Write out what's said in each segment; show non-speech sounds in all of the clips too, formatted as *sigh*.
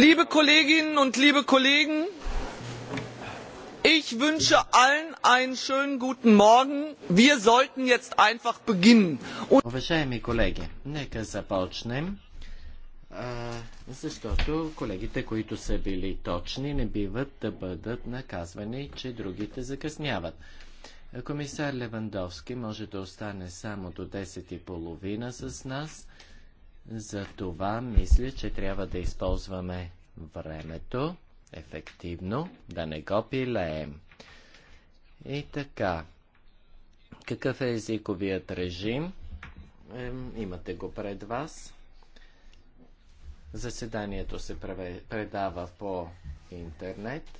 Liebe Kolleginnen und liebe Kollegen, ich wünsche allen einen schönen guten Morgen. Wir sollten jetzt einfach beginnen. Уважаеми колеги, нека започнем. А, защото колегите, които са били точни, не биват да бъдат наказвани, че другите закъсняват. Комисар Левандовски може да остане само до 10.30 с нас за това мисля, че трябва да използваме времето ефективно, да не го пилеем. И така, какъв е езиковият режим? Имате го пред вас. Заседанието се предава по интернет.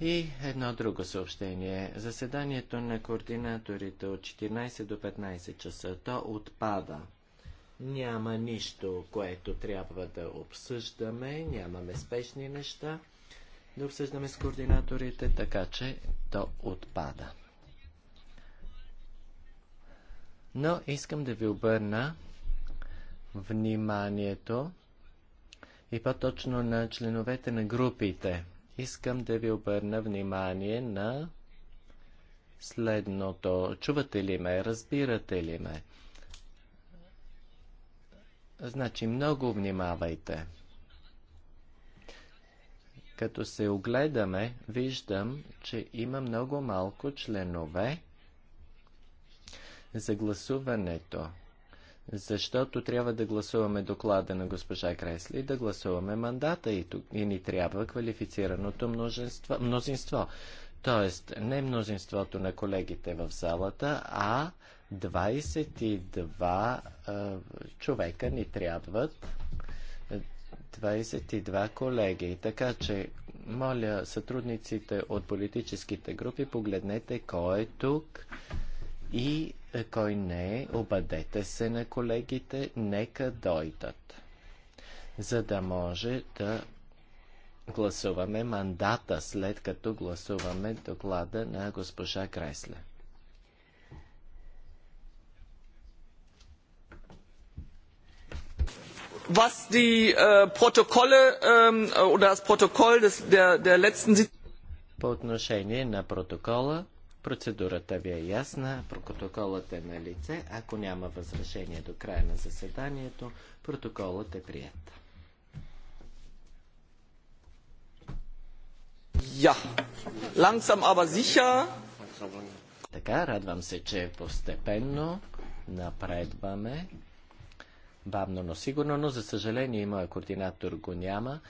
И едно друго съобщение. Заседанието на координаторите от 14 до 15 часа то отпада. Няма нищо, което трябва да обсъждаме, нямаме спешни неща да обсъждаме с координаторите, така че то отпада. Но искам да ви обърна вниманието и по-точно на членовете на групите. Искам да ви обърна внимание на следното. Чувате ли ме? Разбирате ли ме? Значи много внимавайте. Като се огледаме, виждам, че има много малко членове за гласуването, защото трябва да гласуваме доклада на госпожа Кресли, да гласуваме мандата и, тук, и ни трябва квалифицираното мнозинство. Тоест, не мнозинството на колегите в залата, а 22 а, човека ни трябват. 22 колеги. Така че, моля, сътрудниците от политическите групи, погледнете кой е тук и кой не е. Обадете се на колегите, нека дойдат, за да може да гласуваме мандата, след като гласуваме доклада на госпожа Кресле. was die äh, Protokolle ähm, äh, oder das Protokoll der, letzten Sitzung. По отношение на протокола, процедурата ви е ясна, протоколът е на лице. Ако няма възражение до края на заседанието, протоколът е прият. Ja, langsam aber sicher. Така, радвам се, че постепенно напредваме бавно, но сигурно, но за съжаление моя координатор го няма,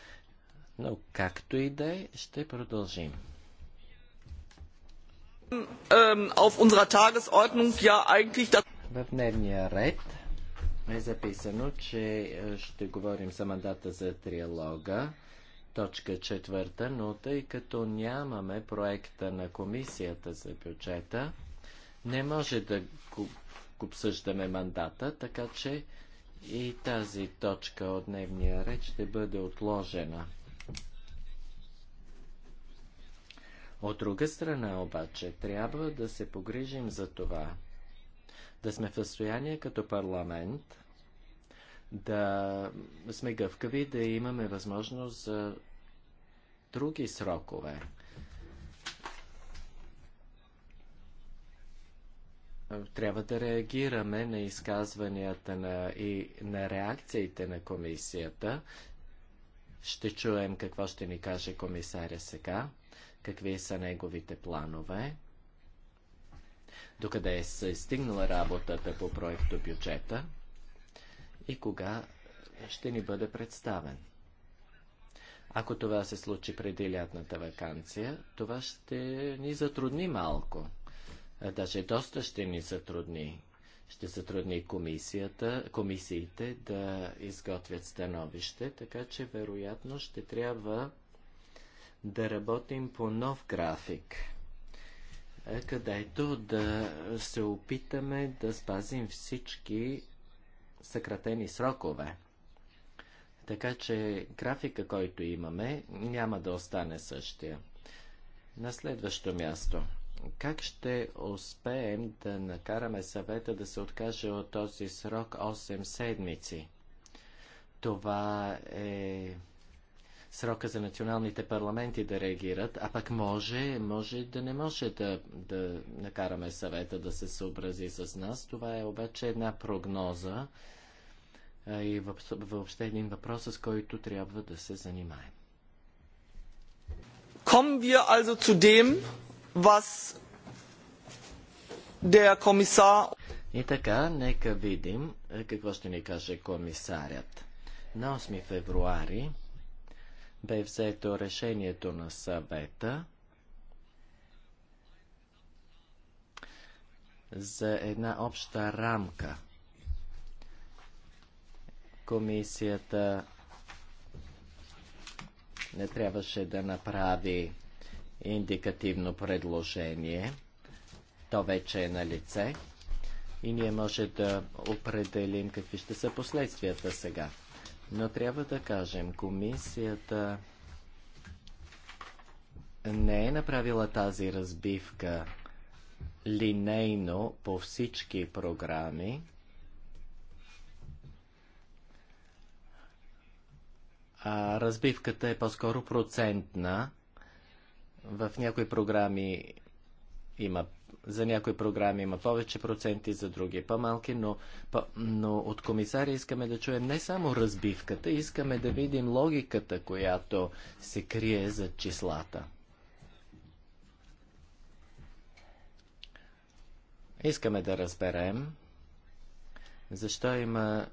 но както и да е, ще продължим. В дневния ред е записано, че е, ще говорим за мандата за триалога, точка четвърта, но тъй като нямаме проекта на комисията за бюджета, не може да го обсъждаме мандата, така че и тази точка от дневния ред ще бъде отложена. От друга страна обаче трябва да се погрижим за това, да сме в състояние като парламент да сме гъвкави, да имаме възможност за други срокове. трябва да реагираме на изказванията на, и на реакциите на комисията. Ще чуем какво ще ни каже комисаря сега, какви са неговите планове, докъде е се стигнала работата по проекто бюджета и кога ще ни бъде представен. Ако това се случи преди лятната вакансия, това ще ни затрудни малко – даже доста ще ни затрудни. Ще затрудни комисията, комисиите да изготвят становище, така че вероятно ще трябва да работим по нов график, където да се опитаме да спазим всички съкратени срокове. Така че графика, който имаме, няма да остане същия. На следващо място – как ще успеем да накараме съвета да се откаже от този срок 8 седмици? Това е срока за националните парламенти да реагират, а пък може, може да не може да, да накараме съвета да се съобрази с нас. Това е обаче една прогноза и въобще един въпрос, с който трябва да се занимаем. Kommen wir also zu dem, was der Kommissar. И така, нека видим е, какво ще ни каже комисарят. На 8 февруари бе взето решението на съвета за една обща рамка. Комисията не трябваше да направи индикативно предложение. То вече е на лице и ние може да определим какви ще са последствията сега. Но трябва да кажем, комисията не е направила тази разбивка линейно по всички програми, а разбивката е по-скоро процентна в някои програми има за някои програми има повече проценти, за други по-малки, но, по, но от комисаря искаме да чуем не само разбивката, искаме да видим логиката, която се крие за числата. Искаме да разберем защо има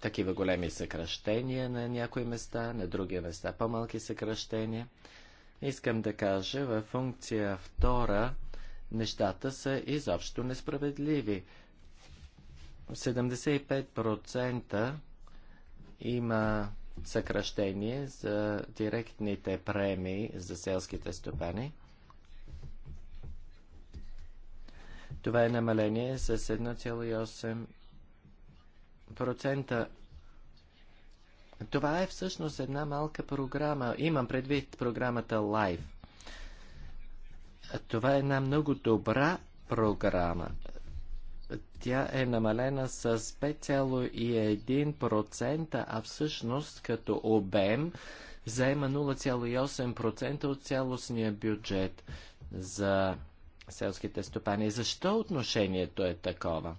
такива големи съкръщения на някои места, на други места по-малки съкръщения. Искам да кажа, във функция втора нещата са изобщо несправедливи. 75% има съкръщение за директните премии за селските стопани. Това е намаление с 1,8%. Това е всъщност една малка програма. Имам предвид програмата Live. Това е една много добра програма. Тя е намалена с 5,1%, а всъщност като обем заема 0,8% от цялостния бюджет за селските стопани. Защо отношението е такова?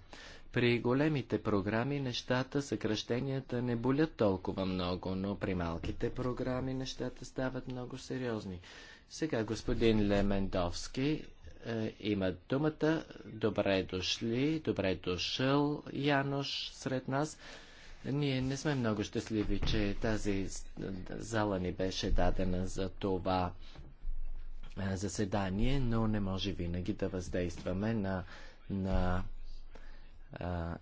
При големите програми нещата, съкръщенията не болят толкова много, но при малките програми нещата стават много сериозни. Сега господин Лемендовски е, има думата. Добре дошли, добре дошъл Янош сред нас. Ние не сме много щастливи, че тази зала ни беше дадена за това е, заседание, но не може винаги да въздействаме на, на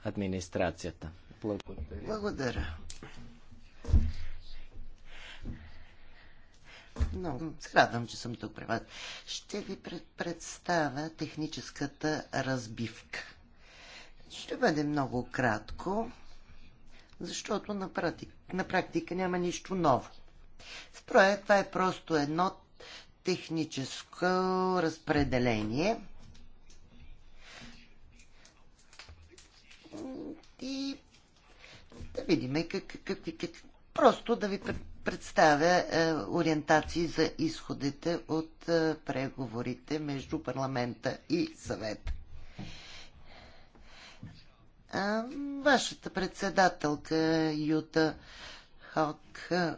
администрацията. Благодаря. Благодаря. Много се радвам, че съм тук при вас. Ще ви представя техническата разбивка. Ще бъде много кратко, защото на практика, на практика няма нищо ново. Според това е просто едно техническо разпределение – и да видим как, как, как, просто да ви представя е, ориентации за изходите от е, преговорите между парламента и съвет. А, вашата председателка Юта Хок е,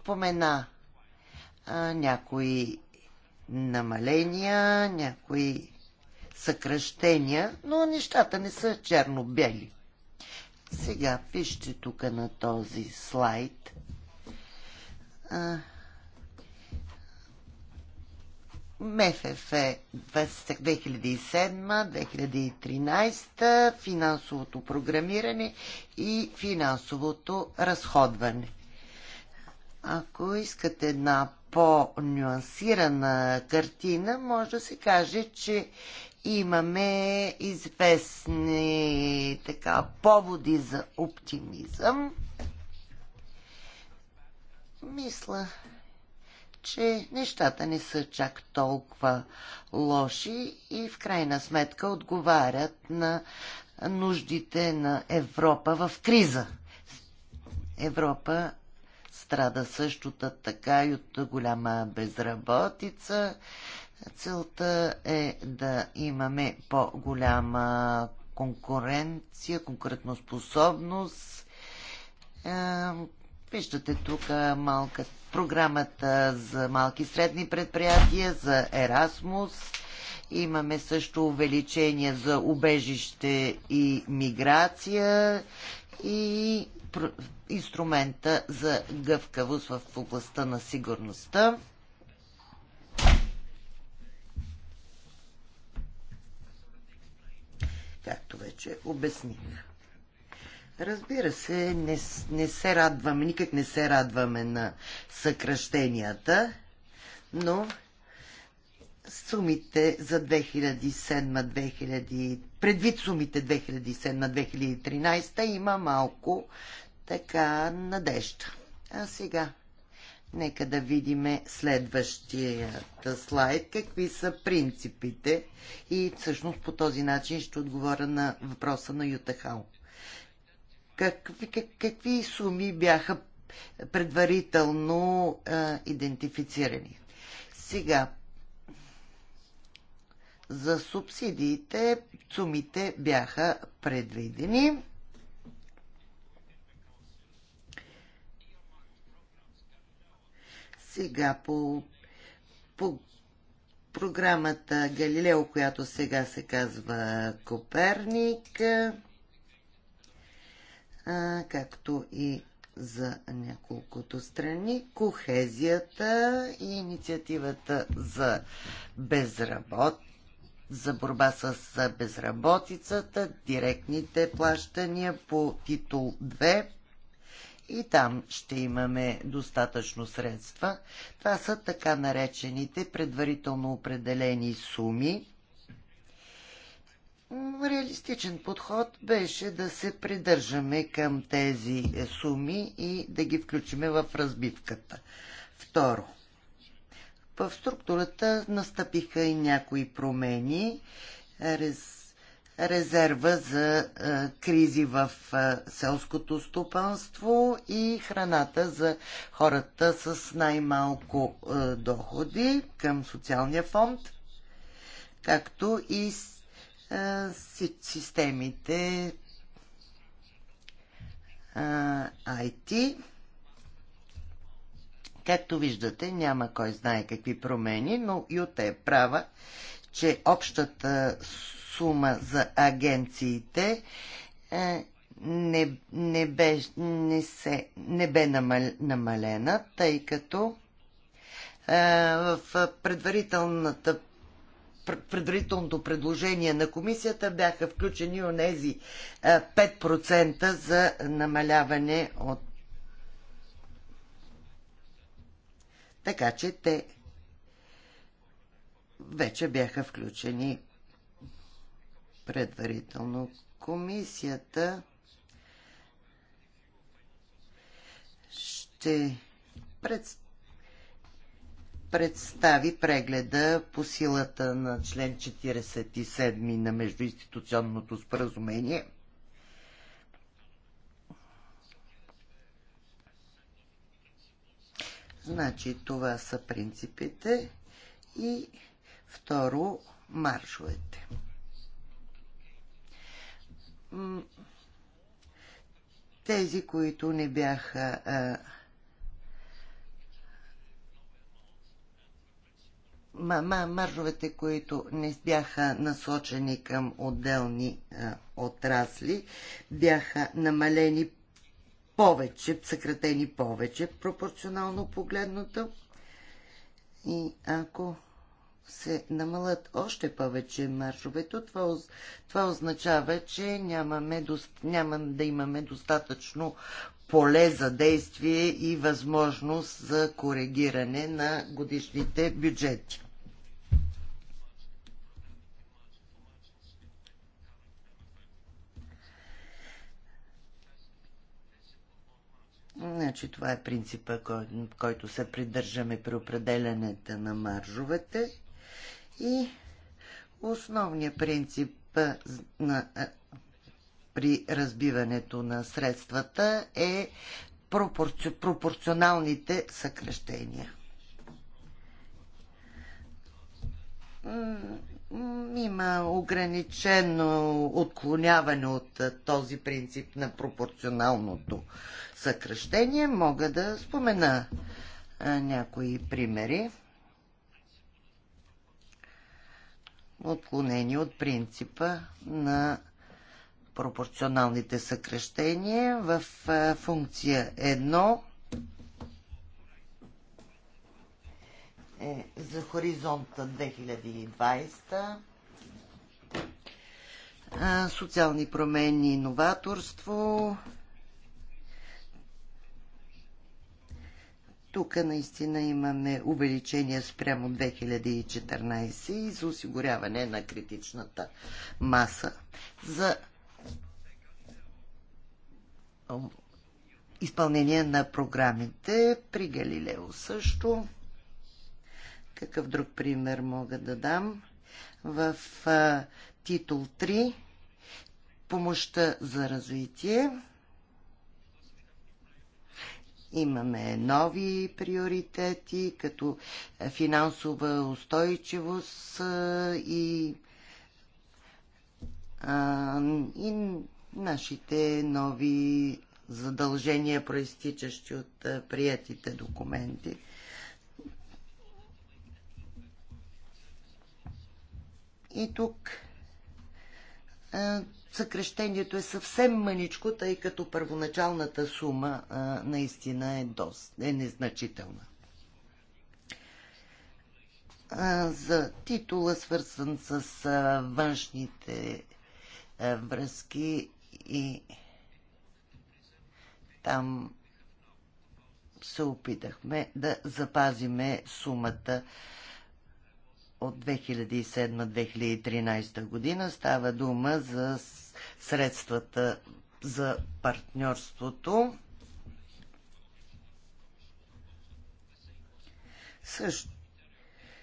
спомена е, някои намаления, някои съкръщения, но нещата не са черно-бели. Сега вижте тук на този слайд. А, МФФ 2007-2013, е финансовото програмиране и финансовото разходване. Ако искате една по-нюансирана картина, може да се каже, че имаме известни така, поводи за оптимизъм. Мисля, че нещата не са чак толкова лоши и в крайна сметка отговарят на нуждите на Европа в криза. Европа страда също така и от голяма безработица. Целта е да имаме по-голяма конкуренция, конкурентоспособност. Е, виждате тук малка, програмата за малки и средни предприятия, за Ерасмус. Имаме също увеличение за убежище и миграция и инструмента за гъвкавост в областта на сигурността. както вече обясних. Разбира се, не, не се радваме, никак не се радваме на съкръщенията, но сумите за 2007 2013 предвид сумите 2007-2013, има малко така надежда. А сега Нека да видим следващия слайд, какви са принципите и всъщност по този начин ще отговоря на въпроса на Ютахал. Какви, как, какви суми бяха предварително а, идентифицирани? Сега, за субсидиите сумите бяха предвидени Сега по, по програмата Галилео, която сега се казва Коперник, а, както и за няколкото страни, кохезията и инициативата за безработ, за борба с безработицата, директните плащания по титул 2 и там ще имаме достатъчно средства. Това са така наречените предварително определени суми. Реалистичен подход беше да се придържаме към тези суми и да ги включиме в разбивката. Второ, в структурата настъпиха и някои промени. Рез резерва за кризи в селското стопанство и храната за хората с най-малко доходи към социалния фонд, както и с системите IT. Както виждате, няма кой знае какви промени, но Юта е права, че общата сума за агенциите е, не, не, бе, не, се, не бе намалена, тъй като е, в предварителната предварителното предложение на комисията бяха включени онези 5% е, за намаляване от. Така че те вече бяха включени предварително. Комисията ще пред... представи прегледа по силата на член 47 на междуинституционното споразумение – Значи това са принципите и второ маршовете тези, които не бяха а, маржовете, които не бяха насочени към отделни а, отрасли, бяха намалени повече, съкратени повече, пропорционално погледното. И ако се намалят още повече маршовете, това, това означава, че нямаме, няма да имаме достатъчно поле за действие и възможност за коригиране на годишните бюджети. Значи, това е принципа, кой, който се придържаме при определенето на маржовете. И основният принцип на, при разбиването на средствата е пропорци, пропорционалните съкръщения. Има ограничено отклоняване от този принцип на пропорционалното съкръщение. Мога да спомена някои примери. отклонение от принципа на пропорционалните съкрещения в функция 1 е за хоризонта 2020 социални промени и новаторство Тук наистина имаме увеличение спрямо 2014 и за осигуряване на критичната маса. За изпълнение на програмите при Галилео също. Какъв друг пример мога да дам? В а, титул 3 помощта за развитие Имаме нови приоритети, като е, финансова устойчивост е, и, и нашите нови задължения, проистичащи от е, приятите документи. И тук съкрещението е съвсем мъничко, тъй като първоначалната сума а, наистина е, дост, е незначителна. А, за титула, свързан с а, външните а, връзки и там се опитахме да запазиме сумата от 2007-2013 година. Става дума за средствата за партньорството. Също,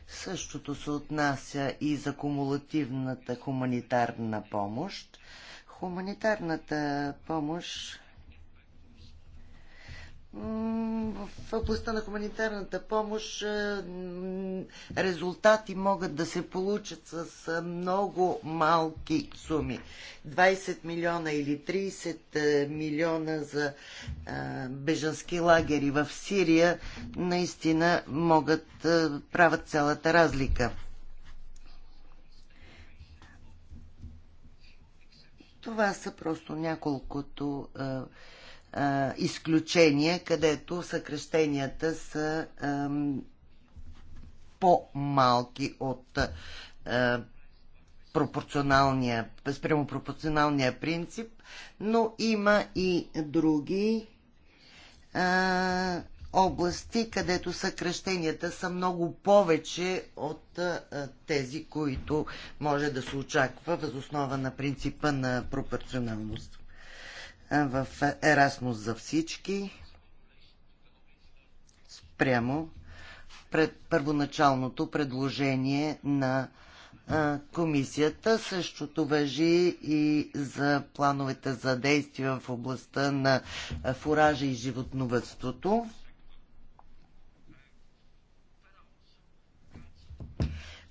същото се отнася и за кумулативната хуманитарна помощ. Хуманитарната помощ в областта на хуманитарната помощ е, резултати могат да се получат с е, много малки суми. 20 милиона или 30 е, милиона за бежански лагери в Сирия наистина могат правят цялата разлика. Това са просто няколкото а, а, изключения, където съкрещенията са а, по-малки от а, пропорционалния, спрямо пропорционалния принцип, но има и други а, области, където съкрещенията са много повече от а, тези, които може да се очаква възоснова на принципа на пропорционалност в Ерасмус за всички спрямо пред първоначалното предложение на комисията. Същото въжи и за плановете за действия в областта на фуража и животновътството.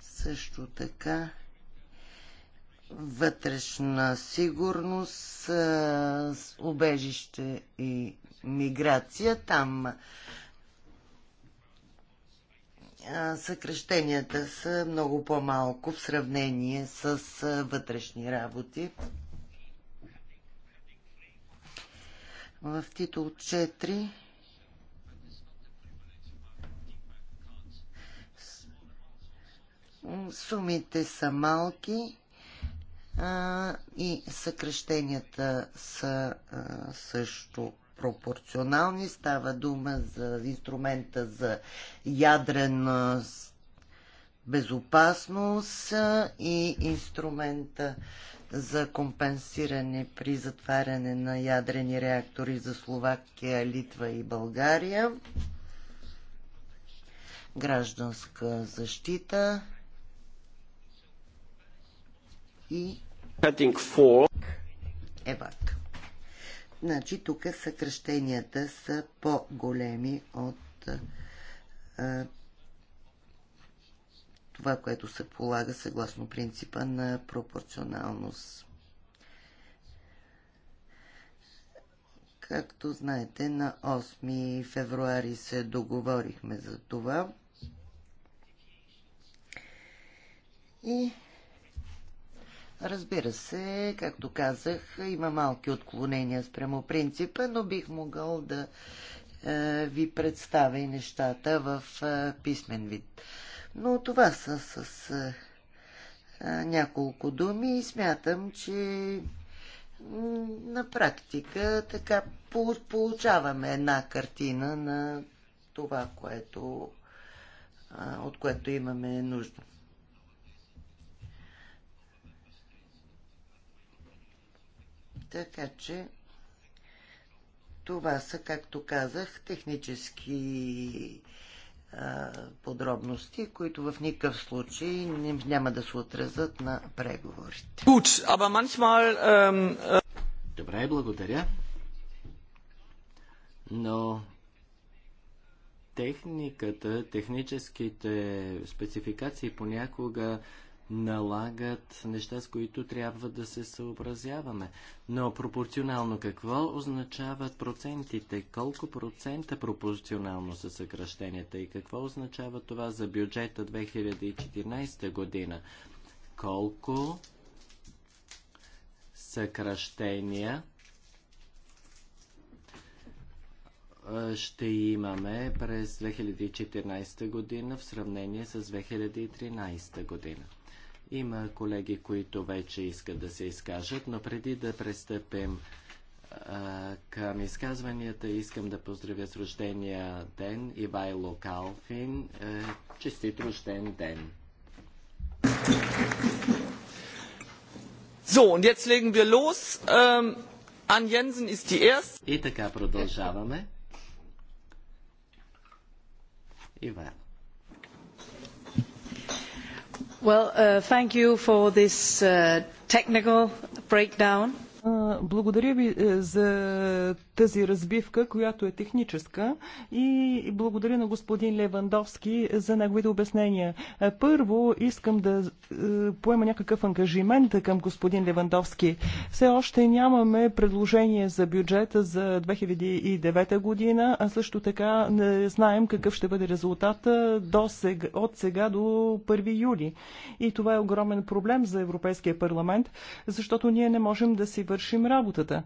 Също така вътрешна сигурност, убежище и миграция. Там съкрещенията са много по-малко в сравнение с вътрешни работи. В титул 4 сумите са малки а, и съкрещенията са а, също пропорционални. Става дума за инструмента за ядрена безопасност и инструмента за компенсиране при затваряне на ядрени реактори за Словакия, Литва и България, гражданска защита, и ЕВАК. Значи тук съкръщенията са по-големи от а, това, което се полага съгласно принципа на пропорционалност. Както знаете, на 8 февруари се договорихме за това. И Разбира се, както казах, има малки отклонения спрямо принципа, но бих могъл да е, ви представя и нещата в е, писмен вид. Но това са с е, няколко думи и смятам, че на практика така получаваме една картина на това, което, от което имаме нужда. Така че това са, както казах, технически а, подробности, които в никакъв случай няма да се отразят на преговорите. Ähm, äh, Добре, благодаря. Но техниката, техническите спецификации понякога налагат неща, с които трябва да се съобразяваме. Но пропорционално какво означават процентите? Колко процента пропорционално са съкръщенията и какво означава това за бюджета 2014 година? Колко съкръщения ще имаме през 2014 година в сравнение с 2013 година. Има колеги, които вече искат да се изкажат, но преди да престъпим а, към изказванията, искам да поздравя с рождения ден Ивайло Калфин. А, честит рожден ден! *laughs* So, und jetzt legen wir los. Ähm, Ann Jensen ist die erste. И така продължаваме. Ивайло. Well, thank you for this technical breakdown. Благодаря ви за тази разбивка, която е техническа и благодаря на господин Левандовски за неговите обяснения. Е, първо искам да е, поема някакъв ангажимент към господин Левандовски. Все още нямаме предложение за бюджета за 2009 година, а също така не знаем какъв ще бъде резултат до сега, от сега до 1 юли. И това е огромен проблем за Европейския парламент, защото ние не можем да си вършим работата.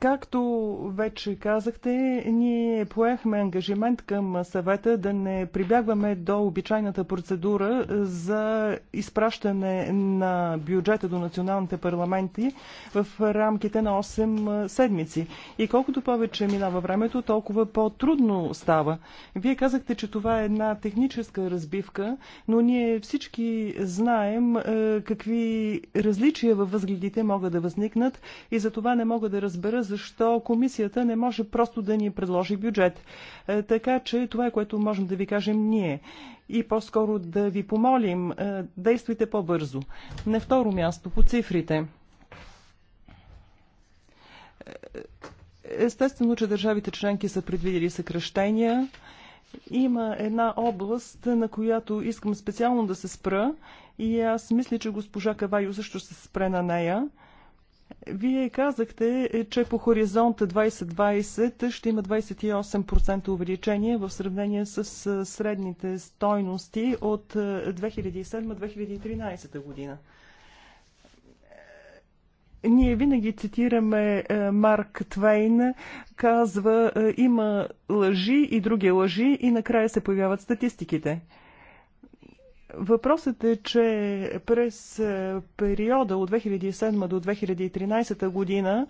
Както вече казахте, ние поехме ангажимент към съвета да не прибягваме до обичайната процедура за изпращане на бюджета до националните парламенти в рамките на 8 седмици. И колкото повече минава времето, толкова по-трудно става. Вие казахте, че това е една техническа разбивка, но ние всички знаем е, какви различия във възгледите могат да възникнат и за това не мога да разбера разбера защо комисията не може просто да ни предложи бюджет. Е, така че това е което можем да ви кажем ние. И по-скоро да ви помолим, е, действайте по-бързо. На второ място, по цифрите. Е, естествено, че държавите членки са предвидели съкръщения. Има една област, на която искам специално да се спра и аз мисля, че госпожа Кавайо също се спре на нея. Вие казахте, е, че по хоризонта 2020 ще има 28% увеличение в сравнение с средните стойности от 2007-2013 е, година. Е, ние винаги цитираме Марк Твейн, казва има лъжи и други лъжи и накрая се появяват статистиките. Въпросът е, че през е, периода от 2007 до 2013 година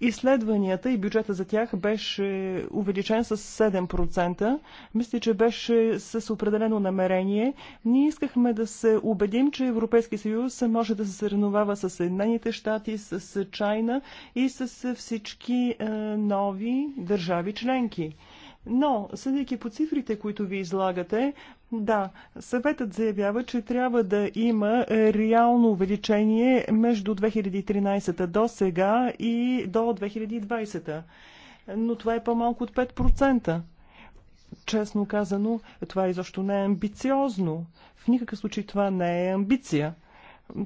изследванията и бюджета за тях беше увеличен с 7%. Мисля, че беше с определено намерение. Ние искахме да се убедим, че Европейски съюз може да се съревновава с Съединените щати, с Чайна и с всички е, нови държави членки. Но, съдейки по цифрите, които ви излагате, да, съветът заявява, че трябва да има реално увеличение между 2013 до сега и до 2020. -та. Но това е по-малко от 5%. Честно казано, това изобщо не е амбициозно. В никакъв случай това не е амбиция.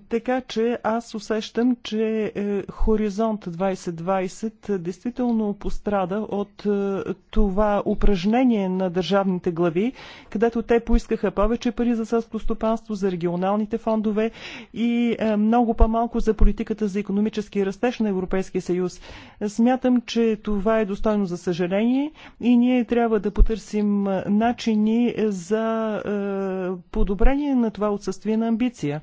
Така че аз усещам, че е, Хоризонт 2020 действително пострада от е, това упражнение на държавните глави, където те поискаха повече пари за сълско стопанство, за регионалните фондове и е, много по-малко за политиката за економически растеж на Европейския съюз. Смятам, че това е достойно за съжаление и ние трябва да потърсим начини за подобрение на това отсъствие на амбиция.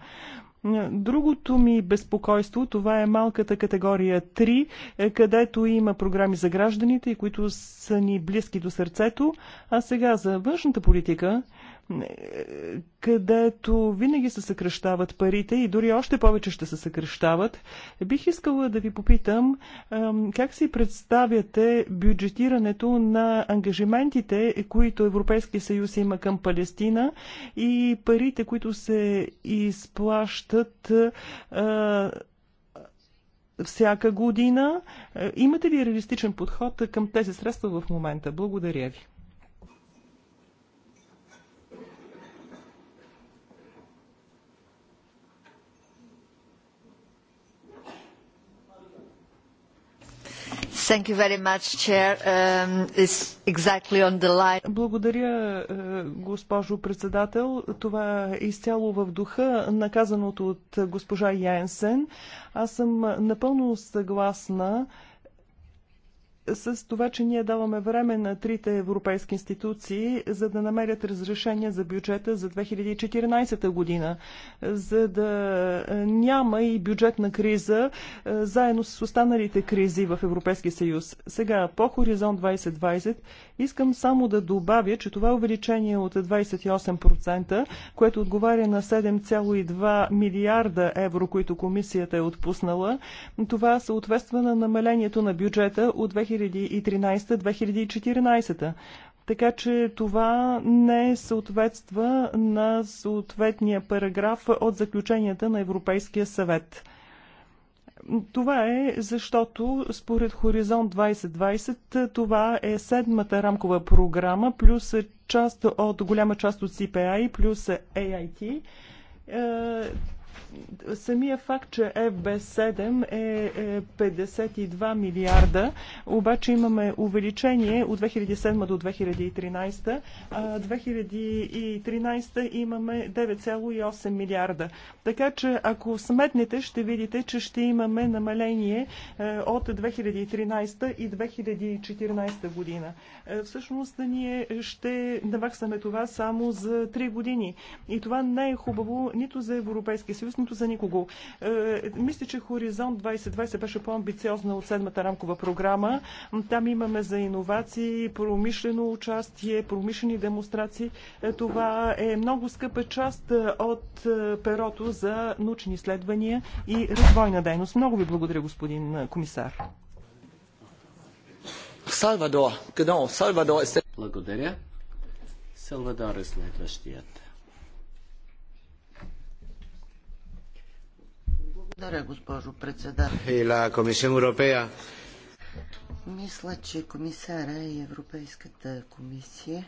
Другото ми безпокойство, това е малката категория 3, е, където има програми за гражданите, които са ни близки до сърцето. А сега за външната политика, където винаги се съкръщават парите и дори още повече ще се съкръщават. Бих искала да ви попитам как си представяте бюджетирането на ангажиментите, които Европейския съюз има към Палестина и парите, които се изплащат всяка година. Имате ли реалистичен подход към тези средства в момента? Благодаря ви. Um, Благодаря, е, госпожо председател. Това е изцяло в духа на казаното от госпожа Янсен. Аз съм напълно съгласна. Uh, с това, че ние даваме време на трите европейски институции, за да намерят разрешение за бюджета за 2014 година, за да няма и бюджетна криза е, заедно с останалите кризи в Европейския съюз. Сега, по Хоризонт 2020, искам само да добавя, че това увеличение от 28%, което отговаря на 7,2 милиарда евро, които комисията е отпуснала, това съответства на намалението на бюджета от 2000 2013-2014. Така че това не съответства на съответния параграф от заключенията на Европейския съвет. Това е защото според Хоризонт 2020 това е седмата рамкова програма плюс част от голяма част от CPI плюс AIT. Е, самия факт, че FB7 е 52 е милиарда, обаче имаме увеличение от 2007 до 2013. А 2013 имаме 9,8 милиарда. Така че ако сметнете, ще видите, че ще имаме намаление е, от 2013 и 2014 година. Е, всъщност ние ще наваксаме това само за 3 години. И това не е хубаво нито за Европейския съюз, непрекъснато за никого. Е, мисля, че Хоризонт 2020 беше по-амбициозна от седмата рамкова програма. Там имаме за иновации, промишлено участие, промишлени демонстрации. Е, това е много скъпа част е, от перото за научни изследвания и развойна дейност. Много ви благодаря, господин комисар. Салвадор, Благодаря. Салвадор е следващият. Благодаря, госпожо председател. И la Мисля, че комисара и Европейската комисия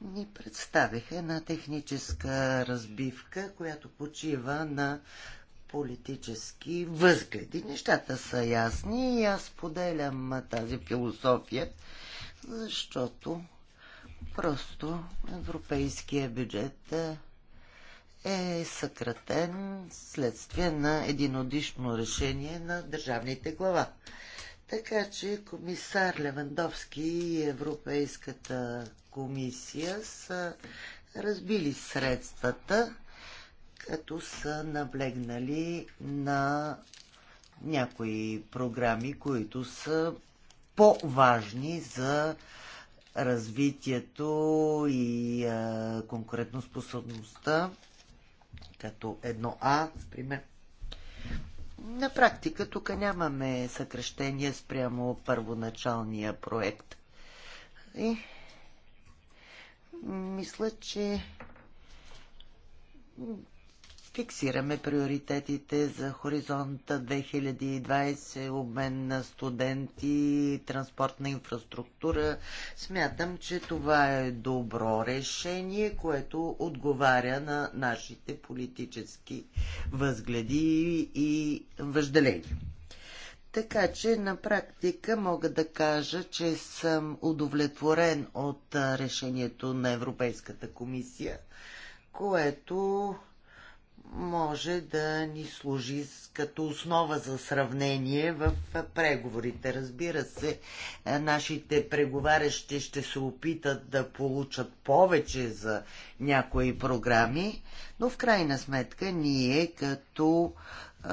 ни представиха една техническа разбивка, която почива на политически възгледи. Нещата са ясни и аз поделям тази философия, защото просто европейския бюджет е съкратен следствие на единодишно решение на държавните глава. Така че комисар Левандовски и Европейската комисия са разбили средствата, като са наблегнали на някои програми, които са по-важни за развитието и конкурентоспособността като едно а например. На практика тук нямаме съкръщение спрямо първоначалния проект. И мисля, че фиксираме приоритетите за хоризонта 2020, обмен на студенти, транспортна инфраструктура. Смятам, че това е добро решение, което отговаря на нашите политически възгледи и въжделения. Така че на практика мога да кажа, че съм удовлетворен от решението на Европейската комисия, което може да ни служи като основа за сравнение в преговорите. Разбира се, е, нашите преговарящи ще се опитат да получат повече за някои програми, но в крайна сметка ние като е,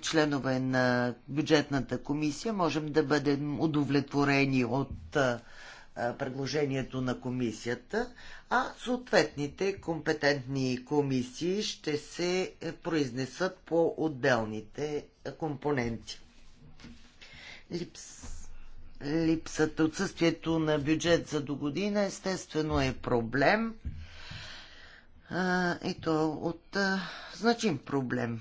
членове на бюджетната комисия можем да бъдем удовлетворени от е, предложението на комисията, а съответните компетентни комисии ще се е, произнесат по отделните е, компоненти. Липс... Липсата, отсъствието на бюджет за до година естествено е проблем. И то е от значим проблем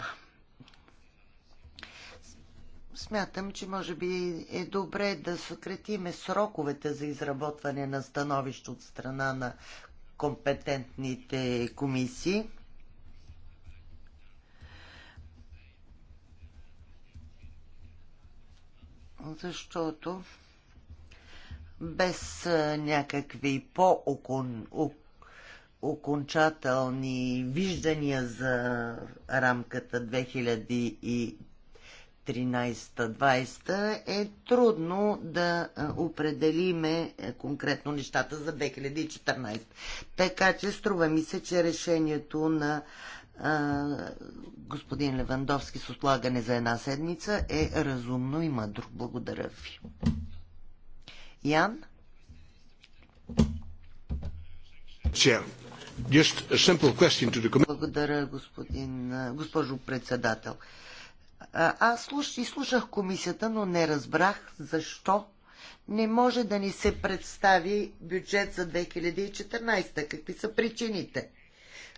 смятам, че може би е добре да съкратиме сроковете за изработване на становище от страна на компетентните комисии. Защото без някакви по-окончателни виждания за рамката 2013-2020 е трудно да определиме е, конкретно нещата за 2014. Така че струва ми се, че решението на а, господин Левандовски с отлагане за една седмица е разумно и мъдро. Благодаря ви. Ян? Благодаря, господин, госпожо председател. Аз слуш, изслушах комисията, но не разбрах защо не може да ни се представи бюджет за 2014. Какви са причините?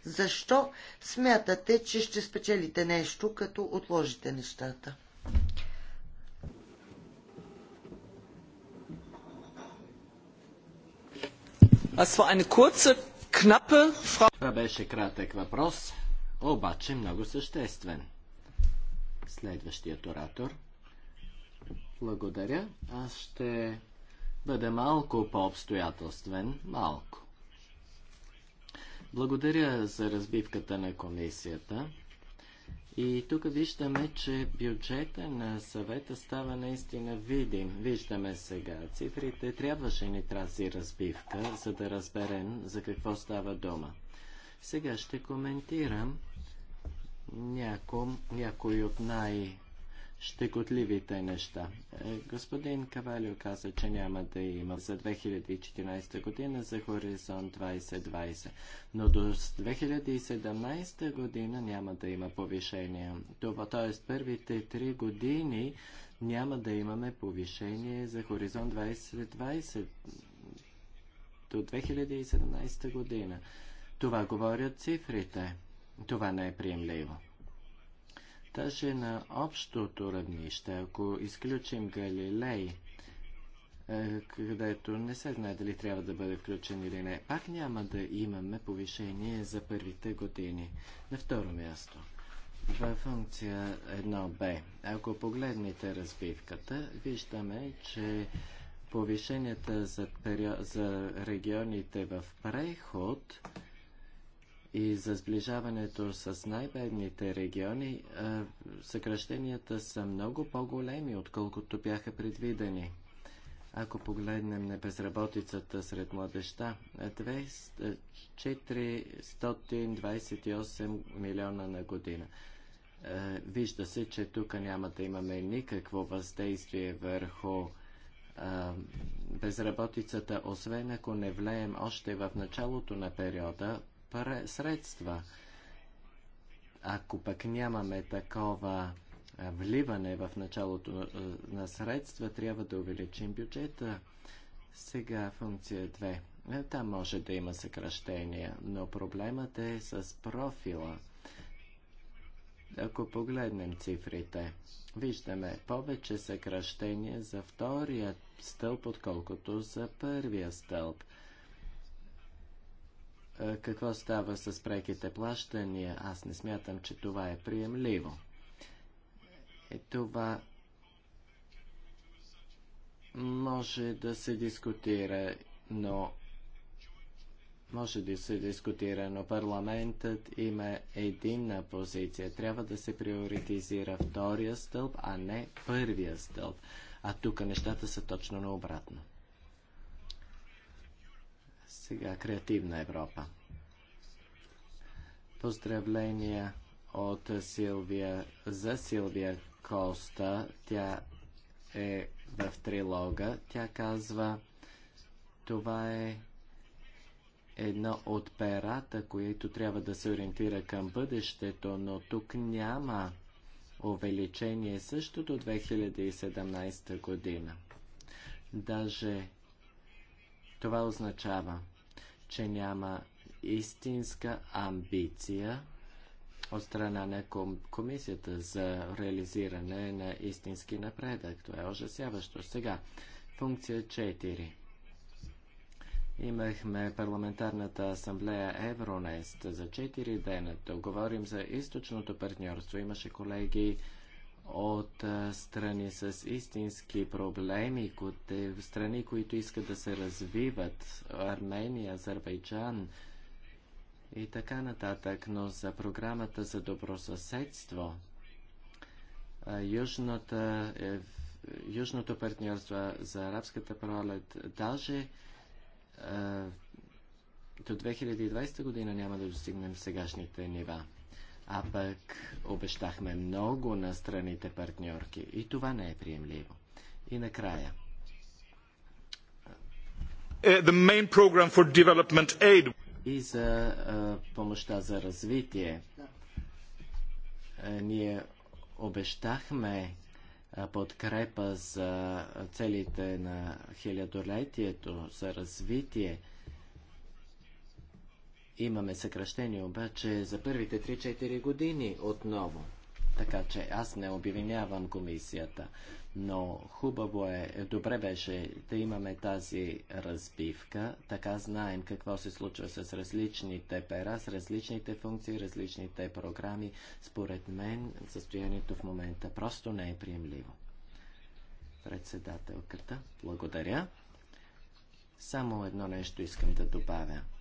Защо смятате, че ще спечелите нещо, като отложите нещата? Това беше кратък въпрос, обаче много съществен следващият оратор. Благодаря. Аз ще бъда малко по-обстоятелствен. Малко. Благодаря за разбивката на комисията. И тук виждаме, че бюджета на съвета става наистина видим. Виждаме сега цифрите. Трябваше ни тази разбивка, за да разберем за какво става дома. Сега ще коментирам няком, някои от най- щекотливите неща. Е, господин Кавалио каза, че няма да има за 2014 година за Хоризонт 2020, но до 2017 година няма да има повишение. Това, т.е. първите три години няма да имаме повишение за Хоризонт 2020 до 2017 година. Това говорят цифрите. Това не е приемливо. Даже на общото равнище, ако изключим Галилей, е, където не се знае дали трябва да бъде включен или не, пак няма да имаме повишение за първите години. На второ място, във функция 1b, ако погледнете разбивката, виждаме, че повишенията за, период, за регионите в преход и за сближаването с най-бедните региони, е, съкръщенията са много по-големи, отколкото бяха предвидени. Ако погледнем на безработицата сред младеща, 428 е, милиона на година. Е, вижда се, че тук няма да имаме никакво въздействие върху безработицата, освен ако не влеем още в началото на периода средства. Ако пък нямаме такова вливане в началото на средства, трябва да увеличим бюджета. Сега функция 2. Е, там може да има съкръщения, но проблемът е с профила. Ако погледнем цифрите, виждаме повече съкръщения за втория стълб, отколкото за първия стълб. Е, какво става с преките плащания, аз не смятам, че това е приемливо. Е, това може да се дискутира, но може да се дискутира, но парламентът има единна позиция. Трябва да се приоритизира втория стълб, а не първия стълб. А тук нещата са точно наобратно. Сега Креативна Европа. Поздравления от Силвия, за Силвия Коста. Тя е в трилога. Тя казва, това е едно от перата, които трябва да се ориентира към бъдещето, но тук няма увеличение също до 2017 година. Даже това означава, че няма истинска амбиция от страна на комисията за реализиране на истински напредък. Това е ужасяващо. Сега, функция 4. Имахме парламентарната асамблея Евронест за 4 дена. Говорим за източното партньорство. Имаше колеги от страни с истински проблеми, е, страни, които искат да се развиват, Армения, Азербайджан и така нататък, но за програмата за добросъседство, Южната, е, Южното партньорство за арабската пролет, даже до 2020 година няма да достигнем сегашните нива а пък обещахме много на страните партньорки и това не е приемливо. И накрая. Е, и за а, помощта за развитие. А, е, ние обещахме подкрепа за целите на хилядолетието, за развитие – Имаме съкръщение обаче за първите 3-4 години отново. Така че аз не обвинявам комисията, но хубаво е, добре беше да имаме тази разбивка, така знаем какво се случва с различните пера, с различните функции, различните програми. Според мен състоянието в момента просто не е приемливо. Председателката, благодаря. Само едно нещо искам да добавя –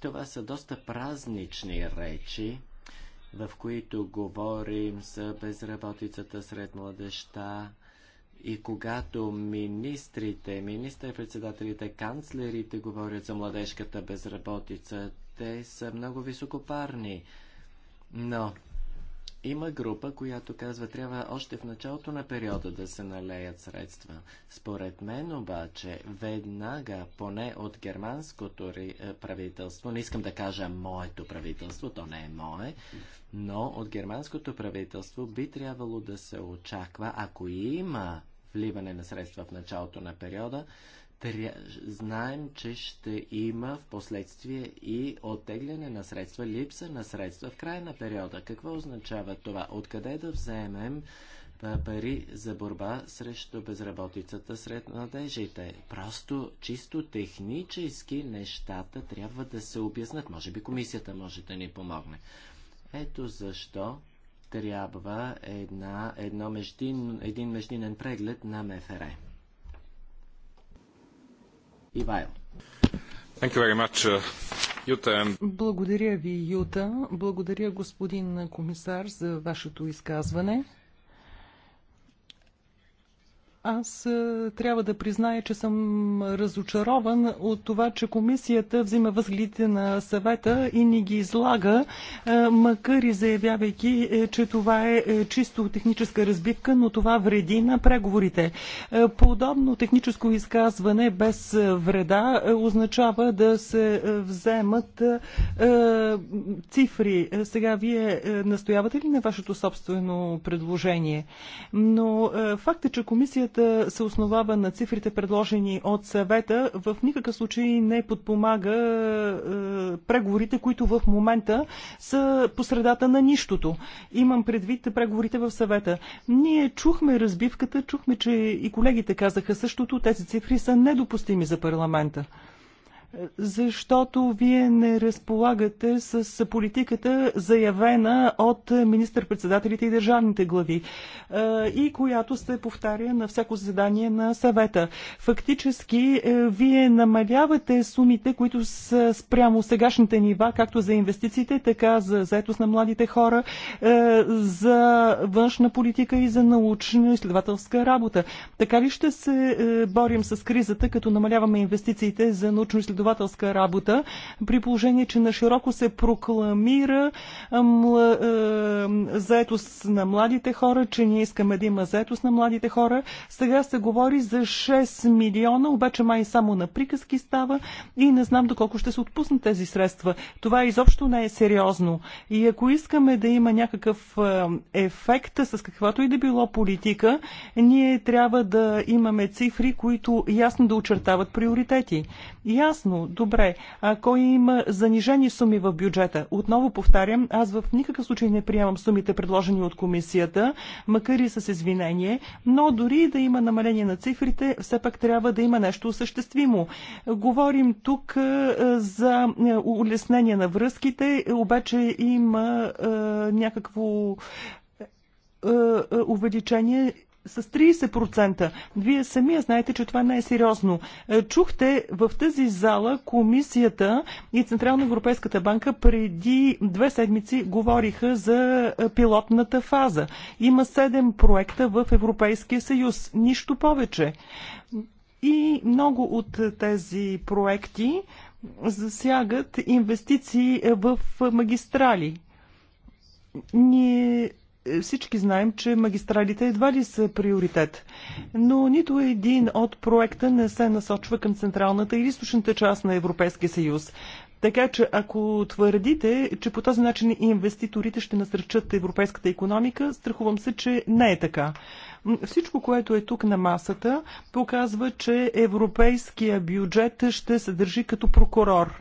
Това са доста празнични речи, в които говорим за безработицата сред младеща, и когато министрите, министър-председателите, канцлерите говорят за младежката безработица, те са много високопарни. Но има група, която казва, трябва още в началото на периода да се налеят средства. Според мен обаче, веднага, поне от германското е, правителство, не искам да кажа моето правителство, то не е мое, но от германското правителство би трябвало да се очаква, ако има вливане на средства в началото на периода, тря... знаем, че ще има в последствие и оттегляне на средства, липса на средства в края на периода. Какво означава това? Откъде да вземем пари за борба срещу безработицата сред младежите. Просто чисто технически нещата трябва да се обяснат. Може би комисията може да ни помогне. Ето защо трябва една, едно междин, един междинен преглед на МФР. Ивайло. Uh, Благодаря ви, Юта. Благодаря, господин комисар, за вашето изказване. Аз е, трябва да призная, че съм разочарован от това, че комисията взима възгледите на съвета и ни ги излага, е, макар и заявявайки, е, че това е чисто техническа разбивка, но това вреди на преговорите. Подобно техническо изказване без вреда означава да се вземат цифри. Сега вие настоявате ли на вашето собствено предложение? Но факт е, че комисията се основава на цифрите предложени от съвета, в никакъв случай не подпомага преговорите, които в момента са по средата на нищото. Имам предвид преговорите в съвета. Ние чухме разбивката, чухме, че и колегите казаха същото. Тези цифри са недопустими за парламента защото вие не разполагате с политиката заявена от министър-председателите и държавните глави е, и която се повтаря на всяко заседание на съвета. Фактически, е, вие намалявате сумите, които са спрямо сегашните нива, както за инвестициите, така за заетост на младите хора, е, за външна политика и за научно-изследователска работа. Така ли ще се борим с кризата, като намаляваме инвестициите за научно-изследователска изследователска работа, при положение, че на широко се прокламира мла, е, заетост на младите хора, че ние искаме да има заетост на младите хора. Сега се говори за 6 милиона, обаче май само на приказки става и не знам доколко ще се отпуснат тези средства. Това изобщо не е сериозно. И ако искаме да има някакъв ефект с каквато и да било политика, ние трябва да имаме цифри, които ясно да очертават приоритети. Ясно Ясно, добре. кой има занижени суми в бюджета, отново повтарям, аз в никакъв случай не приемам сумите предложени от комисията, макар и с извинение, но дори да има намаление на цифрите, все пак трябва да има нещо осъществимо. Говорим тук за улеснение на връзките, обаче има някакво увеличение с 30%. Вие самия знаете, че това не е сериозно. Е, чухте в тази зала комисията и Централна Европейската банка преди две седмици говориха за е, пилотната фаза. Има 7 проекта в Европейския съюз. Нищо повече. И много от тези проекти засягат инвестиции в магистрали. Ние всички знаем, че магистралите едва ли са приоритет. Но нито един от проекта не се насочва към централната или източната част на Европейския съюз. Така че ако твърдите, че по този начин инвеститорите ще насръчат европейската економика, страхувам се, че не е така. Всичко, което е тук на масата, показва, че европейския бюджет ще се държи като прокурор.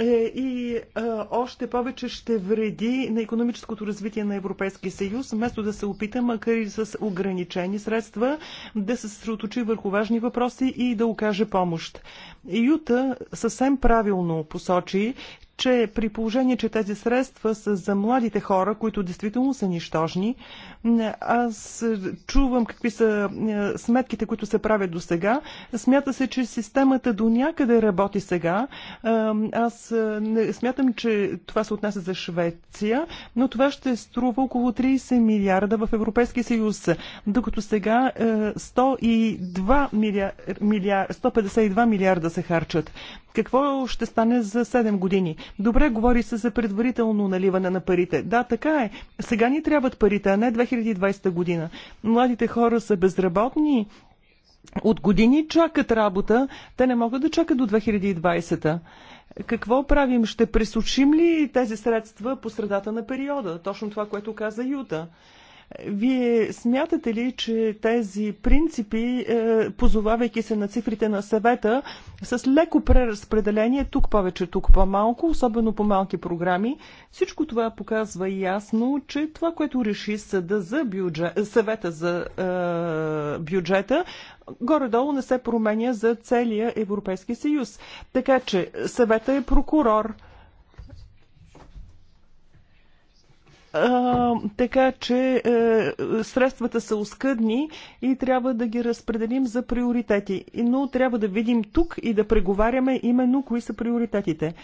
Е, и е, още повече ще вреди на економическото развитие на Европейския съюз, вместо да се опита, макар и с ограничени средства, да се съсредоточи върху важни въпроси и да окаже помощ. Юта съвсем правилно посочи, че при положение, че тези средства са за младите хора, които действително са нищожни, аз чувам какви са е, сметките, които се правят до сега. Смята се, че системата до някъде работи сега. Е, аз е, не смятам, че това се отнася за Швеция, но това ще струва около 30 милиарда в Европейския съюз, докато сега 102 милиар, 152 милиарда се харчат. Какво ще стане за 7 години? Добре, говори се за предварително наливане на парите. Да, така е. Сега ни трябват парите, а не 2020 година. Младите хора са безработни, от години чакат работа, те не могат да чакат до 2020-та. Какво правим? Ще пресочим ли тези средства по средата на периода? Точно това, което каза Юта. Вие смятате ли, че тези принципи, е, позовавайки се на цифрите на съвета, с леко преразпределение, тук повече, тук по-малко, особено по малки програми, всичко това показва ясно, че това, което реши съда за бюджет, съвета за е, бюджета, горе-долу не се променя за целия Европейски съюз. Така че съвета е прокурор, така че е, средствата са оскъдни и трябва да ги разпределим за приоритети. Но трябва да видим тук и да преговаряме именно кои са приоритетите.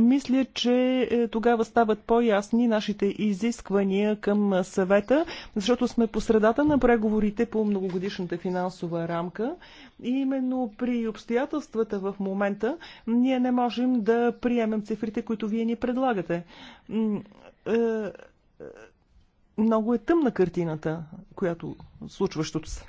Мисля, че е, тогава стават по-ясни нашите изисквания към съвета, защото сме по средата на преговорите по многогодишната финансова рамка. И именно при обстоятелствата в момента ние не можем да приемем цифрите, които вие ни предлагате. Е, много е тъмна картината, която случващото се.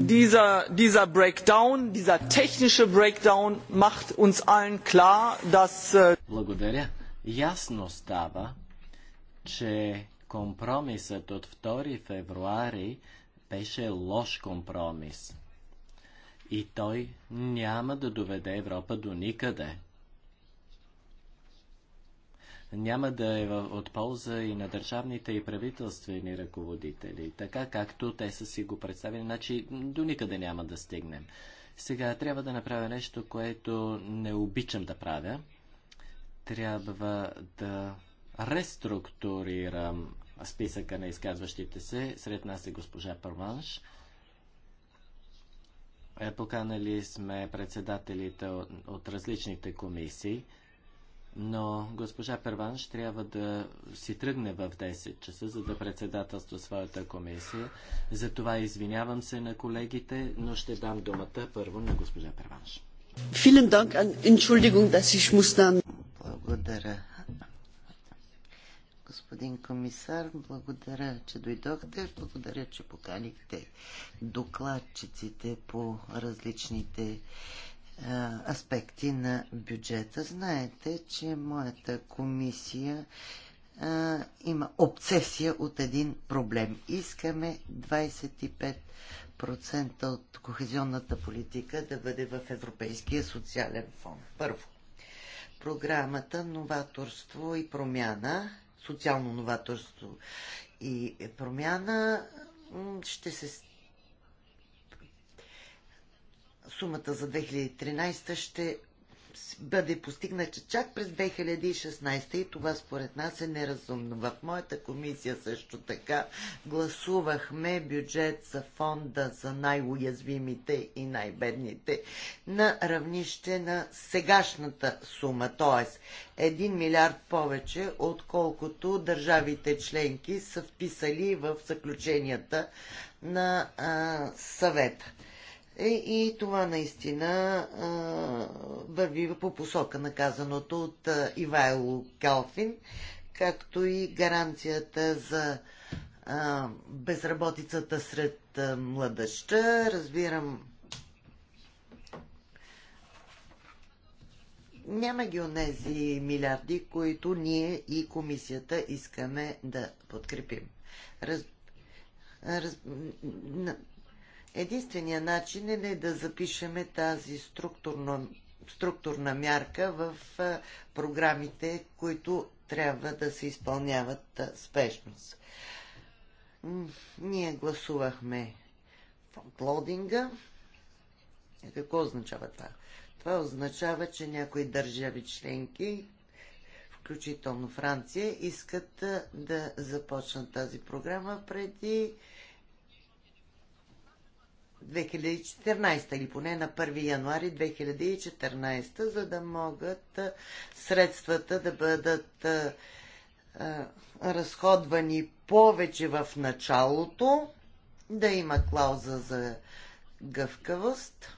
Dieser, dieser breakdown, dieser technische breakdown macht uns allen klar, dass... Äh, Благодаря. Ясно става, че компромисът от 2 февруари беше лош компромис. И той няма да доведе Европа до никъде няма да е от полза и на държавните и правителствени ръководители, така както те са си го представили, значи до никъде няма да стигнем. Сега трябва да направя нещо, което не обичам да правя. Трябва да реструктурирам списъка на изказващите се. Сред нас е госпожа Парванш. Е, поканали сме председателите от различните комисии – но госпожа Перванш трябва да си тръгне в 10 часа, за да председателства своята комисия. Затова извинявам се на колегите, но ще дам думата първо на госпожа Перванш. Благодаря. Господин комисар, благодаря, че дойдохте. Благодаря, че поканихте докладчиците по различните аспекти на бюджета. Знаете, че моята комисия а, има обсесия от един проблем. Искаме 25% от кохезионната политика да бъде в Европейския социален фонд. Първо, програмата Новаторство и промяна, социално новаторство и промяна ще се сумата за 2013 ще бъде постигната чак през 2016 и това според нас е неразумно. В моята комисия също така гласувахме бюджет за фонда за най-уязвимите и най-бедните на равнище на сегашната сума, т.е. 1 милиард повече, отколкото държавите членки са вписали в заключенията на а, съвета. Е, и това наистина върви по посока на казаното от Ивайло Калфин, както и гаранцията за безработицата сред младъща. Разбирам, няма ги онези милиарди, които ние и комисията искаме да подкрепим. Раз... Раз... Единствения начин е да запишеме тази структурна, структурна мярка в програмите, които трябва да се изпълняват спешност. Ние гласувахме фронтлодинга. Е, какво означава това? Това означава, че някои държави членки, включително Франция, искат да започнат тази програма преди 2014 или поне на 1 януари 2014, за да могат средствата да бъдат разходвани повече в началото, да има клауза за гъвкавост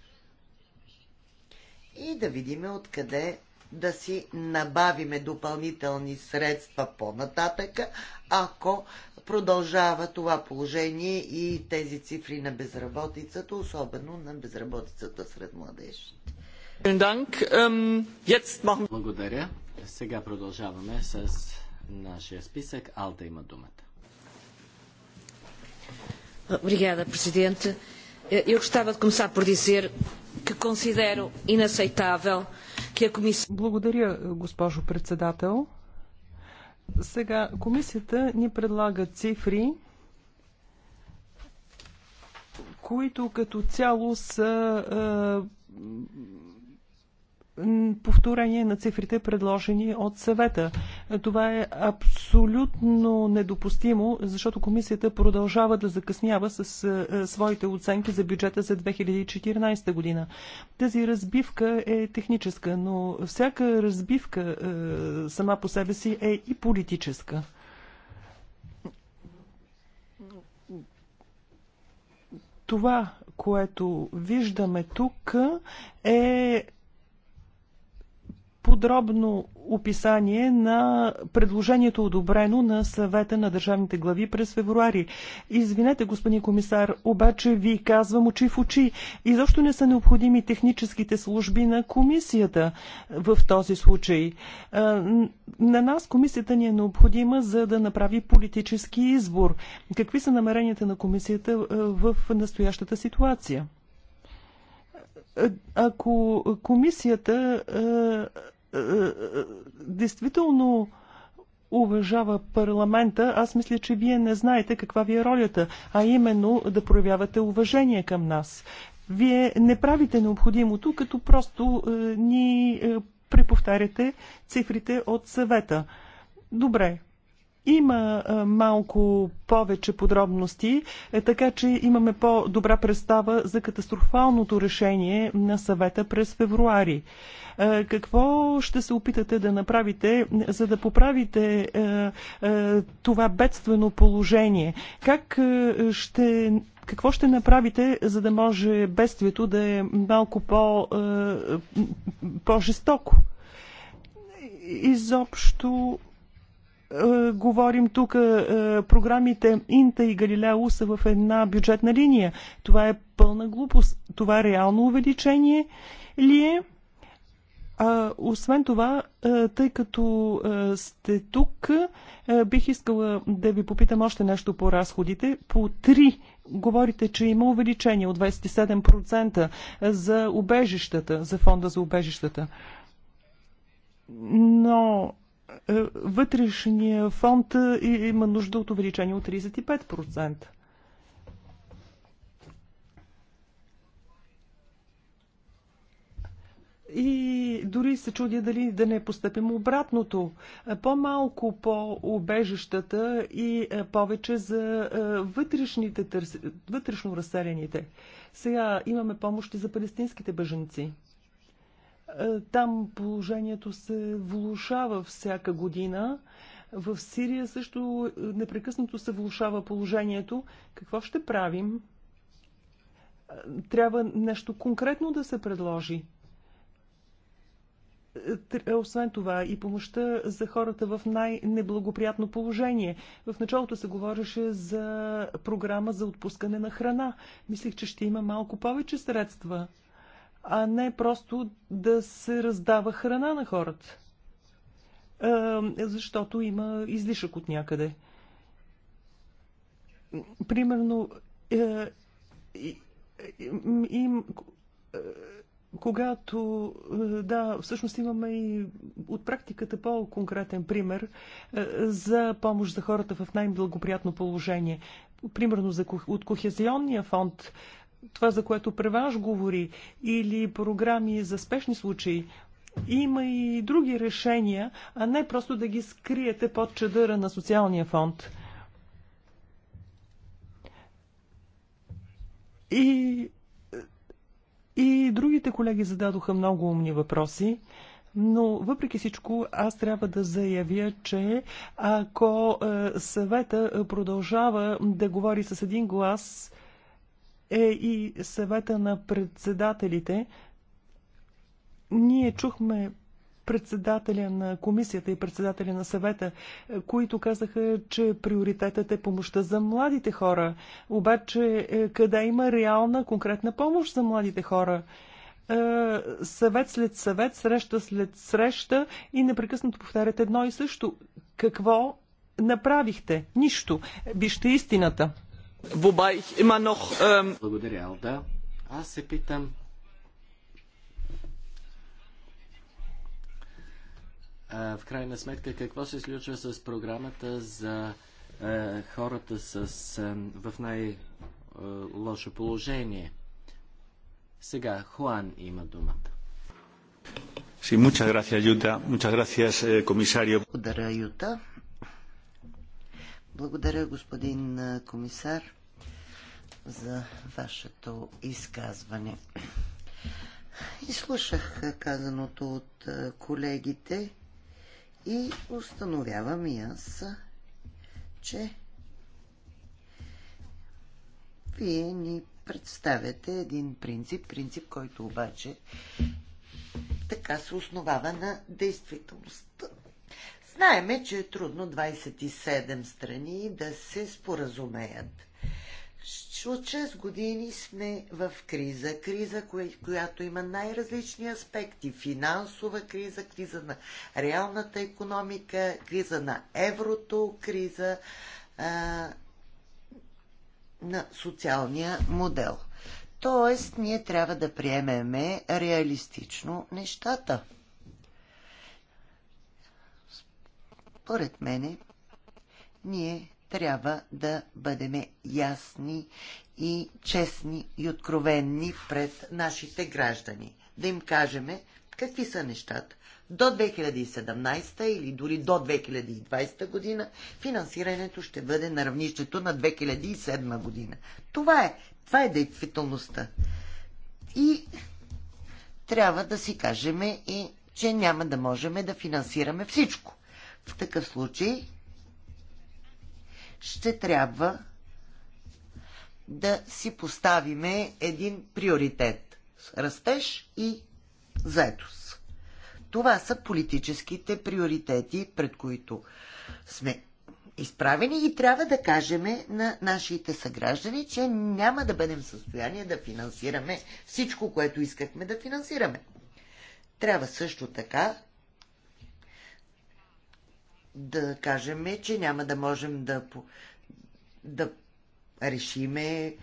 и да видим откъде да си набавиме допълнителни средства по-нататъка, ако продължава това положение и тези цифри на безработицата, особено на безработицата сред младежите. Ähm, Благодаря. Сега продължаваме с нашия списък. Алта има думата. Obrigada, Presidente. Eu gostava de começar por dizer que considero inaceitável que a Comissão. Благодаря, госпожо председател. Сега, комисията ни предлага цифри, които като цяло са е, повторение на цифрите, предложени от съвета. Това е абсолютно недопустимо, защото комисията продължава да закъснява с е, е, своите оценки за бюджета за 2014 година. Тази разбивка е техническа, но всяка разбивка е, сама по себе си е и политическа. Това, което виждаме тук е подробно описание на предложението одобрено на съвета на държавните глави през февруари. Извинете, господин комисар, обаче ви казвам очи в очи. И защо не са необходими техническите служби на комисията в този случай? Е, на нас комисията ни е необходима за да направи политически избор. Какви са намеренията на комисията е, в настоящата ситуация? Е, ако комисията е, е, е, действително уважава парламента, аз мисля, че вие не знаете каква ви е ролята, а именно да проявявате уважение към нас. Вие не правите необходимото, като просто е, ни е, преповтаряте цифрите от съвета. Добре, има малко повече подробности, е, така че имаме по-добра представа за катастрофалното решение на съвета през февруари. Какво ще се опитате да направите, за да поправите това бедствено положение? Как ще какво ще направите, за да може бедствието да е малко по, по-жестоко? Изобщо е, говорим тук, е, програмите Инта и Галилео са в една бюджетна линия. Това е пълна глупост. Това е реално увеличение ли е? А, освен това, е, тъй като сте тук, бих искала да ви попитам още нещо по разходите. По 3 говорите, че има увеличение от 27% за убежищата, за фонда за убежищата. Но е, вътрешния фонд е, има нужда от увеличение от 35%. И дори се чудя дали да не постъпим обратното. По-малко по обежищата и е, повече за вътрешните, вътрешно разселените. Сега имаме помощи за палестинските бъженци. Е, там положението се влушава всяка година. В Сирия също е, непрекъснато се влушава положението. Какво ще правим? Е, трябва нещо конкретно да се предложи. Освен това и помощта за хората в най-неблагоприятно положение. В началото се говореше за програма за отпускане на храна. Мислех, че ще има малко повече средства а не просто да се раздава храна на хората. Защото има излишък от някъде. Примерно, е, им, е, когато, е, да, всъщност имаме и от практиката по-конкретен пример за помощ за хората в най-благоприятно положение. Примерно за, от Кохезионния фонд това, за което Преваж говори, или програми за спешни случаи, има и други решения, а не просто да ги скриете под чадъра на социалния фонд. И, и другите колеги зададоха много умни въпроси. Но въпреки всичко, аз трябва да заявя, че ако е, съвета продължава да говори с един глас, е и съвета на председателите. Ние чухме председателя на комисията и председателя на съвета, е, които казаха, че приоритетът е помощта за младите хора. Обаче, е, къде има реална, конкретна помощ за младите хора? Е, съвет след съвет, среща след среща и непрекъснато повтарят едно и също. Какво направихте? Нищо. Вижте истината. Wobei ich immer noch... Ähm... в крайна сметка, какво се случва с програмата за е, хората с, е, в най-лошо е, положение? Сега Хуан има думата. Sí, muchas gracias, Юта. Muchas gracias, комисарио. Eh, Благодаря, Юта. Благодаря, господин комисар, за вашето изказване. Изслушах казаното от колегите и установявам и аз, че вие ни представяте един принцип, принцип, който обаче така се основава на действителността. Знаеме, че е трудно 27 страни да се споразумеят. От 6 години сме в криза. Криза, която има най-различни аспекти. Финансова криза, криза на реалната економика, криза на еврото, криза а, на социалния модел. Тоест, ние трябва да приемеме реалистично нещата – Поред мене, ние трябва да бъдем ясни и честни и откровенни пред нашите граждани. Да им кажеме какви са нещата. До 2017 или дори до 2020 година финансирането ще бъде на равнището на 2007 година. Това е, това е действителността. И трябва да си кажем и, че няма да можем да финансираме всичко. В такъв случай ще трябва да си поставиме един приоритет – растеж и заетост. Това са политическите приоритети, пред които сме изправени и трябва да кажем на нашите съграждани, че няма да бъдем в състояние да финансираме всичко, което искахме да финансираме. Трябва също така да кажем, че няма да можем да, да решиме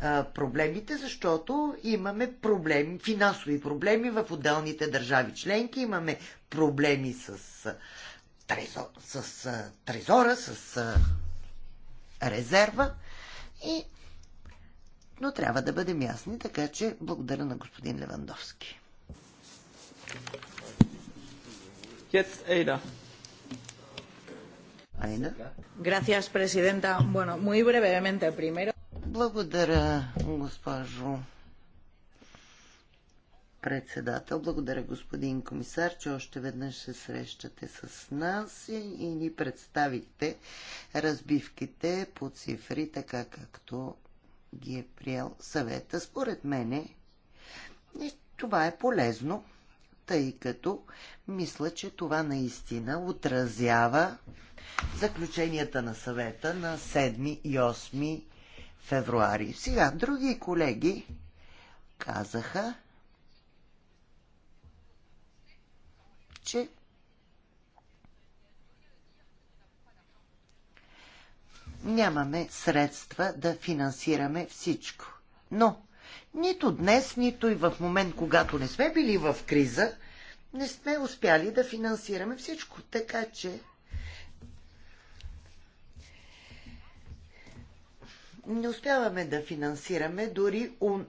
а, проблемите, защото имаме проблеми, финансови проблеми в отделните държави членки, имаме проблеми с, трезор, с трезора, с резерва и но трябва да бъдем ясни, така че благодаря на господин Левандовски. Jetzt Ada. Gracias, Bueno, muy brevemente, primero. Благодаря, госпожо председател. Благодаря, господин комисар, че още веднъж се срещате с нас и, и ни представихте разбивките по цифри, така както ги е приел съвета. Според мене това е полезно, тъй като мисля, че това наистина отразява заключенията на съвета на 7 и 8 февруари. Сега, други колеги казаха, че нямаме средства да финансираме всичко. Но нито днес, нито и в момент, когато не сме били в криза, не сме успяли да финансираме всичко. Така че не успяваме да финансираме дори он,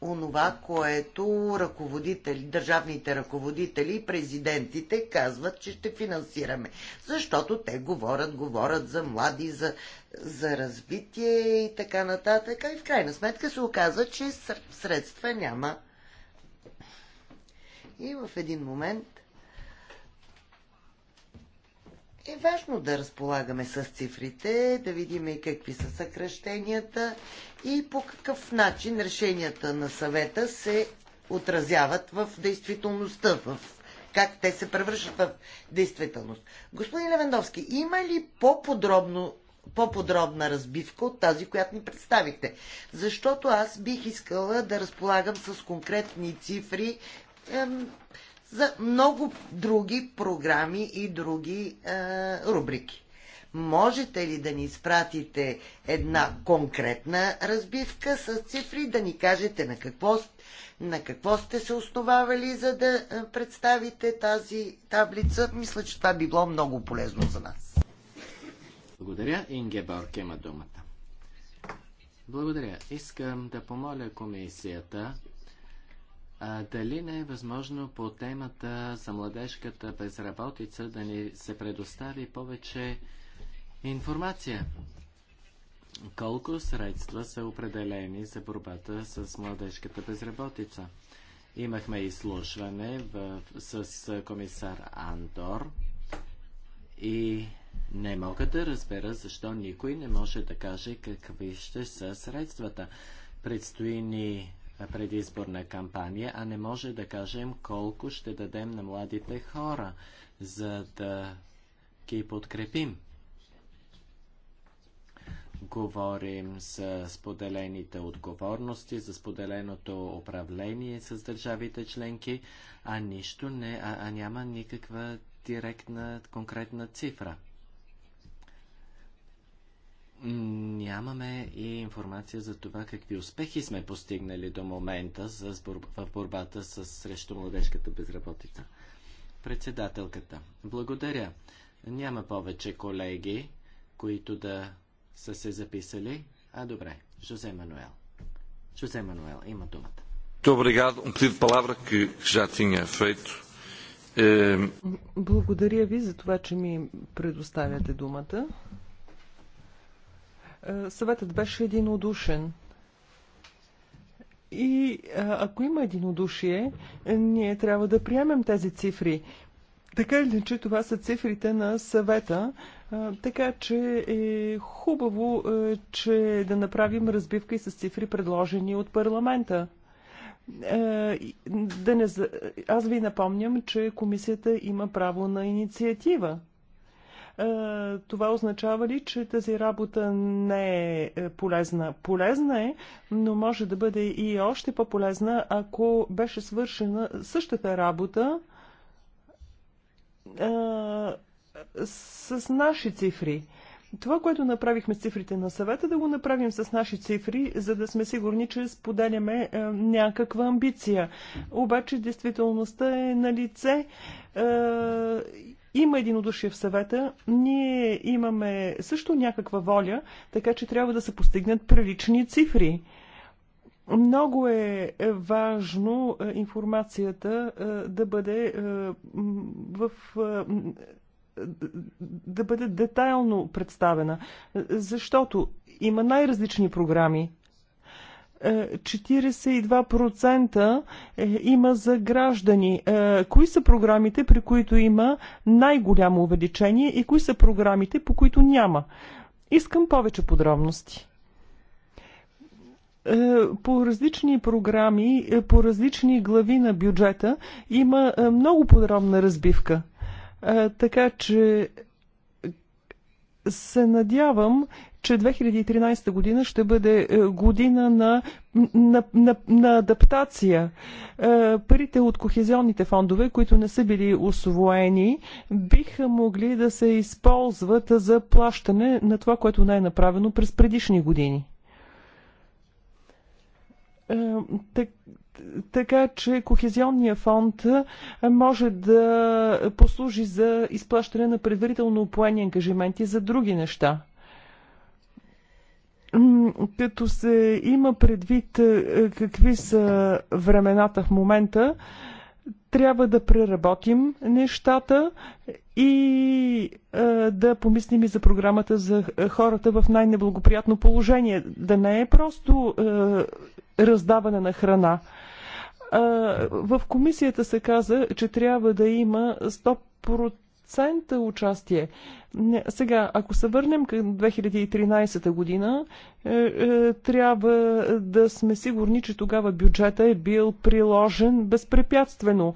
онова, което ръководители, държавните ръководители и президентите казват, че ще финансираме. Защото те говорят, говорят за млади, за, за развитие и така нататък. И в крайна сметка се оказва, че средства няма. И в един момент е важно да разполагаме с цифрите, да видим и какви са съкръщенията и по какъв начин решенията на съвета се отразяват в действителността, в как те се превръщат в действителност. Господин Левендовски, има ли по-подробно по-подробна разбивка от тази, която ни представихте. Защото аз бих искала да разполагам с конкретни цифри, ем, за много други програми и други е, рубрики. Можете ли да ни изпратите една конкретна разбивка с цифри, да ни кажете на какво, на какво сте се основавали, за да е, представите тази таблица? Мисля, че това би било много полезно за нас. Благодаря. Ингеборг има думата. Благодаря. Искам да помоля комисията а, дали не е възможно по темата за младежката безработица да ни се предостави повече информация? Колко средства са определени за борбата с младежката безработица? Имахме изслушване в, с комисар Андор и не мога да разбера защо никой не може да каже какви ще са средствата. Предстои ни предизборна кампания, а не може да кажем колко ще дадем на младите хора, за да ги подкрепим. Говорим за споделените отговорности, за споделеното управление с държавите членки, а нищо не, а, а няма никаква директна конкретна цифра нямаме и информация за това какви успехи сме постигнали до момента за сбор в борбата с, срещу младежката безработица. Председателката, благодаря. Няма повече колеги, които да са се записали. А добре, Жозе Мануел. Жозе Мануел има думата. Obrigado. Um pedido de palavra que, que já tinha feito. Ehm, благодаря ви за това, че ми предоставяте думата. Е, съветът беше единодушен. И е, ако има единодушие, ние трябва да приемем тези цифри. Така или че това са цифрите на съвета, е, така че е хубаво, че да направим разбивка и с цифри, предложени от парламента. Да не... Аз ви напомням, че комисията има право на инициатива. Е, това означава ли, че тази работа не е, е полезна? Полезна е, но може да бъде и още по-полезна, ако беше свършена същата работа е, с наши цифри. Това, което направихме с цифрите на съвета, да го направим с наши цифри, за да сме сигурни, че споделяме е, някаква амбиция. Обаче действителността е на лице е, има единодушие в съвета, ние имаме също някаква воля, така че трябва да се постигнат прилични цифри. Много е важно е, информацията е, да бъде е, в да бъде детайлно представена, защото има най-различни програми. 42% е, е, има за граждани. Е, кои са програмите, при които има най-голямо увеличение и кои са програмите, по които няма? Искам повече подробности. По различни програми, по различни глави на бюджета има много подробна разбивка. Така че се надявам, че 2013 година ще бъде е, година на, на, на, на адаптация. Е, парите от кохезионните фондове, които не са били освоени, биха могли да се използват за плащане на това, което не е направено през предишни години. Е, така че Кохезионния фонд е, може да послужи за изплащане на предварително поени ангажименти за други неща като се има предвид е, какви са времената в момента, трябва да преработим нещата и е, да помислим и за програмата за хората в най-неблагоприятно положение. Да не е просто е, раздаване на храна. В комисията се каза, че трябва да има 100% Цента участие. Сега, ако се върнем към 2013 година, е, е, трябва да сме сигурни, че тогава бюджета е бил приложен безпрепятствено.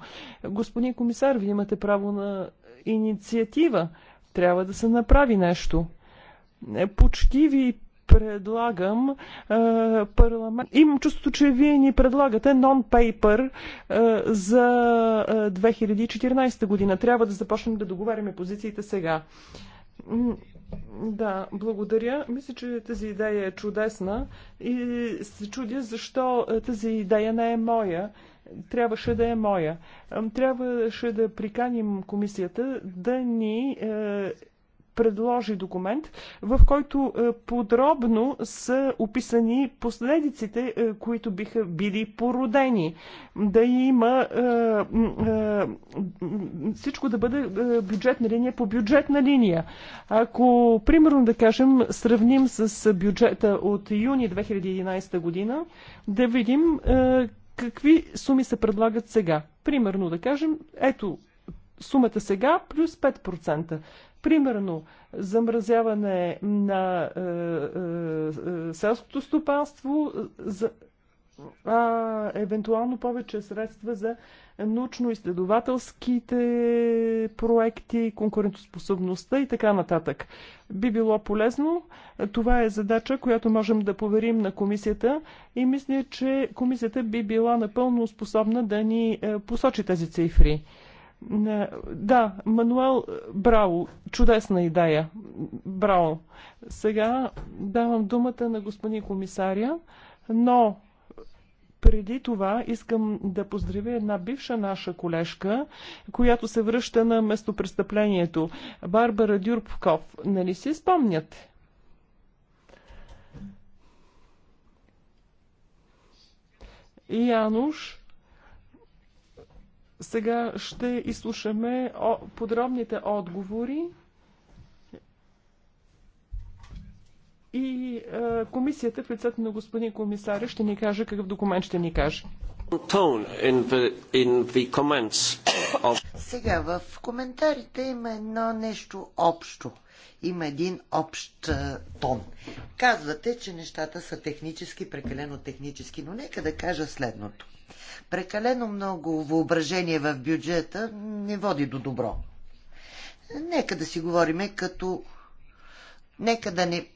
Господин комисар, вие имате право на инициатива. Трябва да се направи нещо. Е, почти ви предлагам е, парламент. Имам чувството, че вие ни предлагате нон-пейпер е, за 2014 е, година. Трябва да започнем да договаряме позициите сега. Да, благодаря. Мисля, че тази идея е чудесна и се чудя защо е, тази идея не е моя. Трябваше да е моя. Трябваше да приканим комисията да ни е, предложи документ, в който е, подробно са описани последиците, е, които биха били породени. Да има е, всичко да бъде бюджетна линия по бюджетна линия. Ако, примерно, да кажем, сравним с бюджета от юни 2011 година, да видим какви суми се предлагат сега. Примерно, да кажем, ето сумата сега плюс 5%. Примерно, замразяване на е, е, е, селското стопанство, за, а евентуално повече средства за научно-изследователските проекти, конкурентоспособността и така нататък. Би било полезно. Това е задача, която можем да поверим на комисията и мисля, че комисията би била напълно способна да ни е, посочи тези цифри. Да, Мануел Браво. Чудесна идея. Браво. Сега давам думата на господин комисаря, но преди това искам да поздравя една бивша наша колежка, която се връща на местопрестъплението. Барбара Дюрпков. Нали си спомняте? Януш сега ще изслушаме подробните отговори. И е, комисията в лицето на господин комисаря ще ни каже какъв документ ще ни каже. Сега в коментарите има едно нещо общо. Има един общ е, тон. Казвате, че нещата са технически, прекалено технически, но нека да кажа следното. Прекалено много въображение в бюджета не води до добро. Нека да си говориме като... Нека да не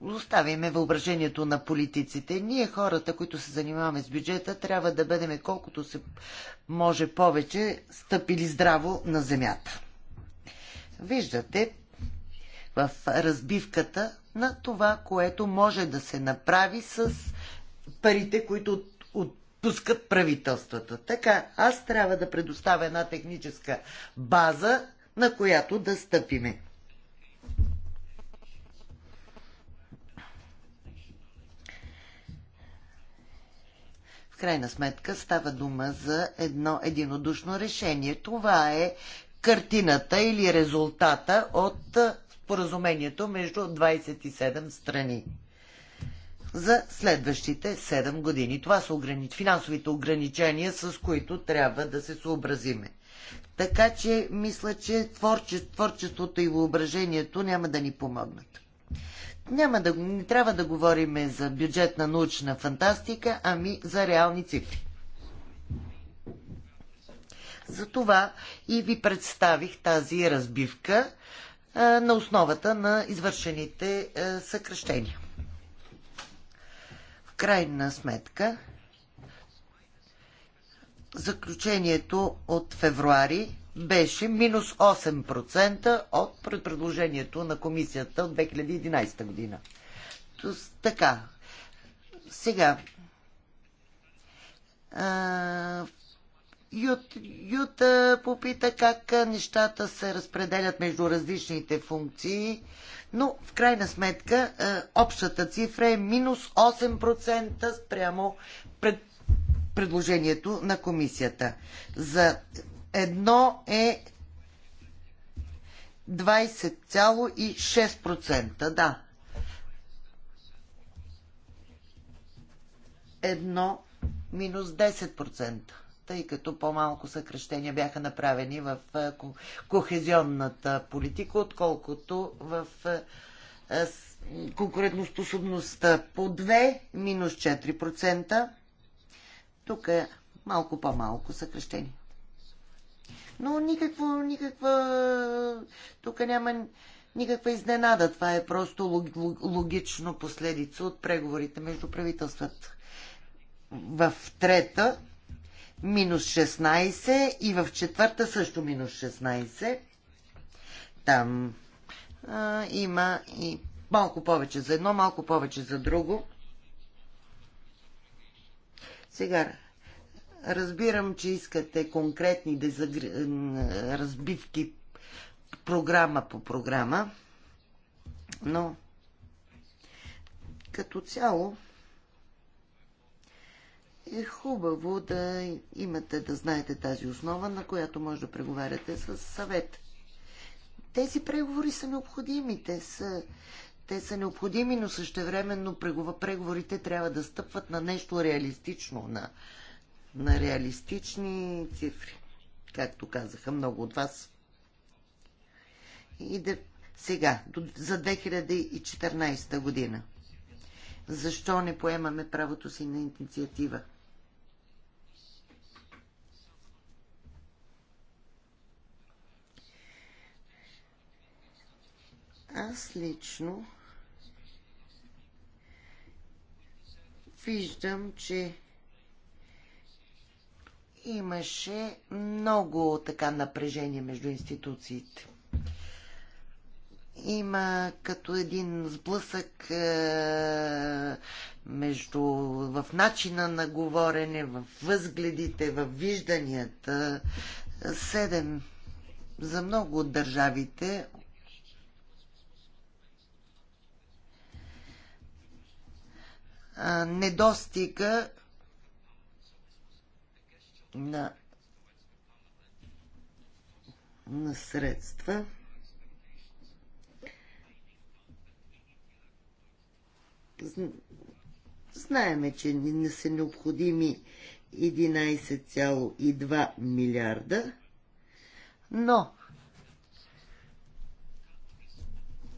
оставяме въображението на политиците. Ние хората, които се занимаваме с бюджета, трябва да бъдем колкото се може повече стъпили здраво на земята. Виждате в разбивката на това, което може да се направи с парите, които отпускат правителствата. Така, аз трябва да предоставя една техническа база, на която да стъпиме. В крайна сметка става дума за едно единодушно решение. Това е картината или резултата от споразумението между 27 страни за следващите 7 години. Това са ограни... финансовите ограничения, с които трябва да се съобразиме. Така че мисля, че творче... творчеството и въображението няма да ни помогнат. Няма да, не трябва да говорим за бюджетна научна фантастика, ами за реални цифри. Затова и ви представих тази разбивка а, на основата на извършените а, съкръщения крайна сметка заключението от февруари беше минус 8% от предложението на комисията от 2011 година. То, така, сега а, Ют, Юта попита как нещата се разпределят между различните функции но в крайна сметка е, общата цифра е минус 8% спрямо пред предложението на комисията. За едно е 20,6%. Да. Едно минус 10% тъй като по-малко съкрещения бяха направени в кохезионната политика, отколкото в конкурентоспособността по 2 минус 4%. Тук е малко по-малко съкрещени. Но никакво, никаква... Тук няма никаква изненада. Това е просто логично последица от преговорите между правителствата. В трета минус 16 и в четвърта също минус 16. Там а, има и малко повече за едно, малко повече за друго. Сега, разбирам, че искате конкретни дезагр... разбивки програма по програма, но като цяло е хубаво да имате, да знаете тази основа, на която може да преговаряте с съвет. Тези преговори са необходими, те са, те са необходими, но същевременно преговорите трябва да стъпват на нещо реалистично, на, на реалистични цифри, както казаха много от вас. И да, сега, за 2014 година. Защо не поемаме правото си на инициатива? Аз лично виждам, че имаше много така напрежение между институциите. Има като един сблъсък е, между, в начина на говорене, в възгледите, в вижданията. Седем за много от държавите недостига на, на средства. Знаеме, че не са необходими 11,2 милиарда, но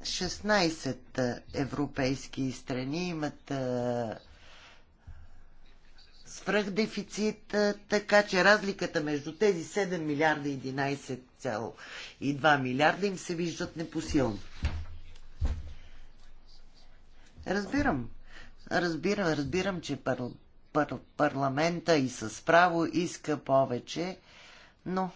16 европейски страни имат свръхдефицит, така че разликата между тези 7 милиарда и 11,2 милиарда им се виждат непосилно. Разбирам. Разбирам, разбирам, че пар, пар, парламента и с право иска повече, но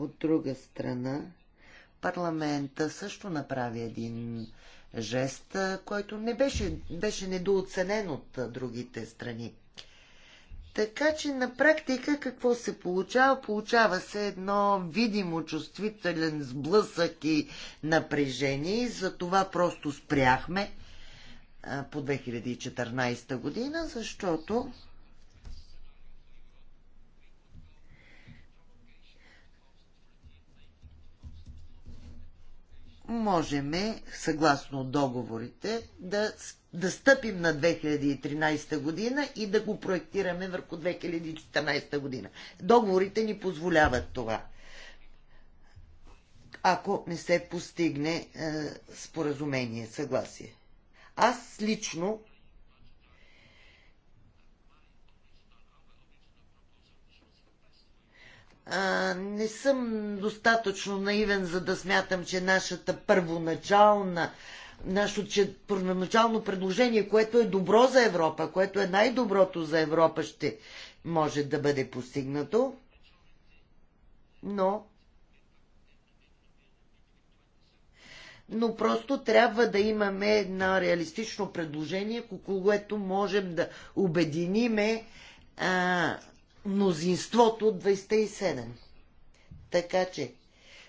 От друга страна, парламента също направи един жест, който не беше, беше недооценен от другите страни. Така че на практика какво се получава? Получава се едно видимо чувствителен сблъсък и напрежение и за това просто спряхме по 2014 година, защото можем, съгласно договорите, да, да стъпим на 2013 година и да го проектираме върху 2014 година. Договорите ни позволяват това. Ако не се постигне е, споразумение, съгласие. Аз лично не съм достатъчно наивен, за да смятам, че нашата първоначална нашето че, първоначално предложение, което е добро за Европа, което е най-доброто за Европа, ще може да бъде постигнато. Но но просто трябва да имаме едно реалистично предложение, което можем да обединиме мнозинството от 27. Така че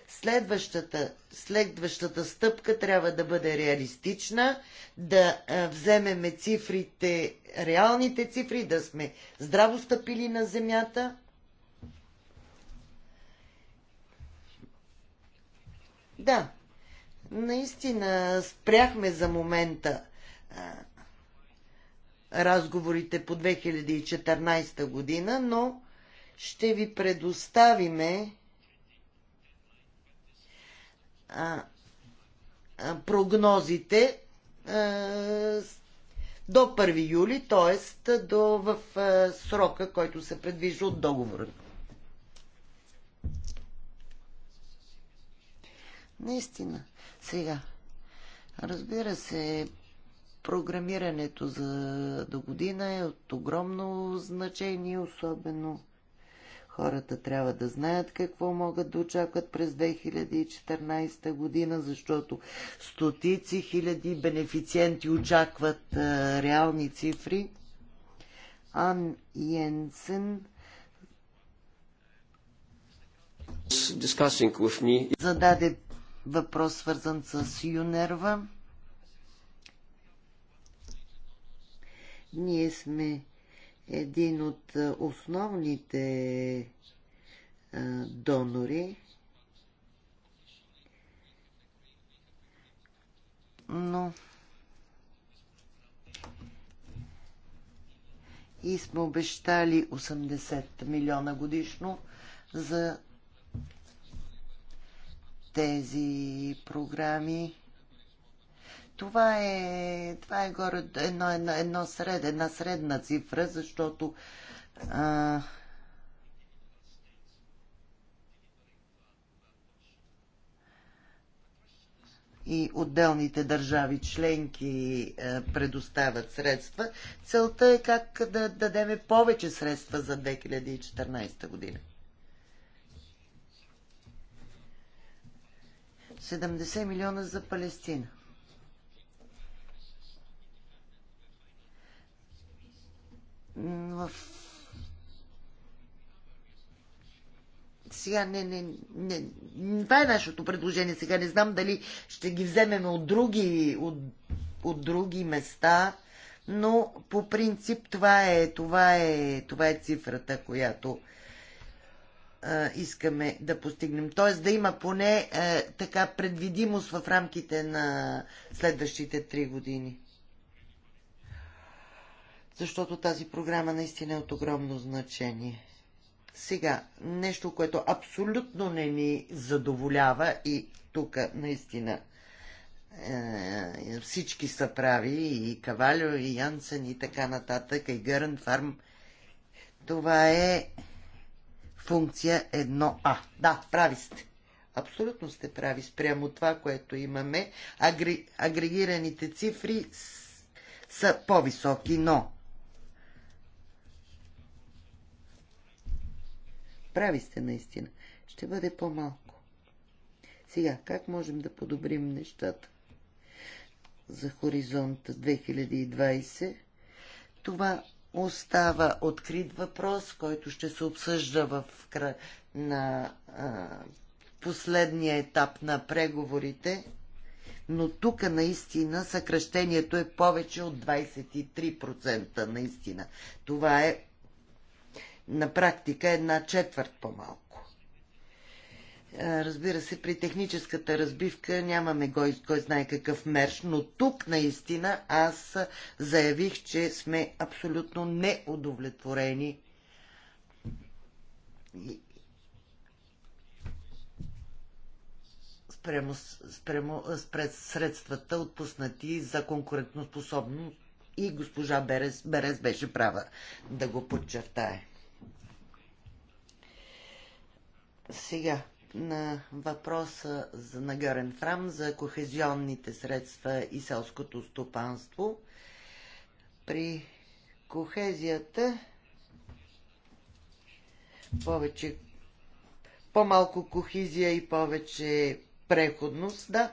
следващата, следващата стъпка трябва да бъде реалистична, да вземеме цифрите, реалните цифри, да сме здраво стъпили на земята. Да, наистина спряхме за момента разговорите по 2014 година, но ще ви предоставиме а, а, прогнозите а, до 1 юли, т.е. в а, срока, който се предвижда от договора. Наистина. Сега. Разбира се, Програмирането за до година е от огромно значение, особено хората трябва да знаят какво могат да очакват през 2014 година, защото стотици хиляди бенефициенти очакват а, реални цифри. Ан Йенсен зададе въпрос свързан с Юнерва. Ние сме един от основните донори. Но и сме обещали 80 милиона годишно за тези програми. Това е, това е горе едно, едно, едно сред, една средна цифра, защото а, и отделните държави членки предоставят средства. Целта е как да дадеме повече средства за 2014 година. 70 милиона за Палестина. в сега не, не, не, това е нашето предложение. Сега не знам дали ще ги вземем от други, от, от други места, но по принцип това е, това е, това е цифрата, която а, искаме да постигнем. Тоест да има поне а, така предвидимост в рамките на следващите три години защото тази програма наистина е от огромно значение. Сега, нещо, което абсолютно не ни задоволява и тук наистина е, всички са прави, и Кавалио, и Янсен, и така нататък, и Гърн Фарм. Това е функция 1А. Да, прави сте. Абсолютно сте прави спрямо това, което имаме. Агри... Агрегираните цифри с... са по-високи, но Прави сте наистина. Ще бъде по-малко. Сега, как можем да подобрим нещата? За хоризонт 2020 това остава открит въпрос, който ще се обсъжда в кра... на а, последния етап на преговорите, но тук наистина съкръщението е повече от 23% наистина. Това е на практика една четвърт по-малко. Разбира се, при техническата разбивка нямаме кой, кой знае какъв мерш, но тук наистина аз заявих, че сме абсолютно неудовлетворени спрямо, спрямо спред средствата отпуснати за конкурентоспособност и госпожа Берез Берез беше права да го подчертае. Сега на въпроса на Нагарен Фрам за кохезионните средства и селското стопанство. При кохезията повече по-малко кохизия и повече преходност, да.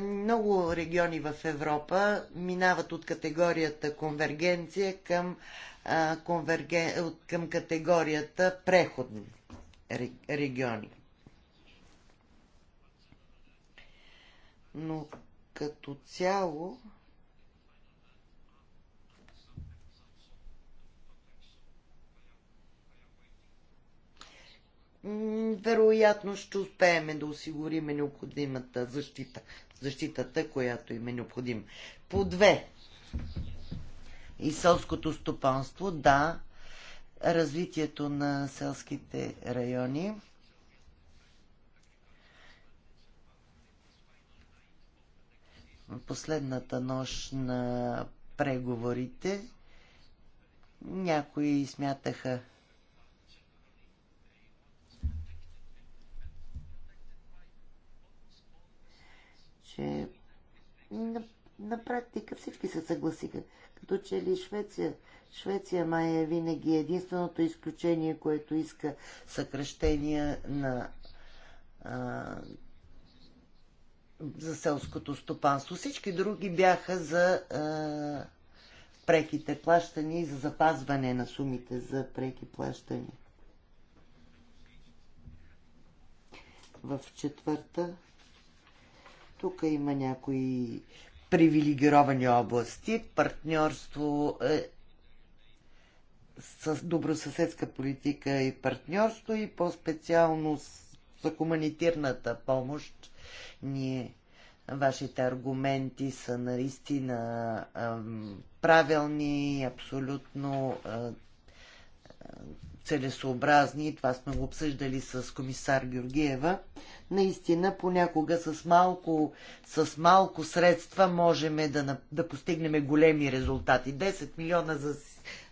Много региони в Европа минават от категорията конвергенция към конверген... към категорията преходни региони. Но като цяло вероятно ще успеем да осигурим необходимата защита, защитата, която им е необходима. По две и селското стопанство, да, развитието на селските райони. Последната нощ на преговорите някои смятаха че на, на практика всички се съгласиха като че ли Швеция, Швеция май е винаги единственото изключение, което иска съкръщения на а, за селското стопанство. Всички други бяха за а, преките плащания и за запазване на сумите за преки плащания. В четвърта тук има някои привилегировани области, партньорство е, с добросъседска политика и партньорство и по-специално за хуманитирната помощ. Ние, вашите аргументи са наистина правилни правилни, абсолютно е, целесообразни, това сме го обсъждали с комисар Георгиева, наистина понякога с малко, с малко средства можем да, да постигнем големи резултати. 10 милиона за,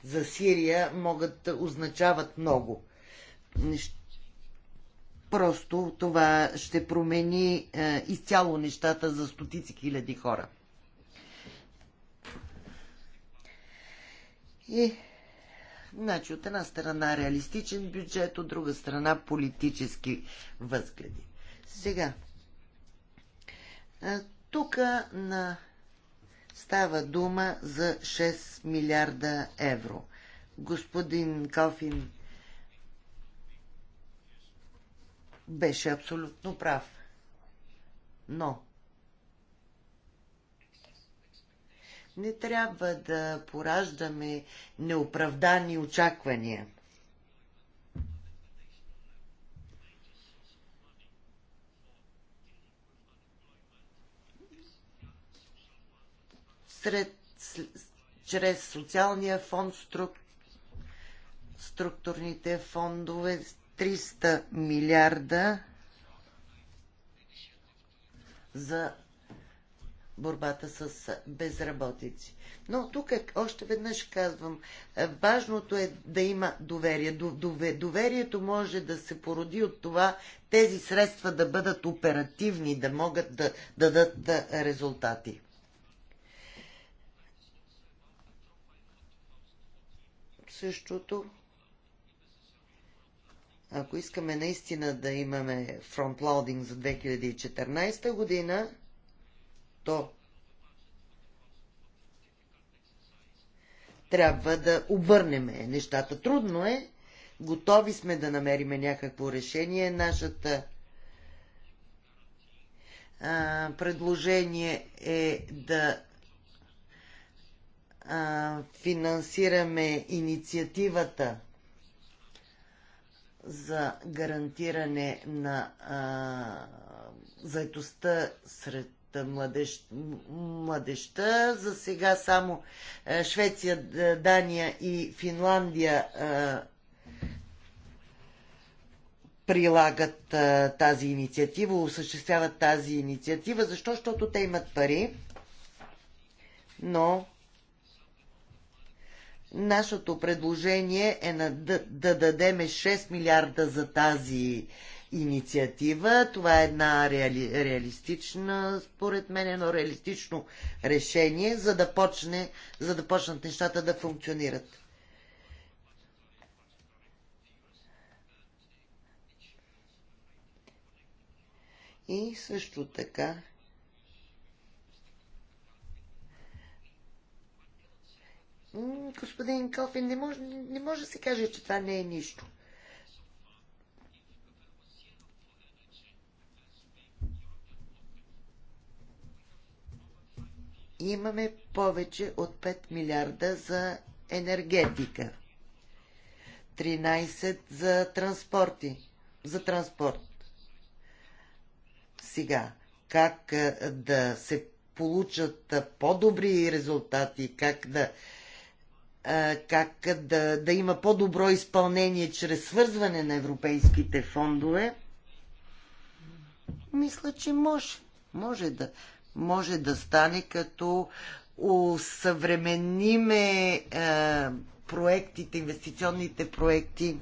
за Сирия могат означават много. Просто това ще промени е, изцяло нещата за стотици хиляди хора. И Значи от една страна реалистичен бюджет, от друга страна политически възгледи. Сега, тук на... става дума за 6 милиарда евро. Господин Кофин беше абсолютно прав. Но Не трябва да пораждаме неоправдани очаквания. Сред, чрез социалния фонд, струк, структурните фондове 300 милиарда за борбата с безработици. Но тук е- още веднъж казвам, е, важното е да има доверие. Доверието може да се породи от това тези средства да бъдат оперативни, да могат да дадат е, резултати. Същото ако искаме наистина да имаме фронтлоудинг за 2014 година, то трябва да обърнеме нещата. Трудно е, готови сме да намериме някакво решение. Нашата а, предложение е да а, финансираме инициативата за гарантиране на а, заедостта сред младеж, младежта. За сега само Швеция, Дания и Финландия прилагат тази инициатива, осъществяват тази инициатива. Защо? Защото те имат пари, но нашето предложение е на, да, да дадеме 6 милиарда за тази инициатива. Това е една реали, реалистична, според мен, едно реалистично решение, за да, почне, за да почнат нещата да функционират. И също така господин Кофин, не може, не може да се каже, че това не е нищо. имаме повече от 5 милиарда за енергетика, 13 за транспорти, за транспорт. Сега, как да се получат по-добри резултати, как да, как да, да има по-добро изпълнение чрез свързване на европейските фондове, мисля, че може. Може да, може да стане като усъвремениме е, проектите, инвестиционните проекти.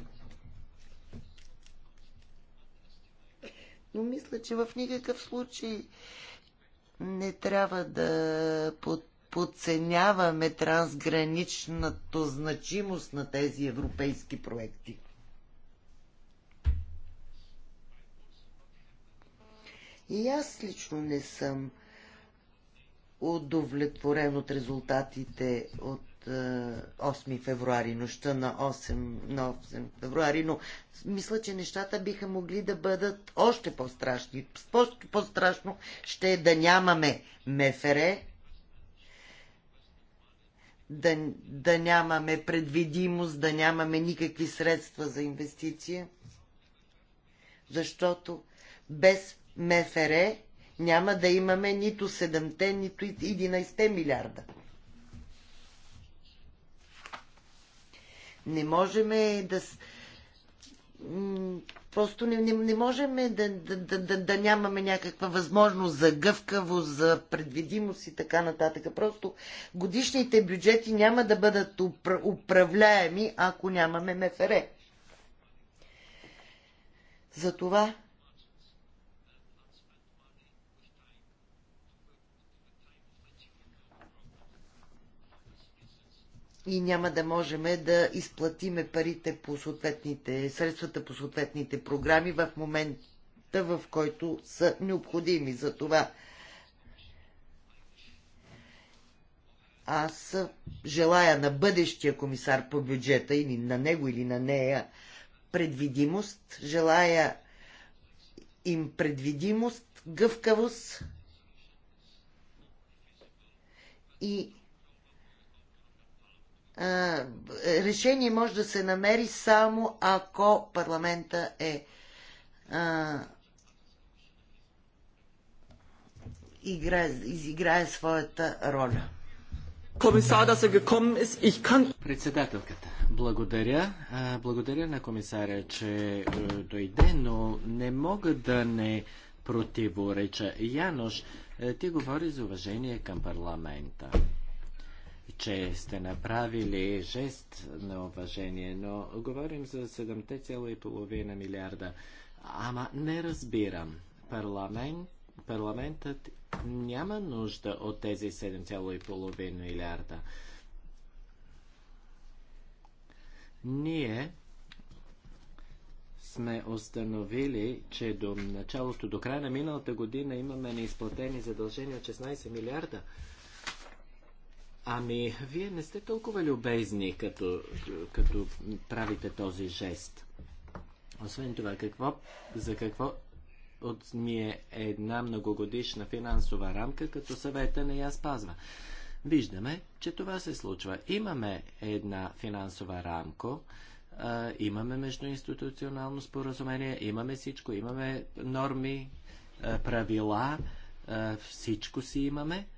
Но мисля, че в никакъв случай не трябва да под, подценяваме трансграничната значимост на тези европейски проекти. И аз лично не съм удовлетворен от резултатите от 8 е, февруари, нощта на 8, на 8 февруари, но мисля, че нещата биха могли да бъдат още по-страшни. Още по-страшно ще е да нямаме МФР, да, да нямаме предвидимост, да нямаме никакви средства за инвестиция, защото без МФР няма да имаме нито 7-те, нито 11 милиарда. Не можем да... Просто не, не, не можем да, да, да, да, да нямаме някаква възможност за гъвкавост, за предвидимост и така нататък. Просто годишните бюджети няма да бъдат управляеми, ако нямаме МФР. Затова и няма да можем да изплатиме парите по съответните, средствата по съответните програми в момента, в който са необходими. За това аз желая на бъдещия комисар по бюджета или на него или на нея предвидимост, желая им предвидимост, гъвкавост и решение може да се намери само ако парламента е а, играе, изиграе своята роля. се Председателката, благодаря. Благодаря на комисаря, че е, дойде, но не мога да не противореча. Янош, е, ти говори за уважение към парламента че сте направили жест на уважение, но говорим за 7,5 милиарда. Ама не разбирам. Парламент, парламентът няма нужда от тези 7,5 милиарда. Ние сме установили, че до началото, до края на миналата година имаме неизплатени задължения от 16 милиарда. Ами, вие не сте толкова любезни, като, като правите този жест. Освен това, какво, за какво от ми е една многогодишна финансова рамка, като съвета не я спазва? Виждаме, че това се случва. Имаме една финансова рамка, имаме междуинституционално споразумение, имаме всичко, имаме норми, правила, всичко си имаме –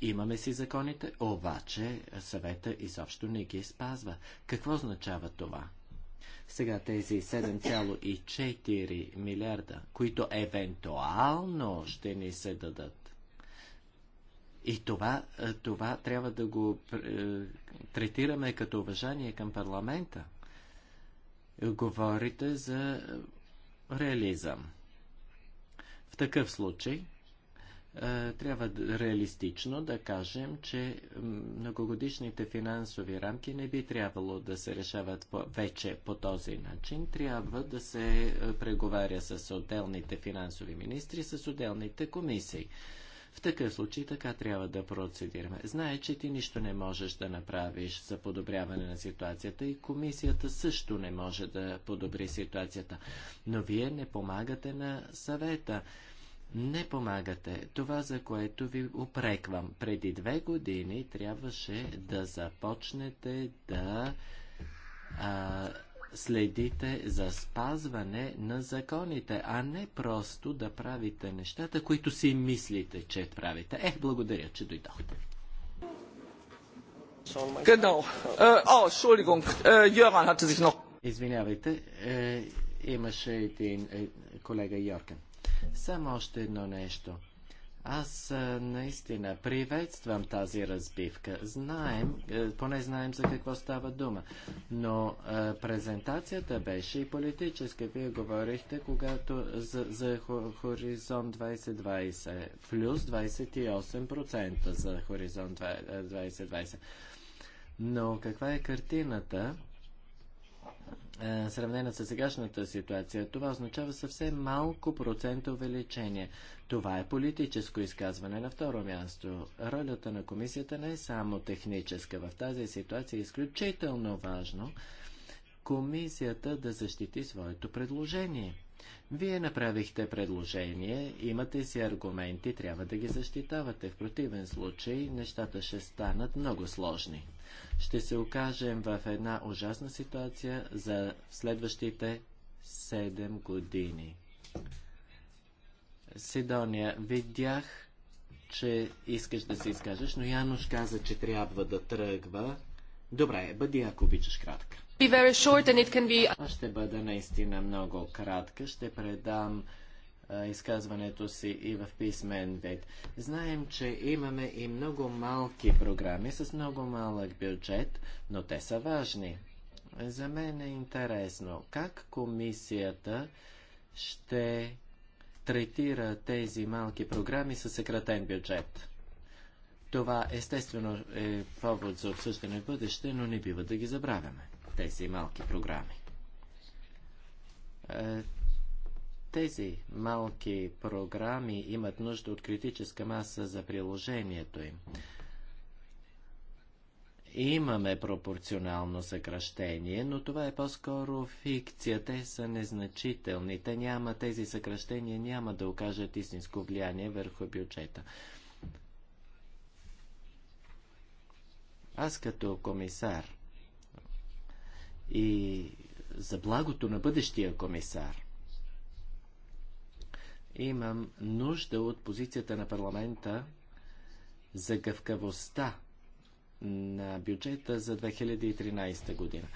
Имаме си законите, обаче съвета изобщо не ги спазва. Какво означава това? Сега тези 7,4 милиарда, които евентуално ще ни се дадат. И това, това трябва да го е, третираме като уважание към парламента. Говорите за реализъм. В такъв случай е, трябва реалистично да кажем, че многогодишните финансови рамки не би трябвало да се решават по, вече по този начин. Трябва да се е, преговаря с отделните финансови министри, с отделните комисии. В такъв случай така трябва да процедираме. Знае, че ти нищо не можеш да направиш за подобряване на ситуацията и комисията също не може да подобри ситуацията. Но вие не помагате на съвета не помагате. Това, за което ви упреквам. Преди две години трябваше да започнете да а, следите за спазване на законите, а не просто да правите нещата, които си мислите, че правите. Ех, благодаря, че дойдохте. Äh, oh, äh, Извинявайте, е, имаше един е, колега Йоркен. Само още едно нещо. Аз наистина приветствам тази разбивка. Знаем, е, поне знаем за какво става дума. Но а, презентацията беше и политическа. Вие говорихте, когато за, за Хоризонт 2020 плюс 28% за Хоризонт 2020. Но каква е картината? Е, сравнена с сегашната ситуация, това означава съвсем малко процент увеличение. Това е политическо изказване на второ място. Ролята на комисията не е само техническа. В тази ситуация е изключително важно комисията да защити своето предложение. Вие направихте предложение, имате си аргументи, трябва да ги защитавате. В противен случай нещата ще станат много сложни ще се окажем в една ужасна ситуация за следващите 7 години. Седония, видях, че искаш да се изкажеш, но Януш каза, че трябва да тръгва. Добре, бъди ако обичаш кратка. Be... Аз ще бъда наистина много кратка. Ще предам изказването си и в писмен вид. Знаем, че имаме и много малки програми с много малък бюджет, но те са важни. За мен е интересно как комисията ще третира тези малки програми със съкратен бюджет. Това естествено е повод за обсъждане в бъдеще, но не бива да ги забравяме, тези малки програми. Е, тези малки програми имат нужда от критическа маса за приложението им. Имаме пропорционално съкръщение, но това е по-скоро фикция. Те са незначителни. Те няма, тези съкръщения няма да окажат истинско влияние върху бюджета. Аз като комисар и за благото на бъдещия комисар – имам нужда от позицията на парламента за гъвкавостта на бюджета за 2013 година.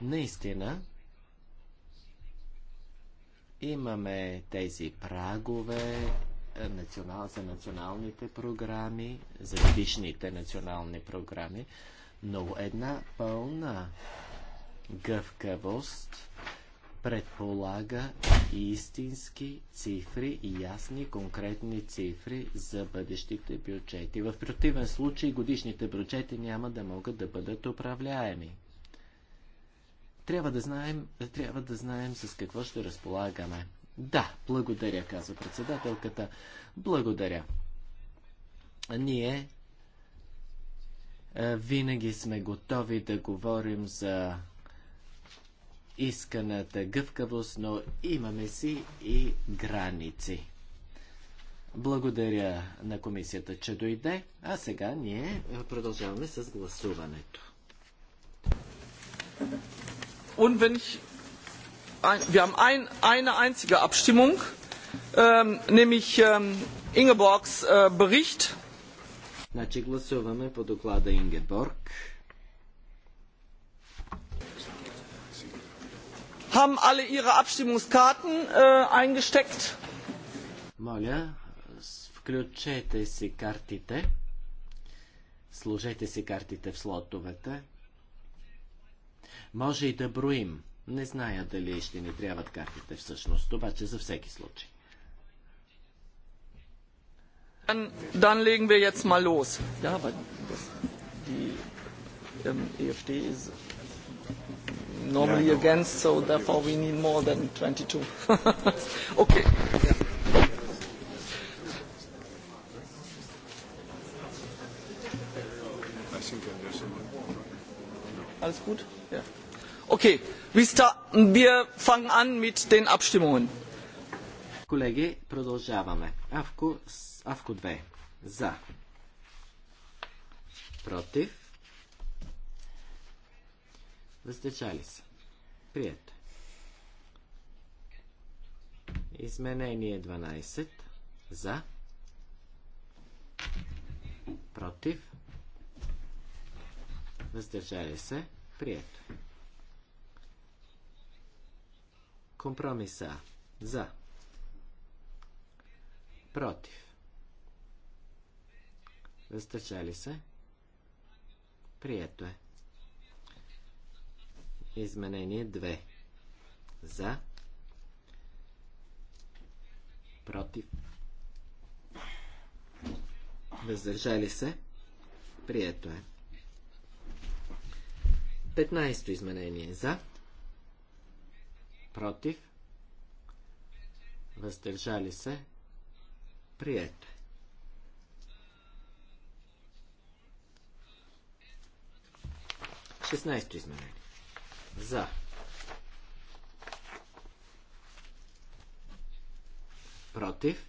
Наистина, имаме тези прагове е, национал, за националните програми, за годишните национални програми, но една пълна гъвкавост предполага истински цифри и ясни конкретни цифри за бъдещите бюджети. В противен случай годишните бюджети няма да могат да бъдат управляеми. Трябва да знаем, трябва да знаем с какво ще разполагаме. Да, благодаря, казва председателката. Благодаря. Ние винаги сме готови да говорим за исканата гъвкавост, но имаме си и граници. Благодаря на комисията, че дойде, а сега ние продължаваме с гласуването. Und wenn ich, ein, wir haben ein, eine einzige Abstimmung, ähm, nämlich ähm, Ingeborgs äh, Bericht. Значи гласуваме по доклада Ингеборг. Haben alle ihre Abstimmungskarten äh, eingesteckt? Моля, включете си картите. Сложете си картите в слотовете. Може и да броим. Не зная дали ще ни трябват картите всъщност, обаче за всеки случай. Dann, dann legen wir jetzt mal los. Ja, aber das, die ähm, EFD ist normally against, so therefore we need more than 22. okay. Yeah. Alles gut? Ja. Okay, wir fangen an mit den Abstimmungen. Колеги, продължаваме. Авко, авко 2. За. Против. Въздържали се. Прието. Изменение 12. За. Против. Въздържали се. Прието. Компромиса. За. Против. Въздържали се. Прието е. Изменение 2. За. Против. Въздържали се. Прието е. 15 изменение. За. Против. Въздържали се. Прието е. Шестнайсто изменение. За. Против.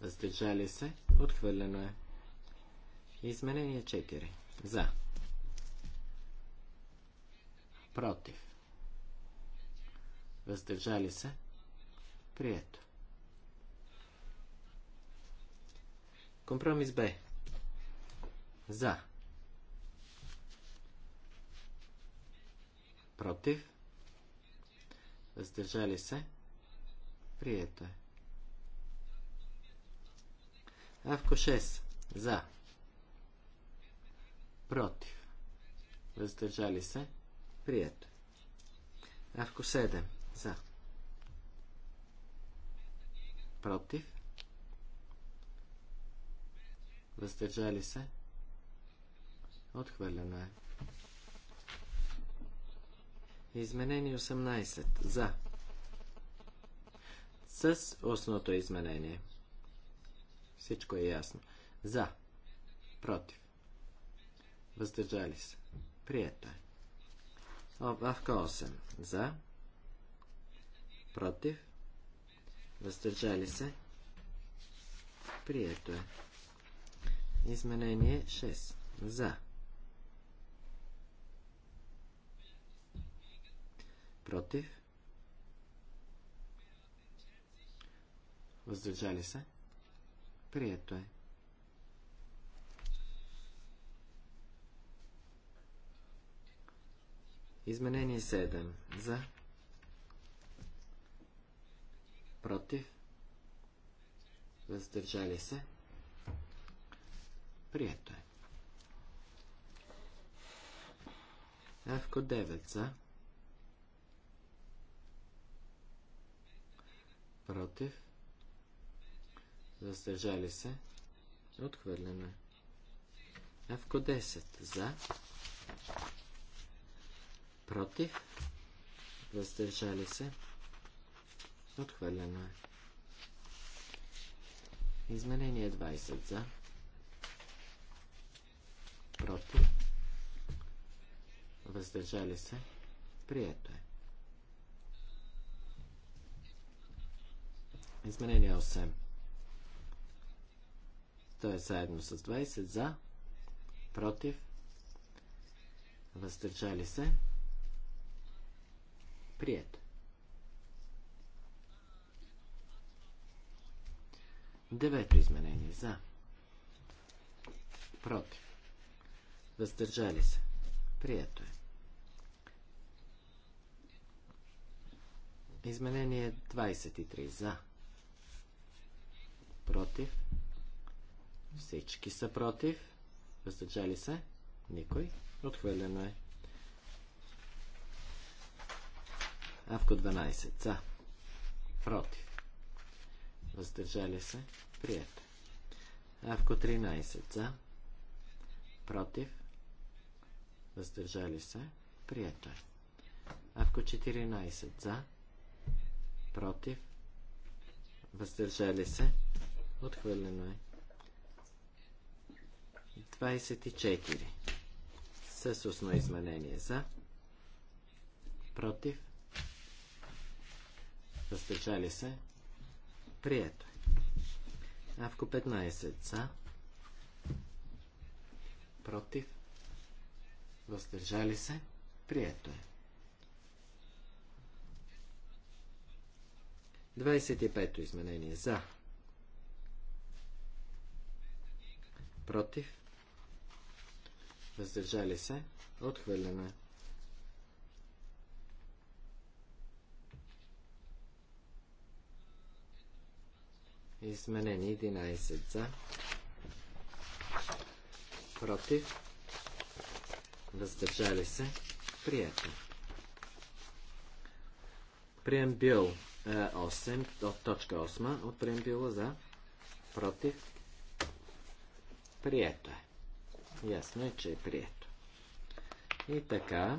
Въздържали се. Отхвърлено е. Изменение 4. За. Против. Въздържали се. Прието. Компромис Б. За. против, въздържали се, прието е. Авко 6. За. Против. Въздържали се. Прието. Е. Авко 7. За. Против. Въздържали се. Отхвърлено е. Изменение 18. За. С устното изменение. Всичко е ясно. За. Против. Въздържали се. Прието е. Обавка 8. За. Против. Въздържали се. Прието е. Изменение 6. За. против, въздържали се, прието е. Изменение 7. За. Против. Въздържали се. Прието е. Авко 9 за. против, въздържали се, отхвърлено е. Авко 10 за, против, въздържали се, отхвърлено е. Изменение 20 за, против, въздържали се, прието е. Изменение 8. Той е заедно с 20 за, против, въздържали се, прието. Девето изменение за, против, въздържали се, прието е. Изменение 23 за, против. Всички са против. Въздържали се? Никой. Отхвърлено е. Авко 12. За. Против. Въздържали се? Прието. Авко 13. За. Против. Въздържали се? Прието е. Авко 14. За. Против. Въздържали се? Отхвърлено е. 24. С устно изменение за. Против. Въздържали се. Прието е. Авко 15 за. Против. Въздържали се. Прието е. 25 изменение за. против, въздържали се, отхвърлено е. Изменени 11 за, против, въздържали се, приятно. Преамбил 8, е, от точка 8 от преамбила за, против, Прието е. Ясно е, че е прието. И така.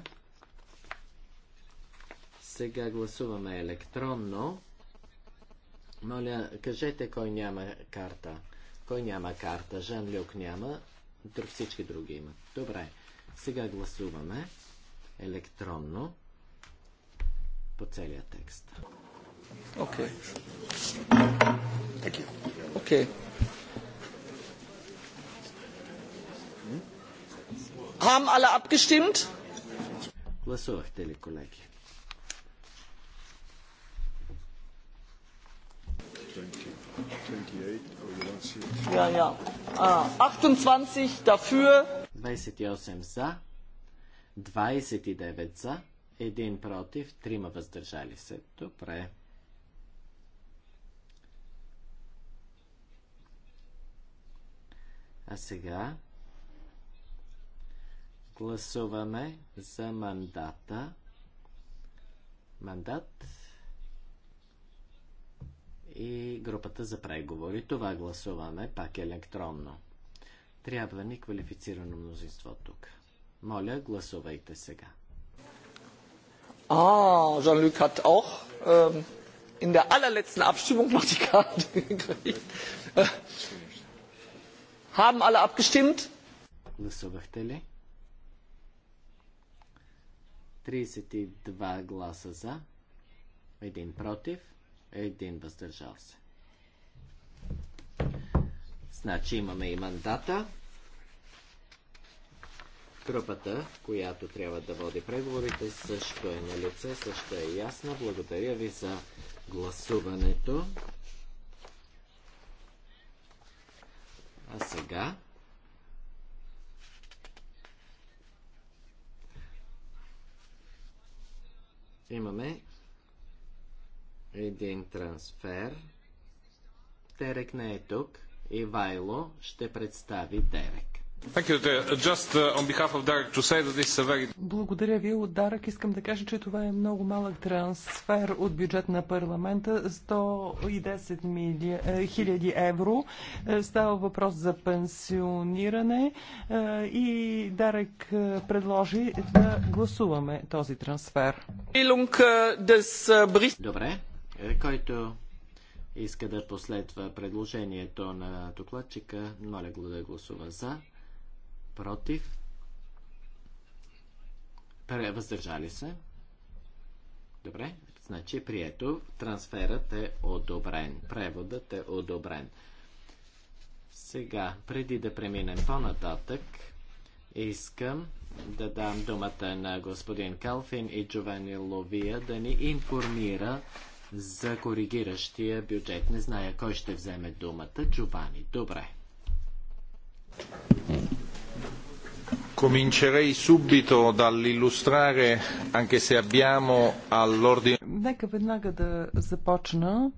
Сега гласуваме електронно. Моля, кажете кой няма карта. Кой няма карта? Жан Люк няма. Всички други имат. Добре. Сега гласуваме електронно по целия текст. Окей. Okay. Okay. Haben alle abgestimmt? Гласувахте ли, колеги? Ja, ja. Ah, 28 dafür. 28 за, 29 за, 1 против, 3 въздържали се. Добре. А сега Гласуваме за мандата. Мандат и групата за преговори. Това гласуваме пак електронно. Трябва ни квалифицирано мнозинство тук. Моля, гласувайте сега. А, Жан люк хат ох ähm, in der allerletzten Abstimmung noch die Karte *laughs* äh, Haben alle abgestimmt? Гласувахте ли? 32 гласа за, 1 против, 1 въздържал се. Значи имаме и мандата. Групата, която трябва да води преговорите, също е на лице, също е ясна. Благодаря ви за гласуването. А сега Имаме един трансфер. Терек не е тук. Ивайло ще представи Терек. Uh, uh, Благодаря ви от Дарък. Искам да кажа, че това е много малък трансфер от бюджет на парламента. 110 000 е, хиляди евро. Е, става въпрос за пенсиониране е, и Дарък предложи да гласуваме този трансфер. Добре. Който иска да последва предложението на докладчика, моля го да гласува за против, въздържали се. Добре, значи е прието, трансферът е одобрен, преводът е одобрен. Сега, преди да преминем по-нататък, искам да дам думата на господин Калфин и Джовани Ловия да ни информира за коригиращия бюджет. Не зная кой ще вземе думата. Джовани, добре. Comincerei subito dall'illustrare, anche se abbiamo all'ordine. Нека веднага да започна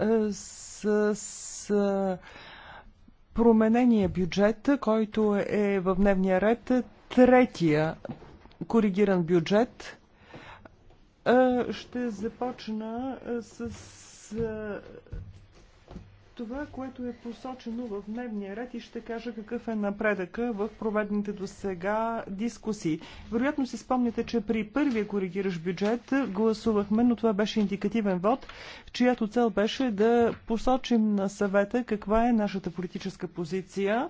е, с, с е, променения бюджет, който е в дневния ред третия коригиран бюджет. Е, ще започна с това, което е посочено в дневния ред и ще кажа какъв е напредъка в проведените до сега дискусии. Вероятно си спомняте, че при първия коригираш бюджет гласувахме, но това беше индикативен вод, чиято цел беше да посочим на съвета каква е нашата политическа позиция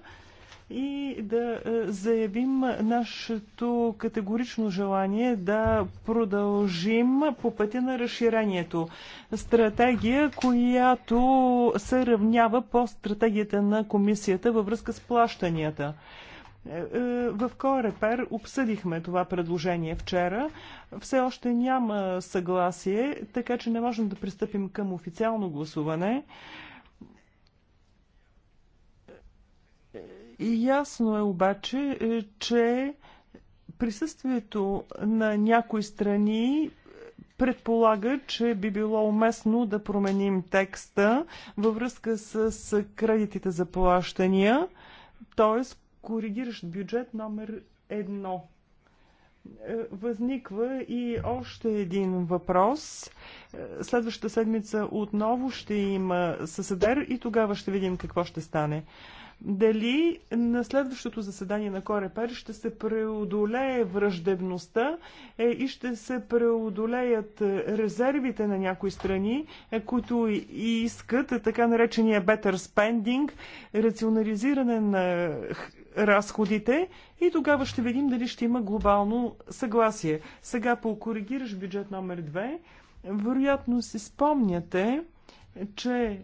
и да е, заявим нашето категорично желание да продължим по пътя на разширението. Стратегия, която се равнява по стратегията на комисията във връзка с плащанията. Е, е, в Корепер обсъдихме това предложение вчера. Все още няма съгласие, така че не можем да пристъпим към официално гласуване. Ясно е обаче, е, че присъствието на някои страни предполага, че би било уместно да променим текста във връзка с кредитите за плащания, т.е. коригиращ бюджет номер едно. Е, възниква и още един въпрос. Е, следващата седмица отново ще има съседер и тогава ще видим какво ще стане дали на следващото заседание на Корепер ще се преодолее враждебността е, и ще се преодолеят е, резервите на някои страни, е, които искат е, така наречения better spending, рационализиране на разходите и тогава ще видим дали ще има глобално съгласие. Сега по коригираш бюджет номер 2, вероятно си спомняте, че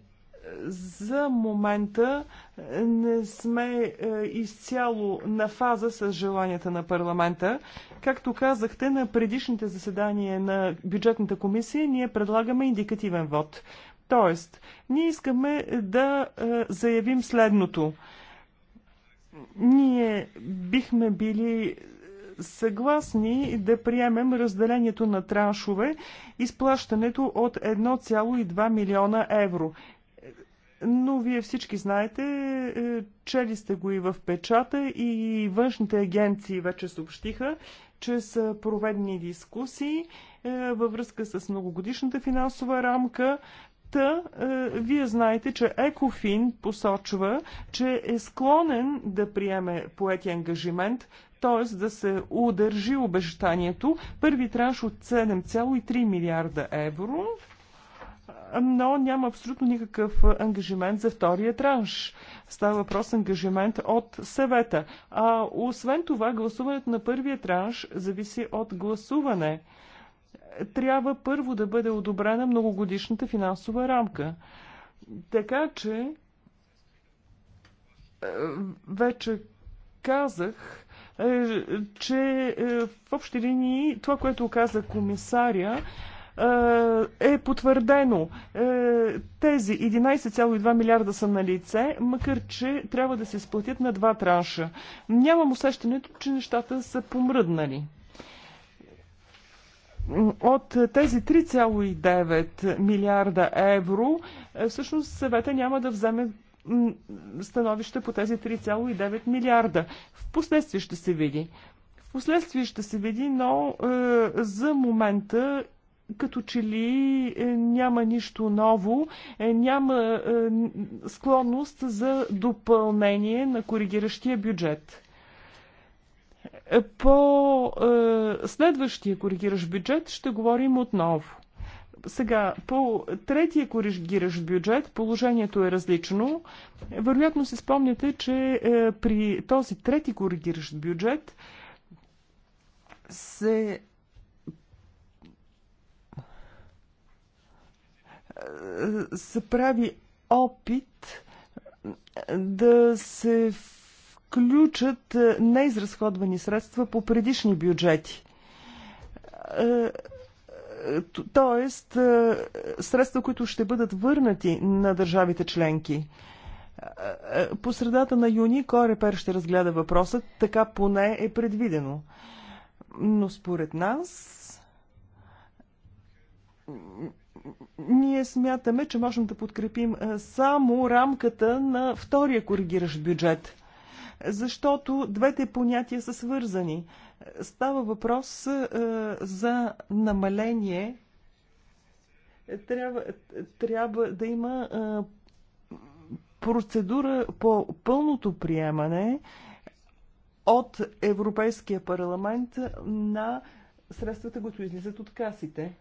за момента е, не сме е, изцяло на фаза с желанията на парламента. Както казахте, на предишните заседания на бюджетната комисия ние предлагаме индикативен вод. Тоест, ние искаме да е, заявим следното. Ние бихме били съгласни да приемем разделението на траншове, изплащането от 1,2 милиона евро но вие всички знаете, е, чели сте го и в печата и външните агенции вече съобщиха, че са проведени дискусии е, във връзка с многогодишната финансова рамка. Та, е, вие знаете, че Екофин посочва, че е склонен да приеме поети ангажимент, т.е. да се удържи обещанието първи транш от 7,3 милиарда евро но няма абсолютно никакъв ангажимент за втория транш. Става въпрос ангажимент от съвета. А освен това, гласуването на първия транш зависи от гласуване. Трябва първо да бъде одобрена многогодишната финансова рамка. Така че, е, вече казах, е, че е, в общи линии това, което каза комисаря, е потвърдено. Е, тези 11,2 милиарда са на лице, макар че трябва да се сплатят на два транша. Нямам усещането, че нещата са помръднали от тези 3,9 милиарда евро, е, всъщност съвета няма да вземе становище по тези 3,9 милиарда. В последствие ще се види. В последствие ще се види, но е, за момента като че ли е, няма нищо ново, е, няма е, склонност за допълнение на коригиращия бюджет. По следващия коригиращ бюджет ще говорим отново. Сега, по третия коригиращ бюджет положението е различно. Вероятно се спомняте, че при този трети коригиращ бюджет се се прави опит да се включат неизразходвани средства по предишни бюджети. Тоест, средства, които ще бъдат върнати на държавите членки. По средата на юни Корепер ще разгледа въпросът, така поне е предвидено. Но според нас ние смятаме, че можем да подкрепим само рамката на втория коригиращ бюджет, защото двете понятия са свързани. Става въпрос за намаление. Трябва, трябва да има процедура по пълното приемане от Европейския парламент на средствата, които излизат от касите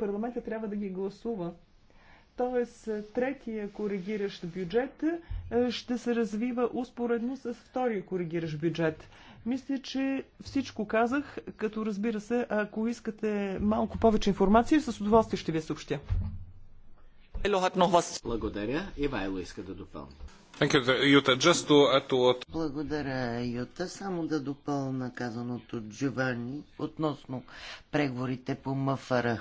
парламента трябва да ги гласува. Тоест, е, третия коригиращ бюджет е, ще се развива успоредно с втория коригиращ бюджет. Мисля, че всичко казах, като разбира се, ако искате малко повече информация, с удоволствие ще ви съобщя. Благодаря. Ивайло иска да допълни. Благодаря, Юта. Само да допълна казаното Джовани относно преговорите по МФР.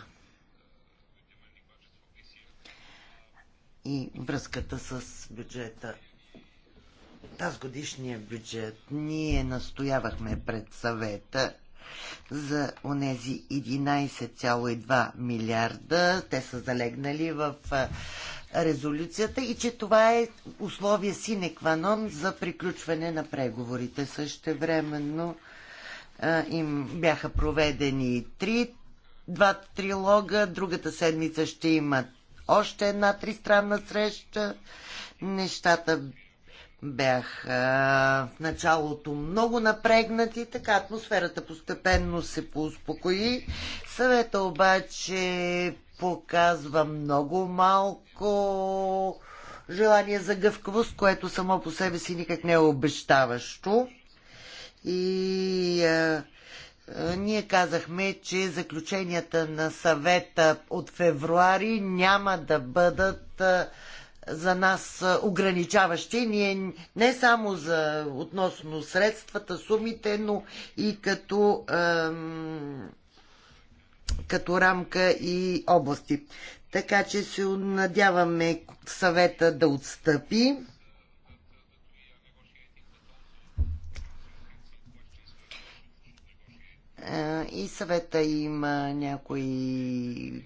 и връзката с бюджета. Таз годишния бюджет ние настоявахме пред съвета за онези 11,2 милиарда. Те са залегнали в резолюцията и че това е условие синекванон за приключване на преговорите. Също временно им бяха проведени три, два трилога, другата седмица ще има още една тристранна среща. Нещата бяха в началото много напрегнати, така атмосферата постепенно се поуспокои. Съвета обаче показва много малко желание за гъвкавост, което само по себе си никак не е обещаващо. И а, е, ние казахме, че заключенията на съвета от февруари няма да бъдат е, за нас е, ограничаващи. Ние не само за относно средствата, сумите, но и като, ем, като рамка и области. Така че се надяваме съвета да отстъпи Е, и съвета има някои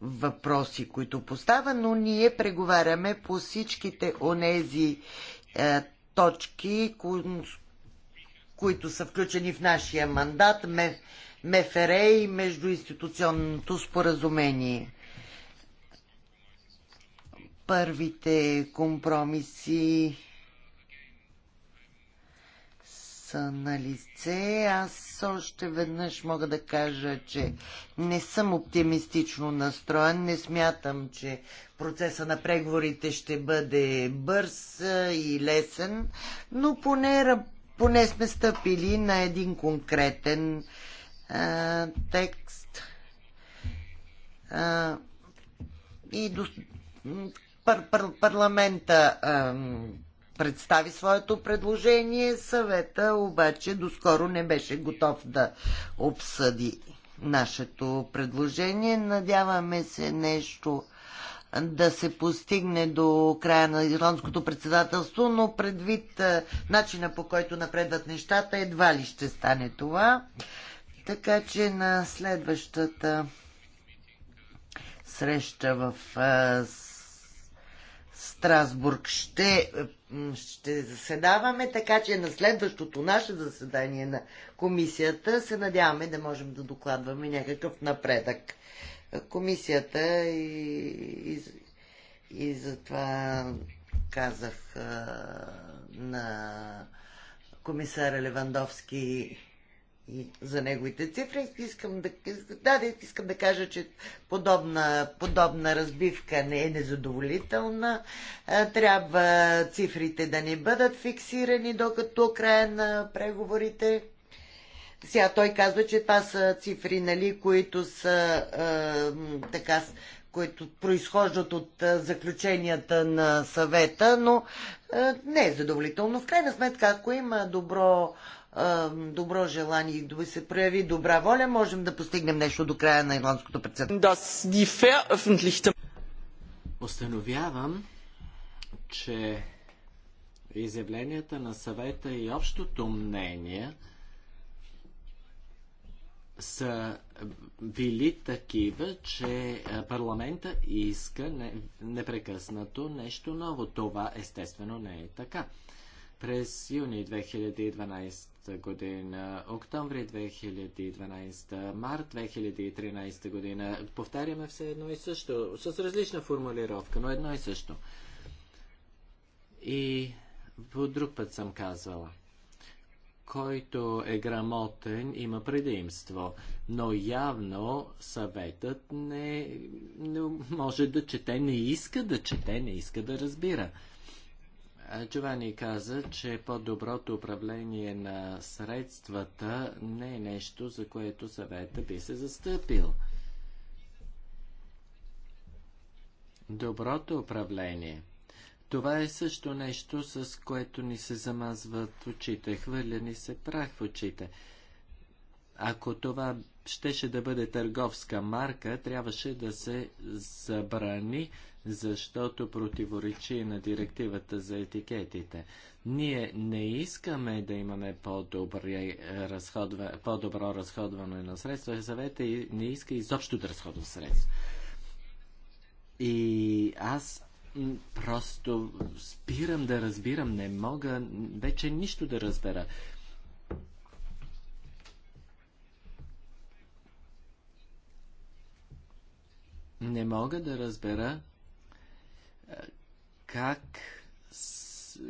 въпроси, които поставя, но ние преговаряме по всичките онези е, точки, които са включени в нашия мандат, МФР и междуинституционното споразумение. Първите компромиси са на лице. Аз още веднъж мога да кажа, че не съм оптимистично настроен. Не смятам, че процеса на преговорите ще бъде бърз и лесен, но поне, поне сме стъпили на един конкретен а, текст. А, и до, пар, пар, парламента. А, представи своето предложение. Съвета обаче доскоро не беше готов да обсъди нашето предложение. Надяваме се нещо да се постигне до края на ирландското председателство, но предвид начина по който напредват нещата, едва ли ще стане това. Така че на следващата среща в Страсбург ще ще заседаваме, така че на следващото наше заседание на комисията се надяваме да можем да докладваме някакъв напредък. Комисията и, и, и затова казах а, на комисара Левандовски и за неговите цифри. Искам да, да, искам да кажа, че подобна, подобна разбивка не е незадоволителна. Е, трябва цифрите да не бъдат фиксирани докато края на преговорите. Сега той казва, че това са цифри, нали, които са е, така, които произхождат от е, заключенията на съвета, но е, не е задоволително. В крайна сметка, ако има добро добро желание и да се прояви добра воля, можем да постигнем нещо до края на ирландското председателство. Остановявам, че изявленията на съвета и общото мнение са били такива, че парламента иска непрекъснато нещо ново. Това естествено не е така. През юни 2012 2012 година, октомври 2012, март 2013 година. Повтаряме все едно и също, с различна формулировка, но едно и също. И по друг път съм казвала. Който е грамотен, има предимство, но явно съветът не, не може да чете, не иска да чете, не иска да разбира. Джовани каза, че по-доброто управление на средствата не е нещо, за което съвета би се застъпил. Доброто управление. Това е също нещо, с което ни се замазват очите, хвърля ни се прах в очите. Ако това щеше да бъде търговска марка, трябваше да се забрани защото противоречи на директивата за етикетите. Ние не искаме да имаме по-добро разходва, по разходване на средства. Съвета не иска изобщо да разходва средства. И аз просто спирам да разбирам, не мога вече нищо да разбера. Не мога да разбера как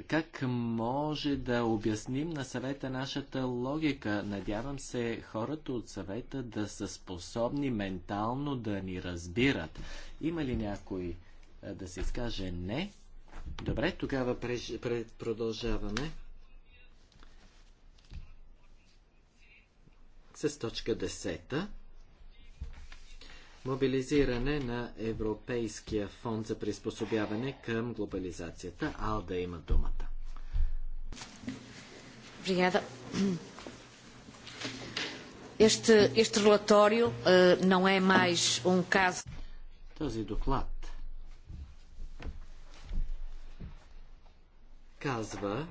как може да обясним на съвета нашата логика? Надявам се хората от съвета да са способни ментално да ни разбират. Има ли някой е, да се изкаже не? Добре, тогава преж... пред... продължаваме с точка 10. Мобилизиране на Европейския фонд за приспособяване към глобализацията. Алда има думата. Obrigada. Este, este relatório uh, não é mais um caso. Този доклад казва,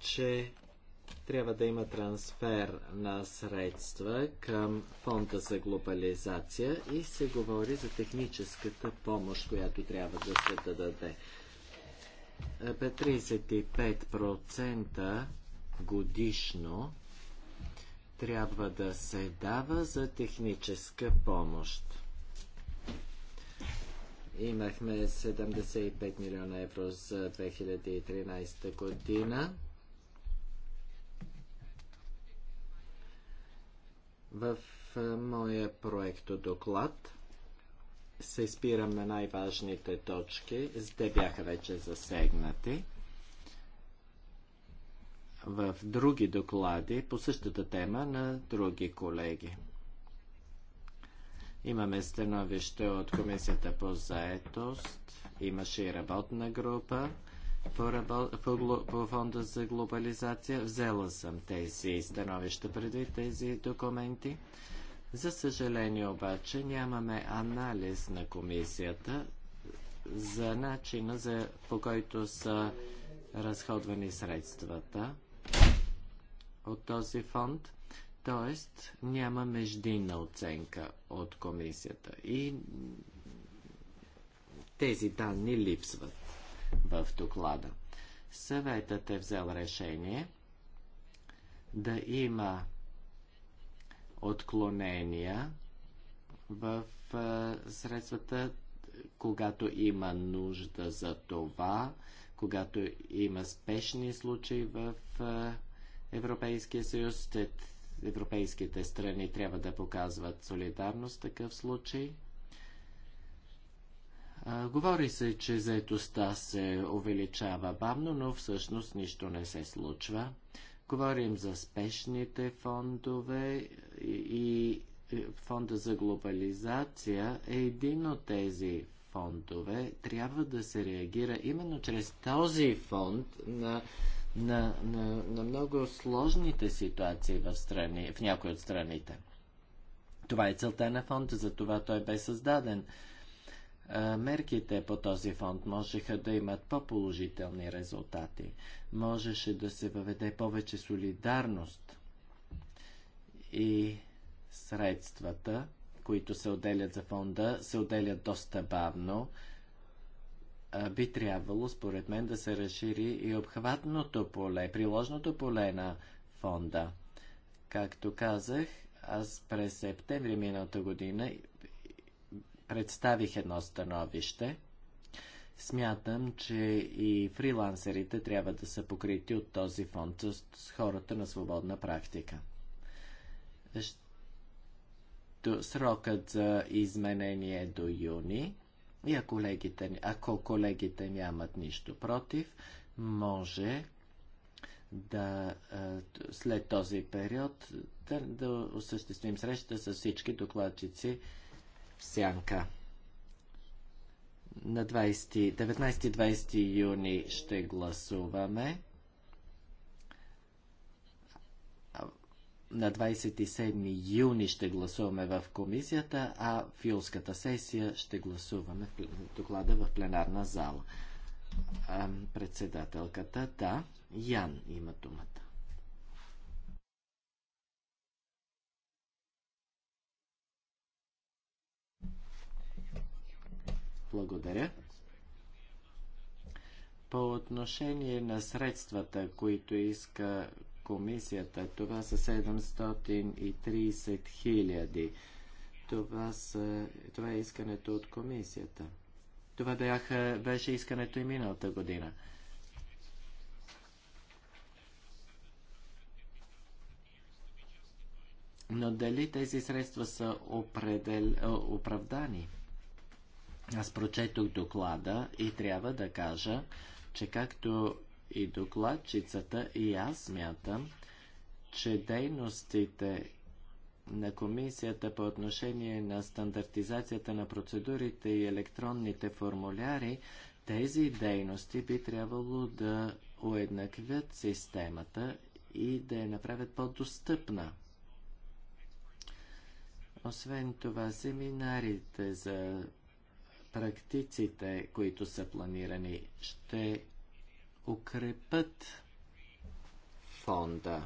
че трябва да има трансфер на средства към фонда за глобализация и се говори за техническата помощ, която трябва да се даде. 35% е, годишно трябва да се дава за техническа помощ. Имахме 75 милиона евро за 2013 година. В моя проекто доклад се спирам на най-важните точки. Те бяха вече засегнати. В други доклади по същата тема на други колеги. Имаме становище от Комисията по заетост, имаше и работна група по, фонда за глобализация. Взела съм тези становища преди тези документи. За съжаление обаче нямаме анализ на комисията за начина за, по който са разходвани средствата от този фонд. Тоест няма междинна оценка от комисията и тези данни липсват в доклада. Съветът е взел решение да има отклонения в средствата, когато има нужда за това, когато има спешни случаи в Европейския съюз, европейските страни трябва да показват солидарност в такъв случай говори се, че заетостта се увеличава бавно, но всъщност нищо не се случва. Говорим за спешните фондове и фонда за глобализация е един от тези фондове. Трябва да се реагира именно чрез този фонд на, на, на, на много сложните ситуации в, страни, в някои от страните. Това е целта на фонда, за това той бе създаден мерките по този фонд можеха да имат по-положителни резултати. Можеше да се въведе повече солидарност и средствата, които се отделят за фонда, се отделят доста бавно. Би трябвало, според мен, да се разшири и обхватното поле, приложното поле на фонда. Както казах, аз през септември миналата година представих едно становище. Смятам, че и фрилансерите трябва да са покрити от този фонд с хората на свободна практика. Срокът за изменение е до юни. И ако колегите, ако колегите нямат нищо против, може да след този период да, да осъществим среща с всички докладчици сянка. На 19-20 юни ще гласуваме. На 27 юни ще гласуваме в комисията, а в юлската сесия ще гласуваме в доклада в пленарна зала. Председателката, да, Ян има думата. Благодаря. По отношение на средствата, които иска комисията, това са 730 хиляди. Това, са, това е искането от комисията. Това бяха, беше искането и миналата година. Но дали тези средства са определ... Е, оправдани? Аз прочетох доклада и трябва да кажа, че както и докладчицата, и аз смятам, че дейностите на комисията по отношение на стандартизацията на процедурите и електронните формуляри, тези дейности би трябвало да уеднаквят системата и да я направят по-достъпна. Освен това, семинарите за практиците, които са планирани, ще укрепят фонда.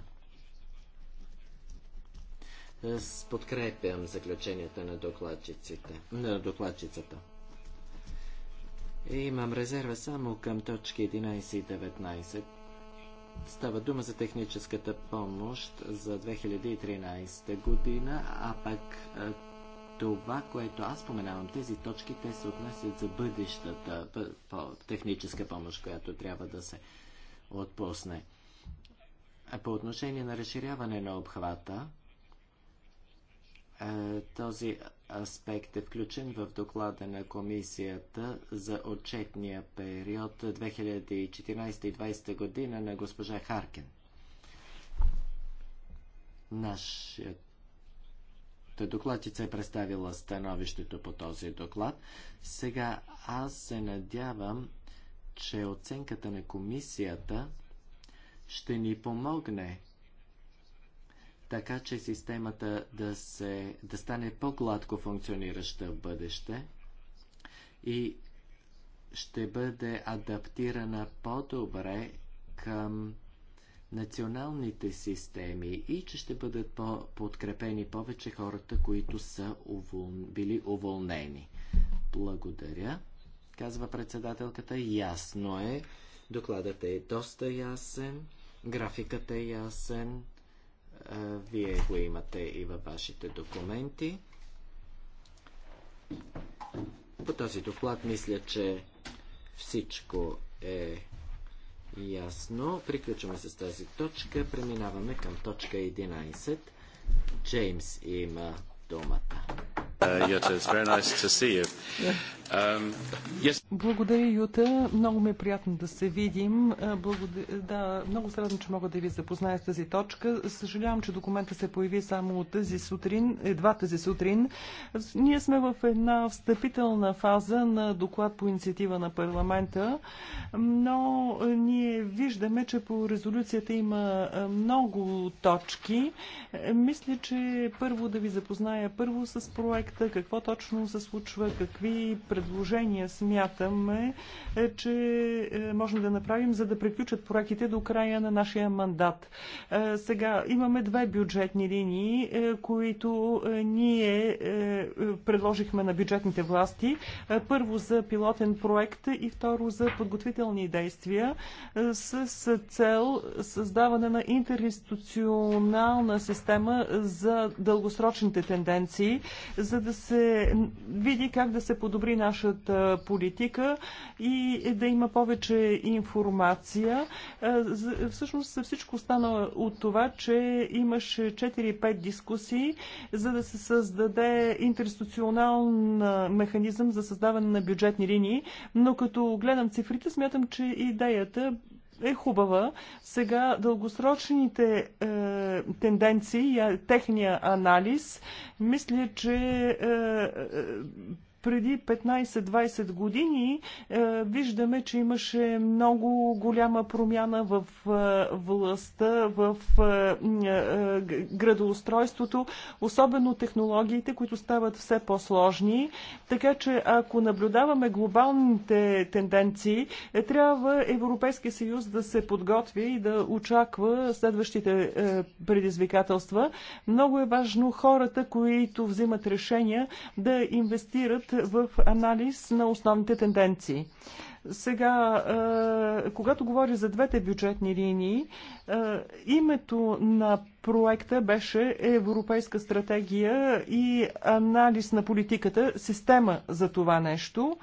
Аз подкрепям заключенията на, докладчиците, на докладчицата. И имам резерва само към точки 11 и 19. Става дума за техническата помощ за 2013 година, а пък това, което аз споменавам, тези точки, те се отнасят за бъдещата по техническа помощ, която трябва да се отпусне. А по отношение на разширяване на обхвата, е, този аспект е включен в доклада на комисията за отчетния период 2014-2020 година на госпожа Харкен. Нашият докладчица е представила становището по този доклад. Сега аз се надявам, че оценката на комисията ще ни помогне така, че системата да, се, да стане по-гладко функционираща в бъдеще и ще бъде адаптирана по-добре към националните системи и че ще бъдат подкрепени повече хората, които са увол... били уволнени. Благодаря, казва председателката. Ясно е. Докладът е доста ясен, графикът е ясен, вие го имате и във вашите документи. По този доклад мисля, че всичко е Ясно. Приключваме с тази точка. Преминаваме към точка 11. Джеймс има думата. Uh, Jutta, it's very nice to see you. Um, Благодаря, Юта. Много ми е приятно да се видим. Благодаря, да, много се радвам, че мога да ви запозная с тази точка. Съжалявам, че документа се появи само тази сутрин, едва тази сутрин. Ние сме в една встъпителна фаза на доклад по инициатива на парламента, но ние виждаме, че по резолюцията има много точки. Мисля, че първо да ви запозная първо с проекта, какво точно се случва, какви предложения смятаме, е, че е, можем да направим, за да приключат проектите до края на нашия мандат. Е, сега имаме две бюджетни линии, които ние предложихме на бюджетните власти. Първо за пилотен проект и второ за подготвителни действия с цел създаване на интеринституционална система за дългосрочните тенденции, за да се види как да се подобри на нашата политика и да има повече информация. Е, всъщност всичко стана от това, че имаше 4-5 дискусии, за да се създаде интерституционален механизъм за създаване на бюджетни линии, но като гледам цифрите, смятам, че идеята е хубава. Сега дългосрочните е, тенденции, техния анализ, мисля, че е, е преди 15-20 години е, виждаме, че имаше много голяма промяна в е, властта, в е, е градоустройството, особено технологиите, които стават все по-сложни. Така че ако наблюдаваме глобалните тенденции, е, трябва Европейския съюз да се подготви и да очаква следващите е, предизвикателства. Много е важно хората, които взимат решения, да инвестират в анализ на основните тенденции. Сега, е, когато говори за двете бюджетни линии, е, името на проекта беше Европейска стратегия и анализ на политиката, система за това нещо.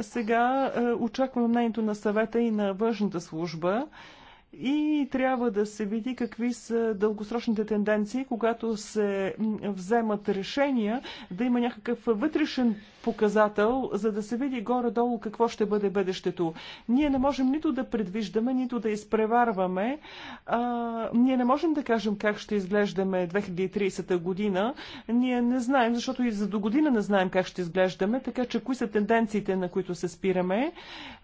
Сега е, очаквам мнението на съвета и на външната служба и трябва да се види какви са дългосрочните тенденции, когато се вземат решения, да има някакъв вътрешен показател, за да се види горе-долу какво ще бъде бъдещето. Ние не можем нито да предвиждаме, нито да изпреварваме. А, ние не можем да кажем как ще изглеждаме 2030 година. Ние не знаем, защото и за до година не знаем как ще изглеждаме, така че кои са тенденциите, на които се спираме.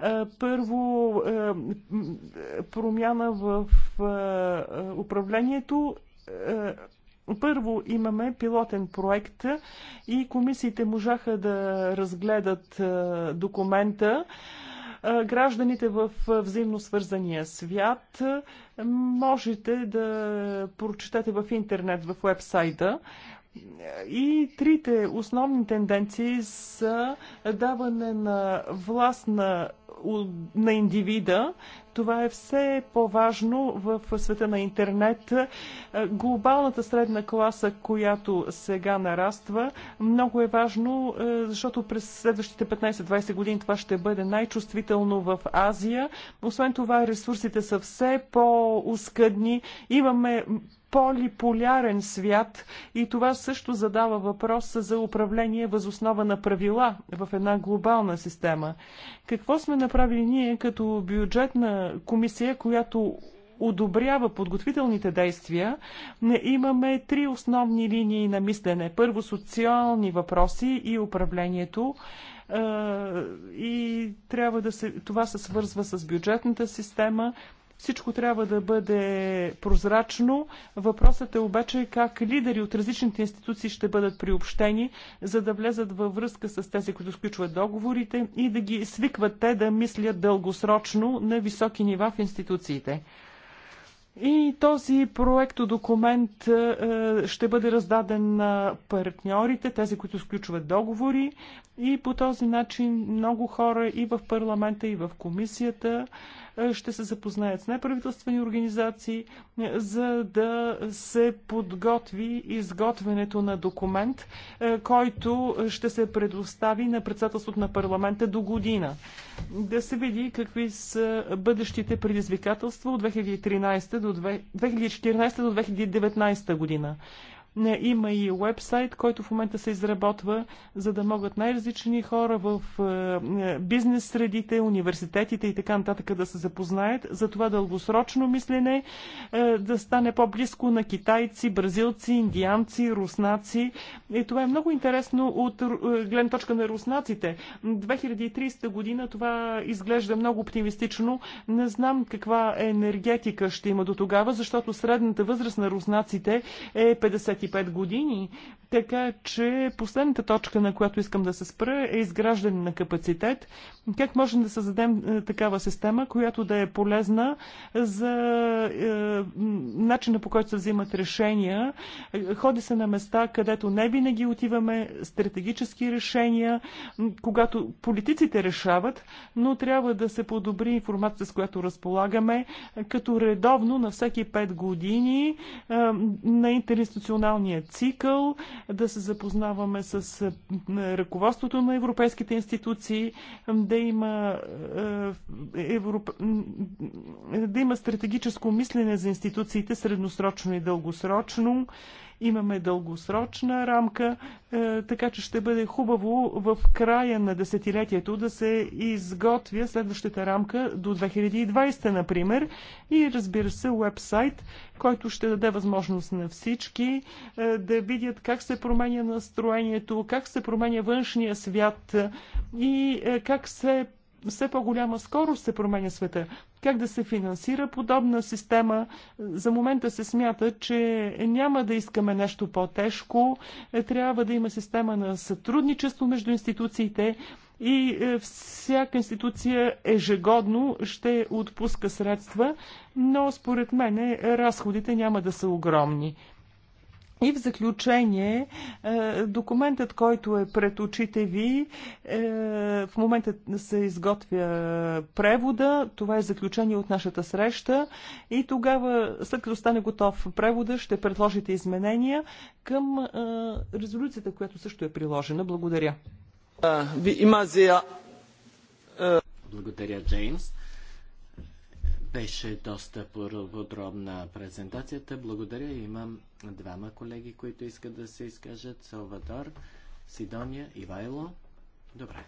А, първо, а, промяна промяна в управлението първо имаме пилотен проект и комисиите можаха да разгледат документа. Гражданите в взаимно свързания свят можете да прочетете в интернет, в вебсайта. И трите основни тенденции са даване на власт на на индивида. Това е все по-важно в света на интернет. Е, глобалната средна класа, която сега нараства, много е важно, е, защото през следващите 15-20 години това ще бъде най-чувствително в Азия. Освен това, ресурсите са все по-ускъдни. Имаме полиполярен свят и това също задава въпрос за управление възоснова на правила в една глобална система. Какво сме направили ние като бюджетна комисия, която одобрява подготвителните действия, имаме три основни линии на мислене. Първо социални въпроси и управлението. Е, и трябва да се. Това се свързва с бюджетната система, всичко трябва да бъде прозрачно. Въпросът е обаче как лидери от различните институции ще бъдат приобщени, за да влезат във връзка с тези, които сключват договорите и да ги свикват те да мислят дългосрочно на високи нива в институциите. И този проект документ е, е, ще бъде раздаден на партньорите, тези, които сключват договори. И по този начин много хора и в парламента, и в комисията е, ще се запознаят с неправителствени организации, е, за да се подготви изготвянето на документ, е, който ще се предостави на председателството на парламента до година. Да се види какви са бъдещите предизвикателства от 2013 до 2014 до 2019 година. Не, има и вебсайт, който в момента се изработва, за да могат най-различни хора в е, е, бизнес средите, университетите и така нататък да се запознаят. За това дългосрочно мислене е, да стане по-близко на китайци, бразилци, индианци, руснаци. И това е много интересно от гледна точка на руснаците. 2030 година това изглежда много оптимистично. Не знам каква енергетика ще има до тогава, защото средната възраст на руснаците е 50%. 25 години. Така че последната точка, на която искам да се спра, е изграждане на капацитет. Как можем да създадем е, такава система, която да е полезна за е, начина по който се взимат решения. Ходи се на места, където не винаги отиваме, стратегически решения, когато политиците решават, но трябва да се подобри информацията, с която разполагаме, като редовно на всеки 5 години е, на интернационална менструалния цикъл, да се запознаваме с е, ръководството на европейските институции, да има, е, е, европ... да има стратегическо мислене за институциите средносрочно и дългосрочно, Имаме дългосрочна рамка, е, така че ще бъде хубаво в края на десетилетието да се изготвя следващата рамка до 2020, например, и разбира се, уебсайт, който ще даде възможност на всички е, да видят как се променя настроението, как се променя външния свят е, и как се все по-голяма скорост се променя света как да се финансира подобна система. За момента се смята, че няма да искаме нещо по-тежко. Е, трябва да има система на сътрудничество между институциите и е, всяка институция ежегодно ще отпуска средства, но според мен разходите няма да са огромни. И в заключение, е, документът, който е пред очите ви, е, в момента се изготвя превода. Това е заключение от нашата среща. И тогава, след като стане готов превода, ще предложите изменения към е, резолюцията, която също е приложена. Благодаря. Благодаря, Джеймс. Беше доста подробна презентацията. Благодаря. Имам двама колеги, които искат да се изкажат. Салвадор, Сидония, и Вайло. Добре.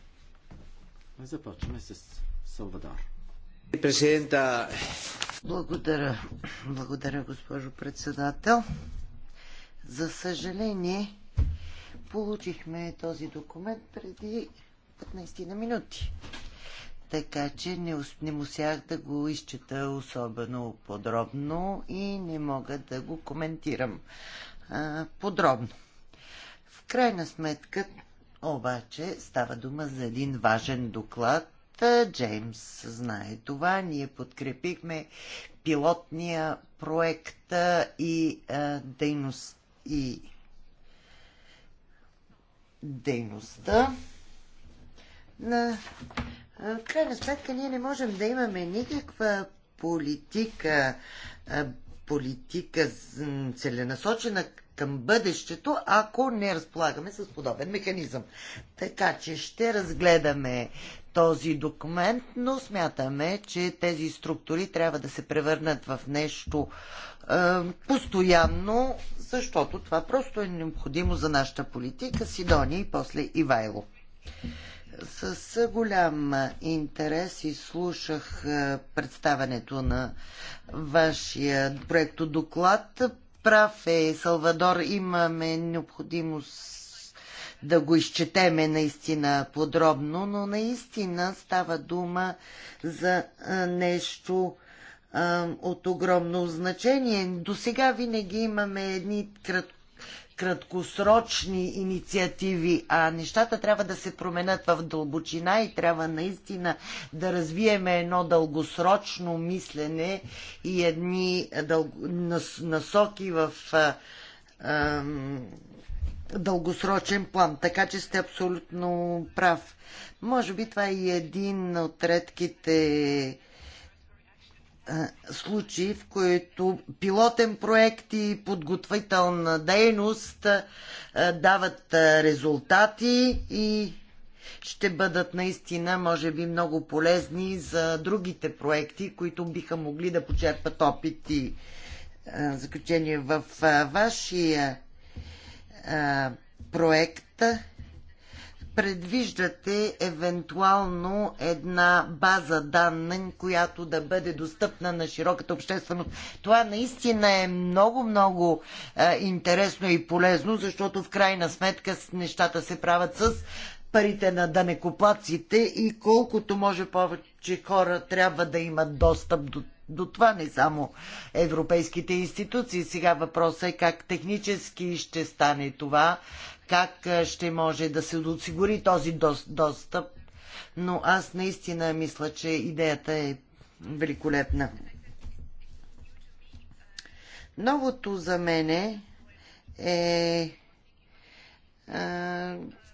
Започваме с Салвадор. Президента. Благодаря. Благодаря, госпожо председател. За съжаление, получихме този документ преди 15 на минути така че не, не мусях да го изчета особено подробно и не мога да го коментирам а, подробно. В крайна сметка, обаче, става дума за един важен доклад. Джеймс знае това. Ние подкрепихме пилотния проект и а, дейност и дейността на в крайна сметка ние не можем да имаме никаква политика, политика целенасочена към бъдещето, ако не разполагаме с подобен механизъм. Така че ще разгледаме този документ, но смятаме, че тези структури трябва да се превърнат в нещо е, постоянно, защото това просто е необходимо за нашата политика. Сидония и после Ивайло. С голям интерес и слушах е, представането на вашия проект доклад. Прав е, Салвадор, имаме необходимост да го изчетеме наистина подробно, но наистина става дума за е, нещо е, от огромно значение. До сега винаги имаме едни кратко краткосрочни инициативи, а нещата трябва да се променят в дълбочина и трябва наистина да развиеме едно дългосрочно мислене и едни насоки в дългосрочен план. Така че сте абсолютно прав. Може би това е и един от редките е, случаи, в които пилотен проект и подготвителна дейност е, дават е, резултати и ще бъдат наистина, може би, много полезни за другите проекти, които биха могли да почерпат опит и заключение в вашия проект предвиждате евентуално една база данни, която да бъде достъпна на широката общественост? Това наистина е много-много е, интересно и полезно, защото в крайна сметка нещата се правят с парите на данекоплаците и колкото може повече хора трябва да имат достъп до до това, не само европейските институции. Сега въпросът е как технически ще стане това, как ще може да се осигури този достъп. Но аз наистина мисля, че идеята е великолепна. Новото за мене е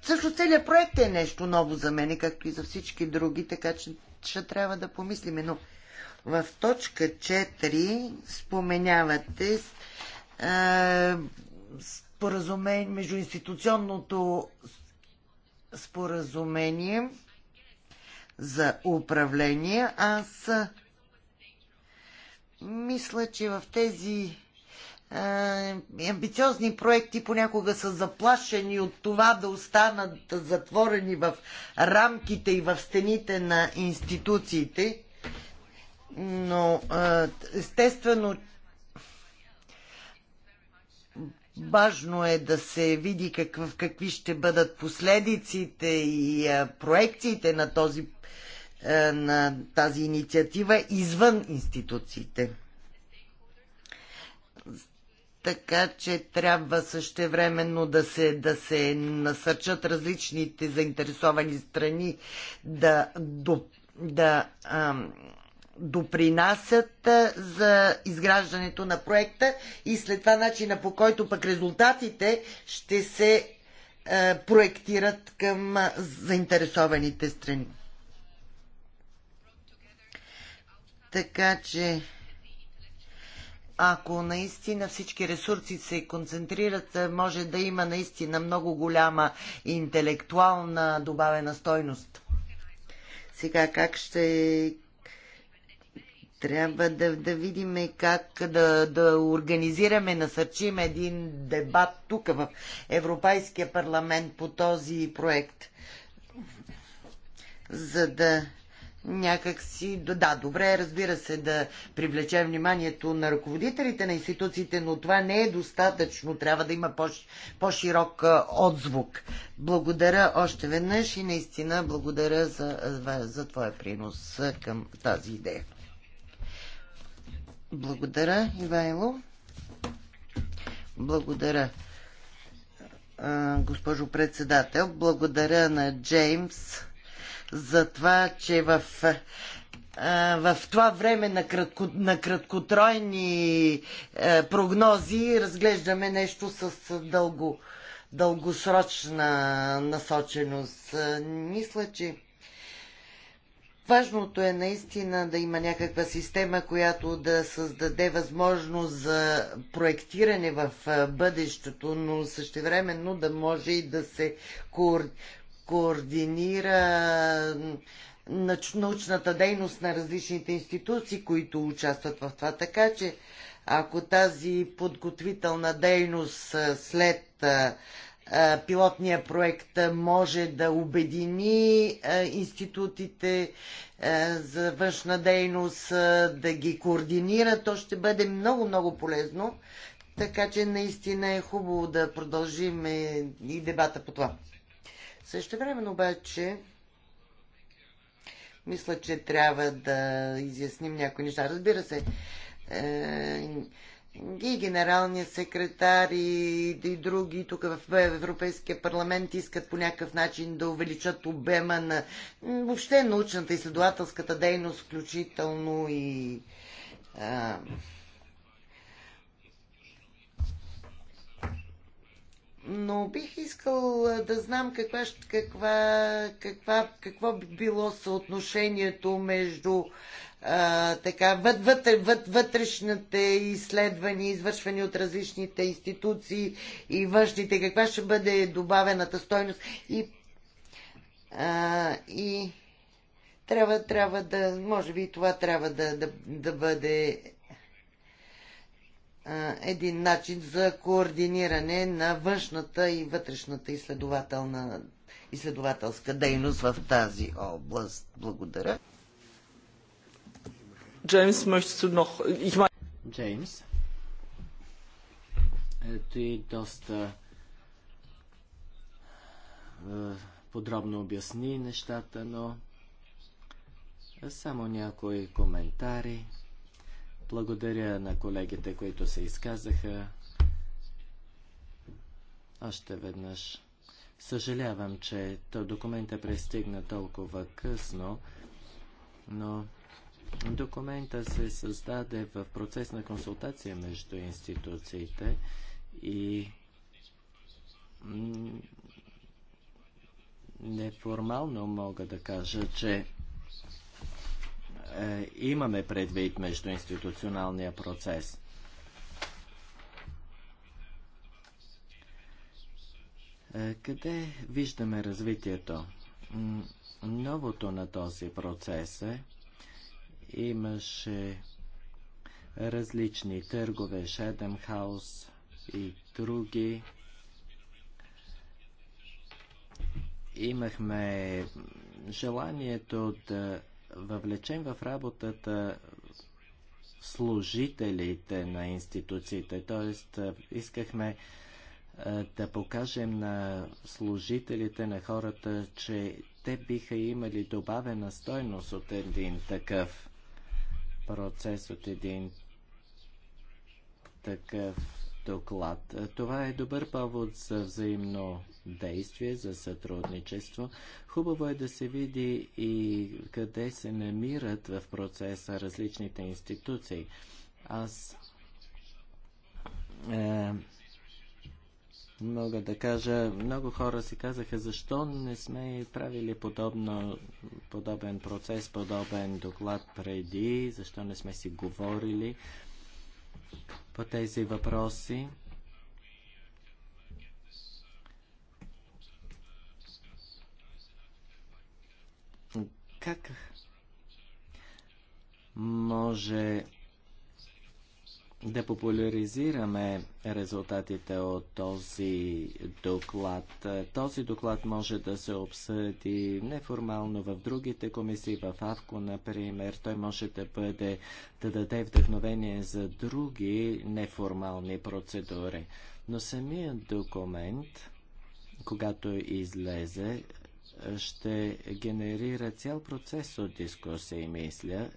също целият проект е нещо ново за мен, както и за всички други, така че ще трябва да помислиме. Но в точка 4 споменявате а, между междуинституционното споразумение за управление. Аз мисля, че в тези амбициозни проекти понякога са заплашени от това да останат затворени в рамките и в стените на институциите но естествено важно е да се види какъв, какви ще бъдат последиците и проекциите на, този, на тази инициатива извън институциите. Така че трябва същевременно да се, да се насърчат различните заинтересовани страни да, да, да ам, допринасят за изграждането на проекта и след това начина по който пък резултатите ще се проектират към заинтересованите страни. Така че, ако наистина всички ресурси се концентрират, може да има наистина много голяма интелектуална добавена стойност. Сега как ще трябва да, да видим как да, да организираме, насърчим един дебат тук в Европейския парламент по този проект. За да някак си... Да, добре, разбира се, да привлечем вниманието на ръководителите на институциите, но това не е достатъчно. Трябва да има по-широк отзвук. Благодаря още веднъж и наистина благодаря за, за твоя принос към тази идея. Благодаря, Ивайло. Благодаря, госпожо председател. Благодаря на Джеймс за това, че в, в това време на, кратко, на краткотройни прогнози разглеждаме нещо с дълго, дългосрочна насоченост. Мисля, че Важното е наистина да има някаква система, която да създаде възможност за проектиране в бъдещето, но същевременно да може и да се координира научната дейност на различните институции, които участват в това. Така че ако тази подготвителна дейност след пилотния проект може да обедини институтите за външна дейност, да ги координира, то ще бъде много-много полезно. Така че наистина е хубаво да продължим е, и дебата по това. Също време обаче мисля, че трябва да изясним някои неща. Разбира се, е, и генералния секретар и, и други тук в Европейския парламент искат по някакъв начин да увеличат обема на въобще научната изследователската дейност, включително и а, но бих искал да знам каква, каква, каква, какво би било съотношението между а, така, вътре, вътрешните изследвания, извършвани от различните институции и външните, каква ще бъде добавената стойност и, а, и трябва, трябва да, може би и това трябва да, да, да бъде един начин за координиране на външната и вътрешната изследователна изследователска дейност в тази област. Благодаря. James, möchtest du noch? Ich meine. James. Е, доста е, подробно обясни нещата, но е, само някои коментари. Благодаря на колегите, които се изказаха. Още веднъж. Съжалявам, че документа пристигна толкова късно, но Документа се създаде в процес на консултация между институциите и неформално мога да кажа, че е, имаме предвид между институционалния процес. Е, къде виждаме развитието? Новото на този процес е, Имаше различни търгове, Шедемхаус и други. Имахме желанието да въвлечем в работата служителите на институциите, т.е. искахме да покажем на служителите, на хората, че те биха имали добавена стойност от един такъв процес от един такъв доклад. Това е добър повод за взаимно действие, за сътрудничество. Хубаво е да се види и къде се намират в процеса различните институции. Аз е, мога да кажа, много хора си казаха, защо не сме правили подобно, подобен процес, подобен доклад преди, защо не сме си говорили по тези въпроси. Как може да популяризираме резултатите от този доклад. Този доклад може да се обсъди неформално в другите комисии, в АВКО, например. Той може да бъде, да даде вдъхновение за други неформални процедури. Но самият документ, когато излезе, ще генерира цял процес от дискусии, мисля.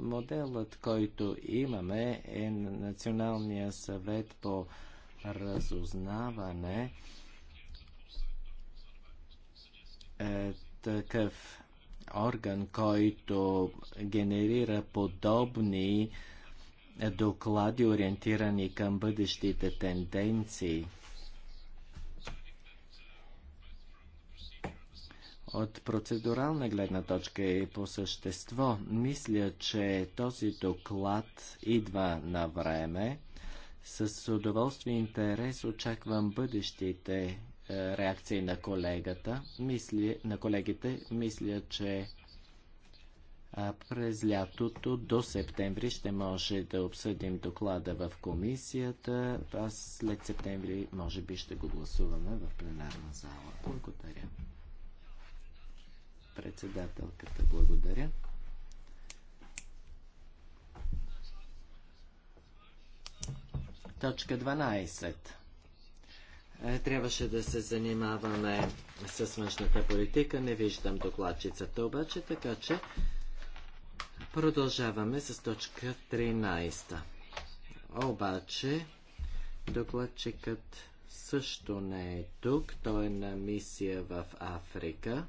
Моделът, който имаме е Националния съвет по разузнаване. Е, такъв орган, който генерира подобни доклади, ориентирани към бъдещите тенденции – От процедурална гледна точка и по същество, мисля, че този доклад идва на време. С удоволствие и интерес очаквам бъдещите е, реакции на колегата. Мисли, на колегите мисля, че а е, през лятото до септември ще може да обсъдим доклада в комисията, а след септември може би ще го гласуваме в пленарна зала. Благодаря. Председателката, благодаря. Точка 12. Е, трябваше да се занимаваме с външната политика. Не виждам докладчицата обаче, така че продължаваме с точка 13. Обаче докладчикът също не е тук. Той е на мисия в Африка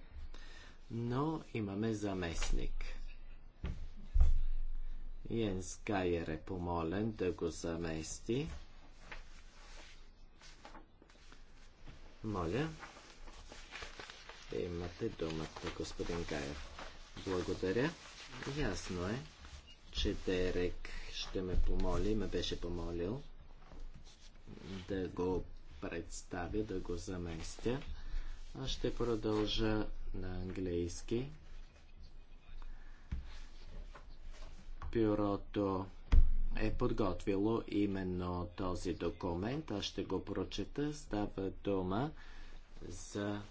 но имаме заместник. Йенс Гайер е помолен да го замести. Моля, имате думата, господин Гайер. Благодаря. Ясно е, че Дерек ще ме помоли, ме беше помолил да го представя, да го заместя. Аз ще продължа на английски. Бюрото е подготвило именно този документ. Аз ще го прочета. Става дума за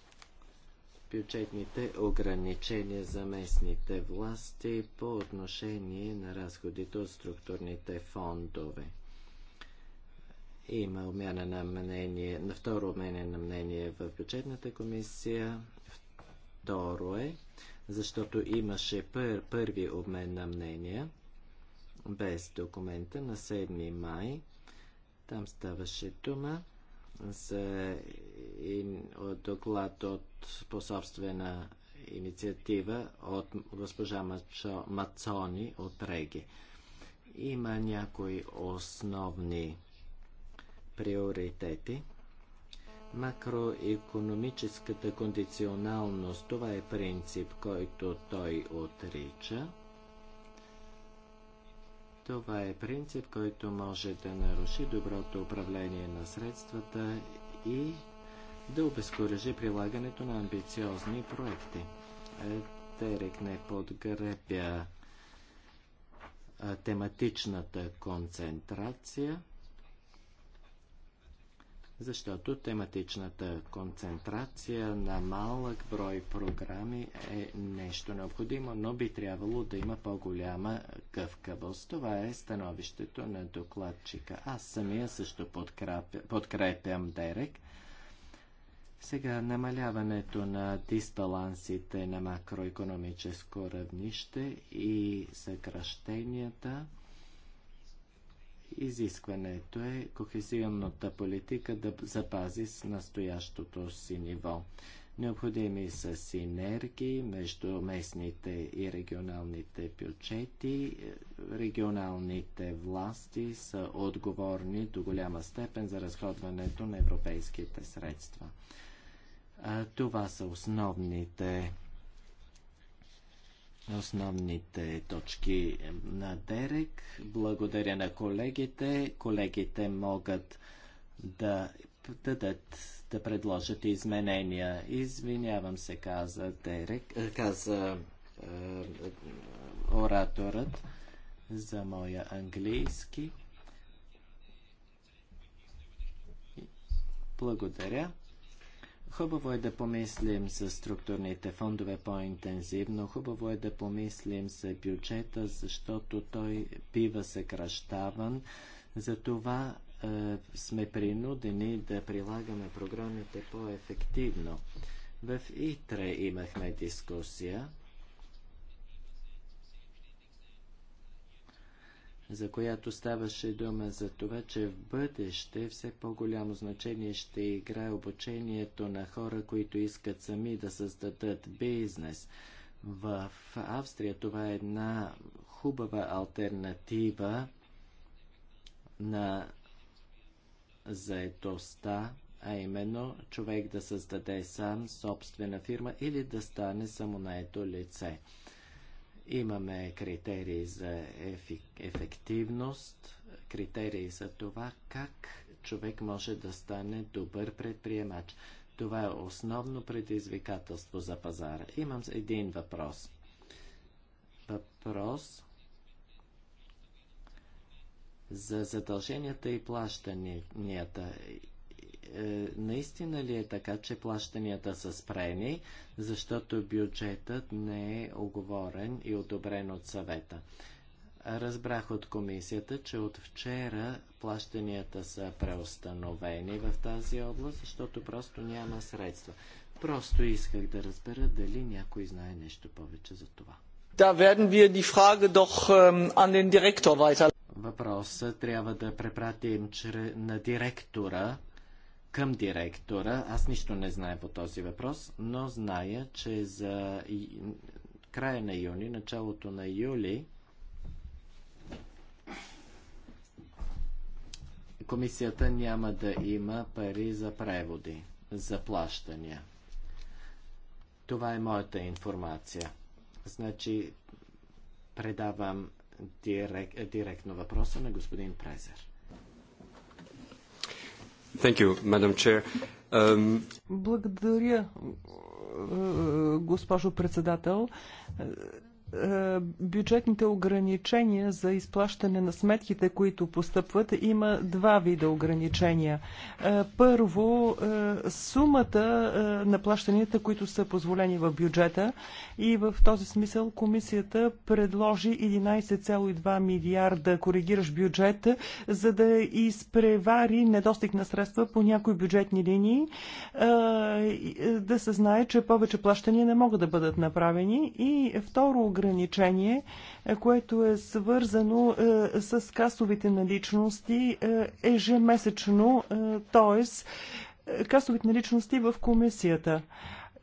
бюджетните ограничения за местните власти по отношение на разходите от структурните фондове. Има обмяна на мнение, на второ обмене на мнение в бюджетната комисия Второ е, защото имаше пър, първи обмен на мнения без документа на 7 май. Там ставаше дума за ин, от доклад от пособствена инициатива от госпожа Мачо, Мацони от Реги. Има някои основни приоритети – макроекономическата кондиционалност, това е принцип, който той отрича. Това е принцип, който може да наруши доброто управление на средствата и да обезкуражи прилагането на амбициозни проекти. Е, Терек не подкрепя тематичната концентрация защото тематичната концентрация на малък брой програми е нещо необходимо, но би трябвало да има по-голяма гъвкавост. Това е становището на докладчика. Аз самия също подкрепя, подкрепям Дерек. Сега намаляването на дисбалансите на макроекономическо равнище и съкръщенията – Изискването е кохезионната политика да запази с настоящото си ниво. Необходими са синергии между местните и регионалните бюджети. Регионалните власти са отговорни до голяма степен за разходването на европейските средства. Това са основните основните точки на Дерек. Благодаря на колегите. Колегите могат да дадат, да предложат изменения. Извинявам се, каза Дерек, е, каза е, ораторът за моя английски. Благодаря. Хубаво е да помислим за структурните фондове по-интензивно, хубаво е да помислим за бюджета, защото той бива съкръщаван. Затова е, сме принудени да прилагаме програмите по-ефективно. В ИТРЕ имахме дискусия за която ставаше дума за това, че в бъдеще все по-голямо значение ще играе обучението на хора, които искат сами да създадат бизнес. В Австрия това е една хубава альтернатива на заетостта, а именно човек да създаде сам собствена фирма или да стане самонаето лице. Имаме критерии за ефективност, критерии за това как човек може да стане добър предприемач. Това е основно предизвикателство за пазара. Имам един въпрос. Въпрос за задълженията и плащанията. Е, наистина ли е така, че плащанията са спрени, защото бюджетът не е оговорен и одобрен от съвета? Разбрах от комисията, че от вчера плащанията са преустановени в тази област, защото просто няма средства. Просто исках да разбера дали някой знае нещо повече за това. Да, werden wir die Frage doch ähm, an den Direktor weiter. Въпроса трябва да препратим на директора към директора. Аз нищо не знае по този въпрос, но зная, че за края на юни, началото на юли, комисията няма да има пари за преводи, за плащания. Това е моята информация. Значи, предавам директ, директно въпроса на господин Презер. Thank you, Madam Chair. Um... Благодаря, э, э, госпожо председател. Е, бюджетните ограничения за изплащане на сметките, които постъпват, има два вида ограничения. Е, първо, е, сумата на плащанията, които са позволени в бюджета и в този смисъл комисията предложи 11,2 милиарда коригираш бюджет, за да изпревари недостиг на средства по някои бюджетни линии, да се знае, че повече плащания не могат да бъдат направени и второ ограничение, е, което е свързано е, с касовите наличности е, ежемесечно, т.е. касовите наличности в комисията.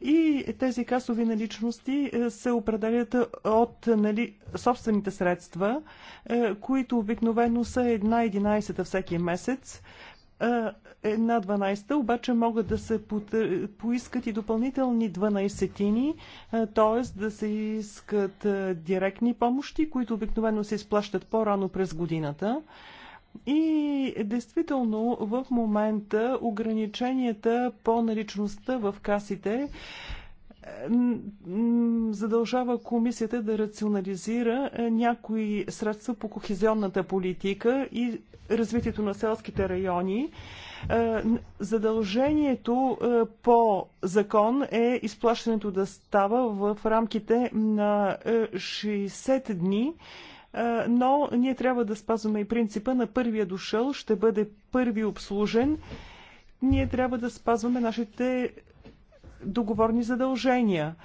И тези касови наличности се определят от нали, собствените средства, които обикновено са една единайсета всеки месец една 12, обаче могат да се поискат и допълнителни 12-тини, т.е. да се искат директни помощи, които обикновено се изплащат по-рано през годината. И действително в момента ограниченията по наличността в касите задължава комисията да рационализира някои средства по кохезионната политика и развитието на селските райони. Е, задължението е, по закон е изплащането да става в рамките на 60 е, дни но ние трябва да спазваме и принципа на първия дошъл ще бъде първи обслужен. Ние трябва да спазваме нашите договорни задължения.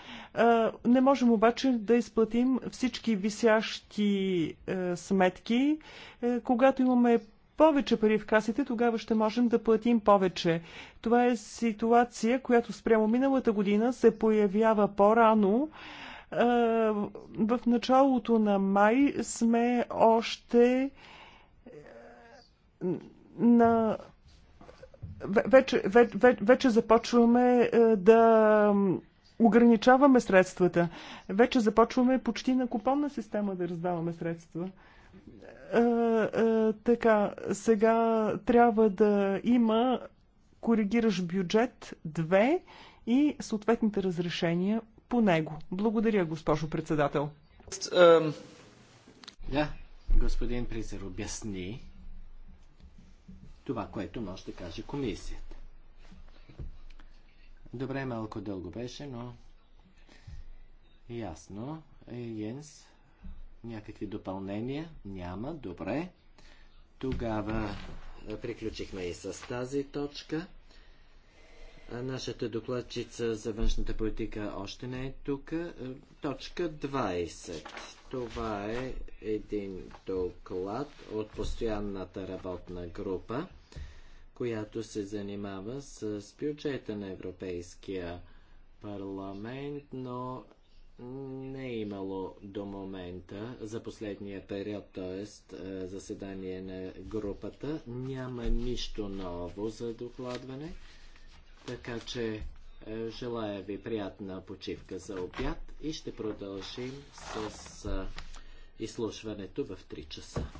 Не можем обаче да изплатим всички висящи е, сметки. Е, когато имаме повече пари в касите, тогава ще можем да платим повече. Това е ситуация, която спрямо миналата година се появява по-рано. Е, в началото на май сме още на вече, вече, вече започваме е, да ограничаваме средствата. Вече започваме почти на купонна система да раздаваме средства. А, е, а, е, така, сега трябва да има коригираш бюджет 2 и съответните разрешения по него. Благодаря, госпожо председател. Да, господин Призер обясни това, което може да каже комисията. Добре, малко дълго беше, но ясно. Е, Йенс, някакви допълнения? Няма. Добре. Тогава приключихме и с тази точка. Нашата докладчица за външната политика още не е тук. Е, точка 20. Това е един доклад от постоянната работна група, която се занимава с бюджета на Европейския парламент, но не е имало до момента, за последния период, т.е. Е, заседание на групата, няма нищо ново за докладване. Така че е, желая ви приятна почивка за обяд и ще продължим с е, изслушването в 3 часа.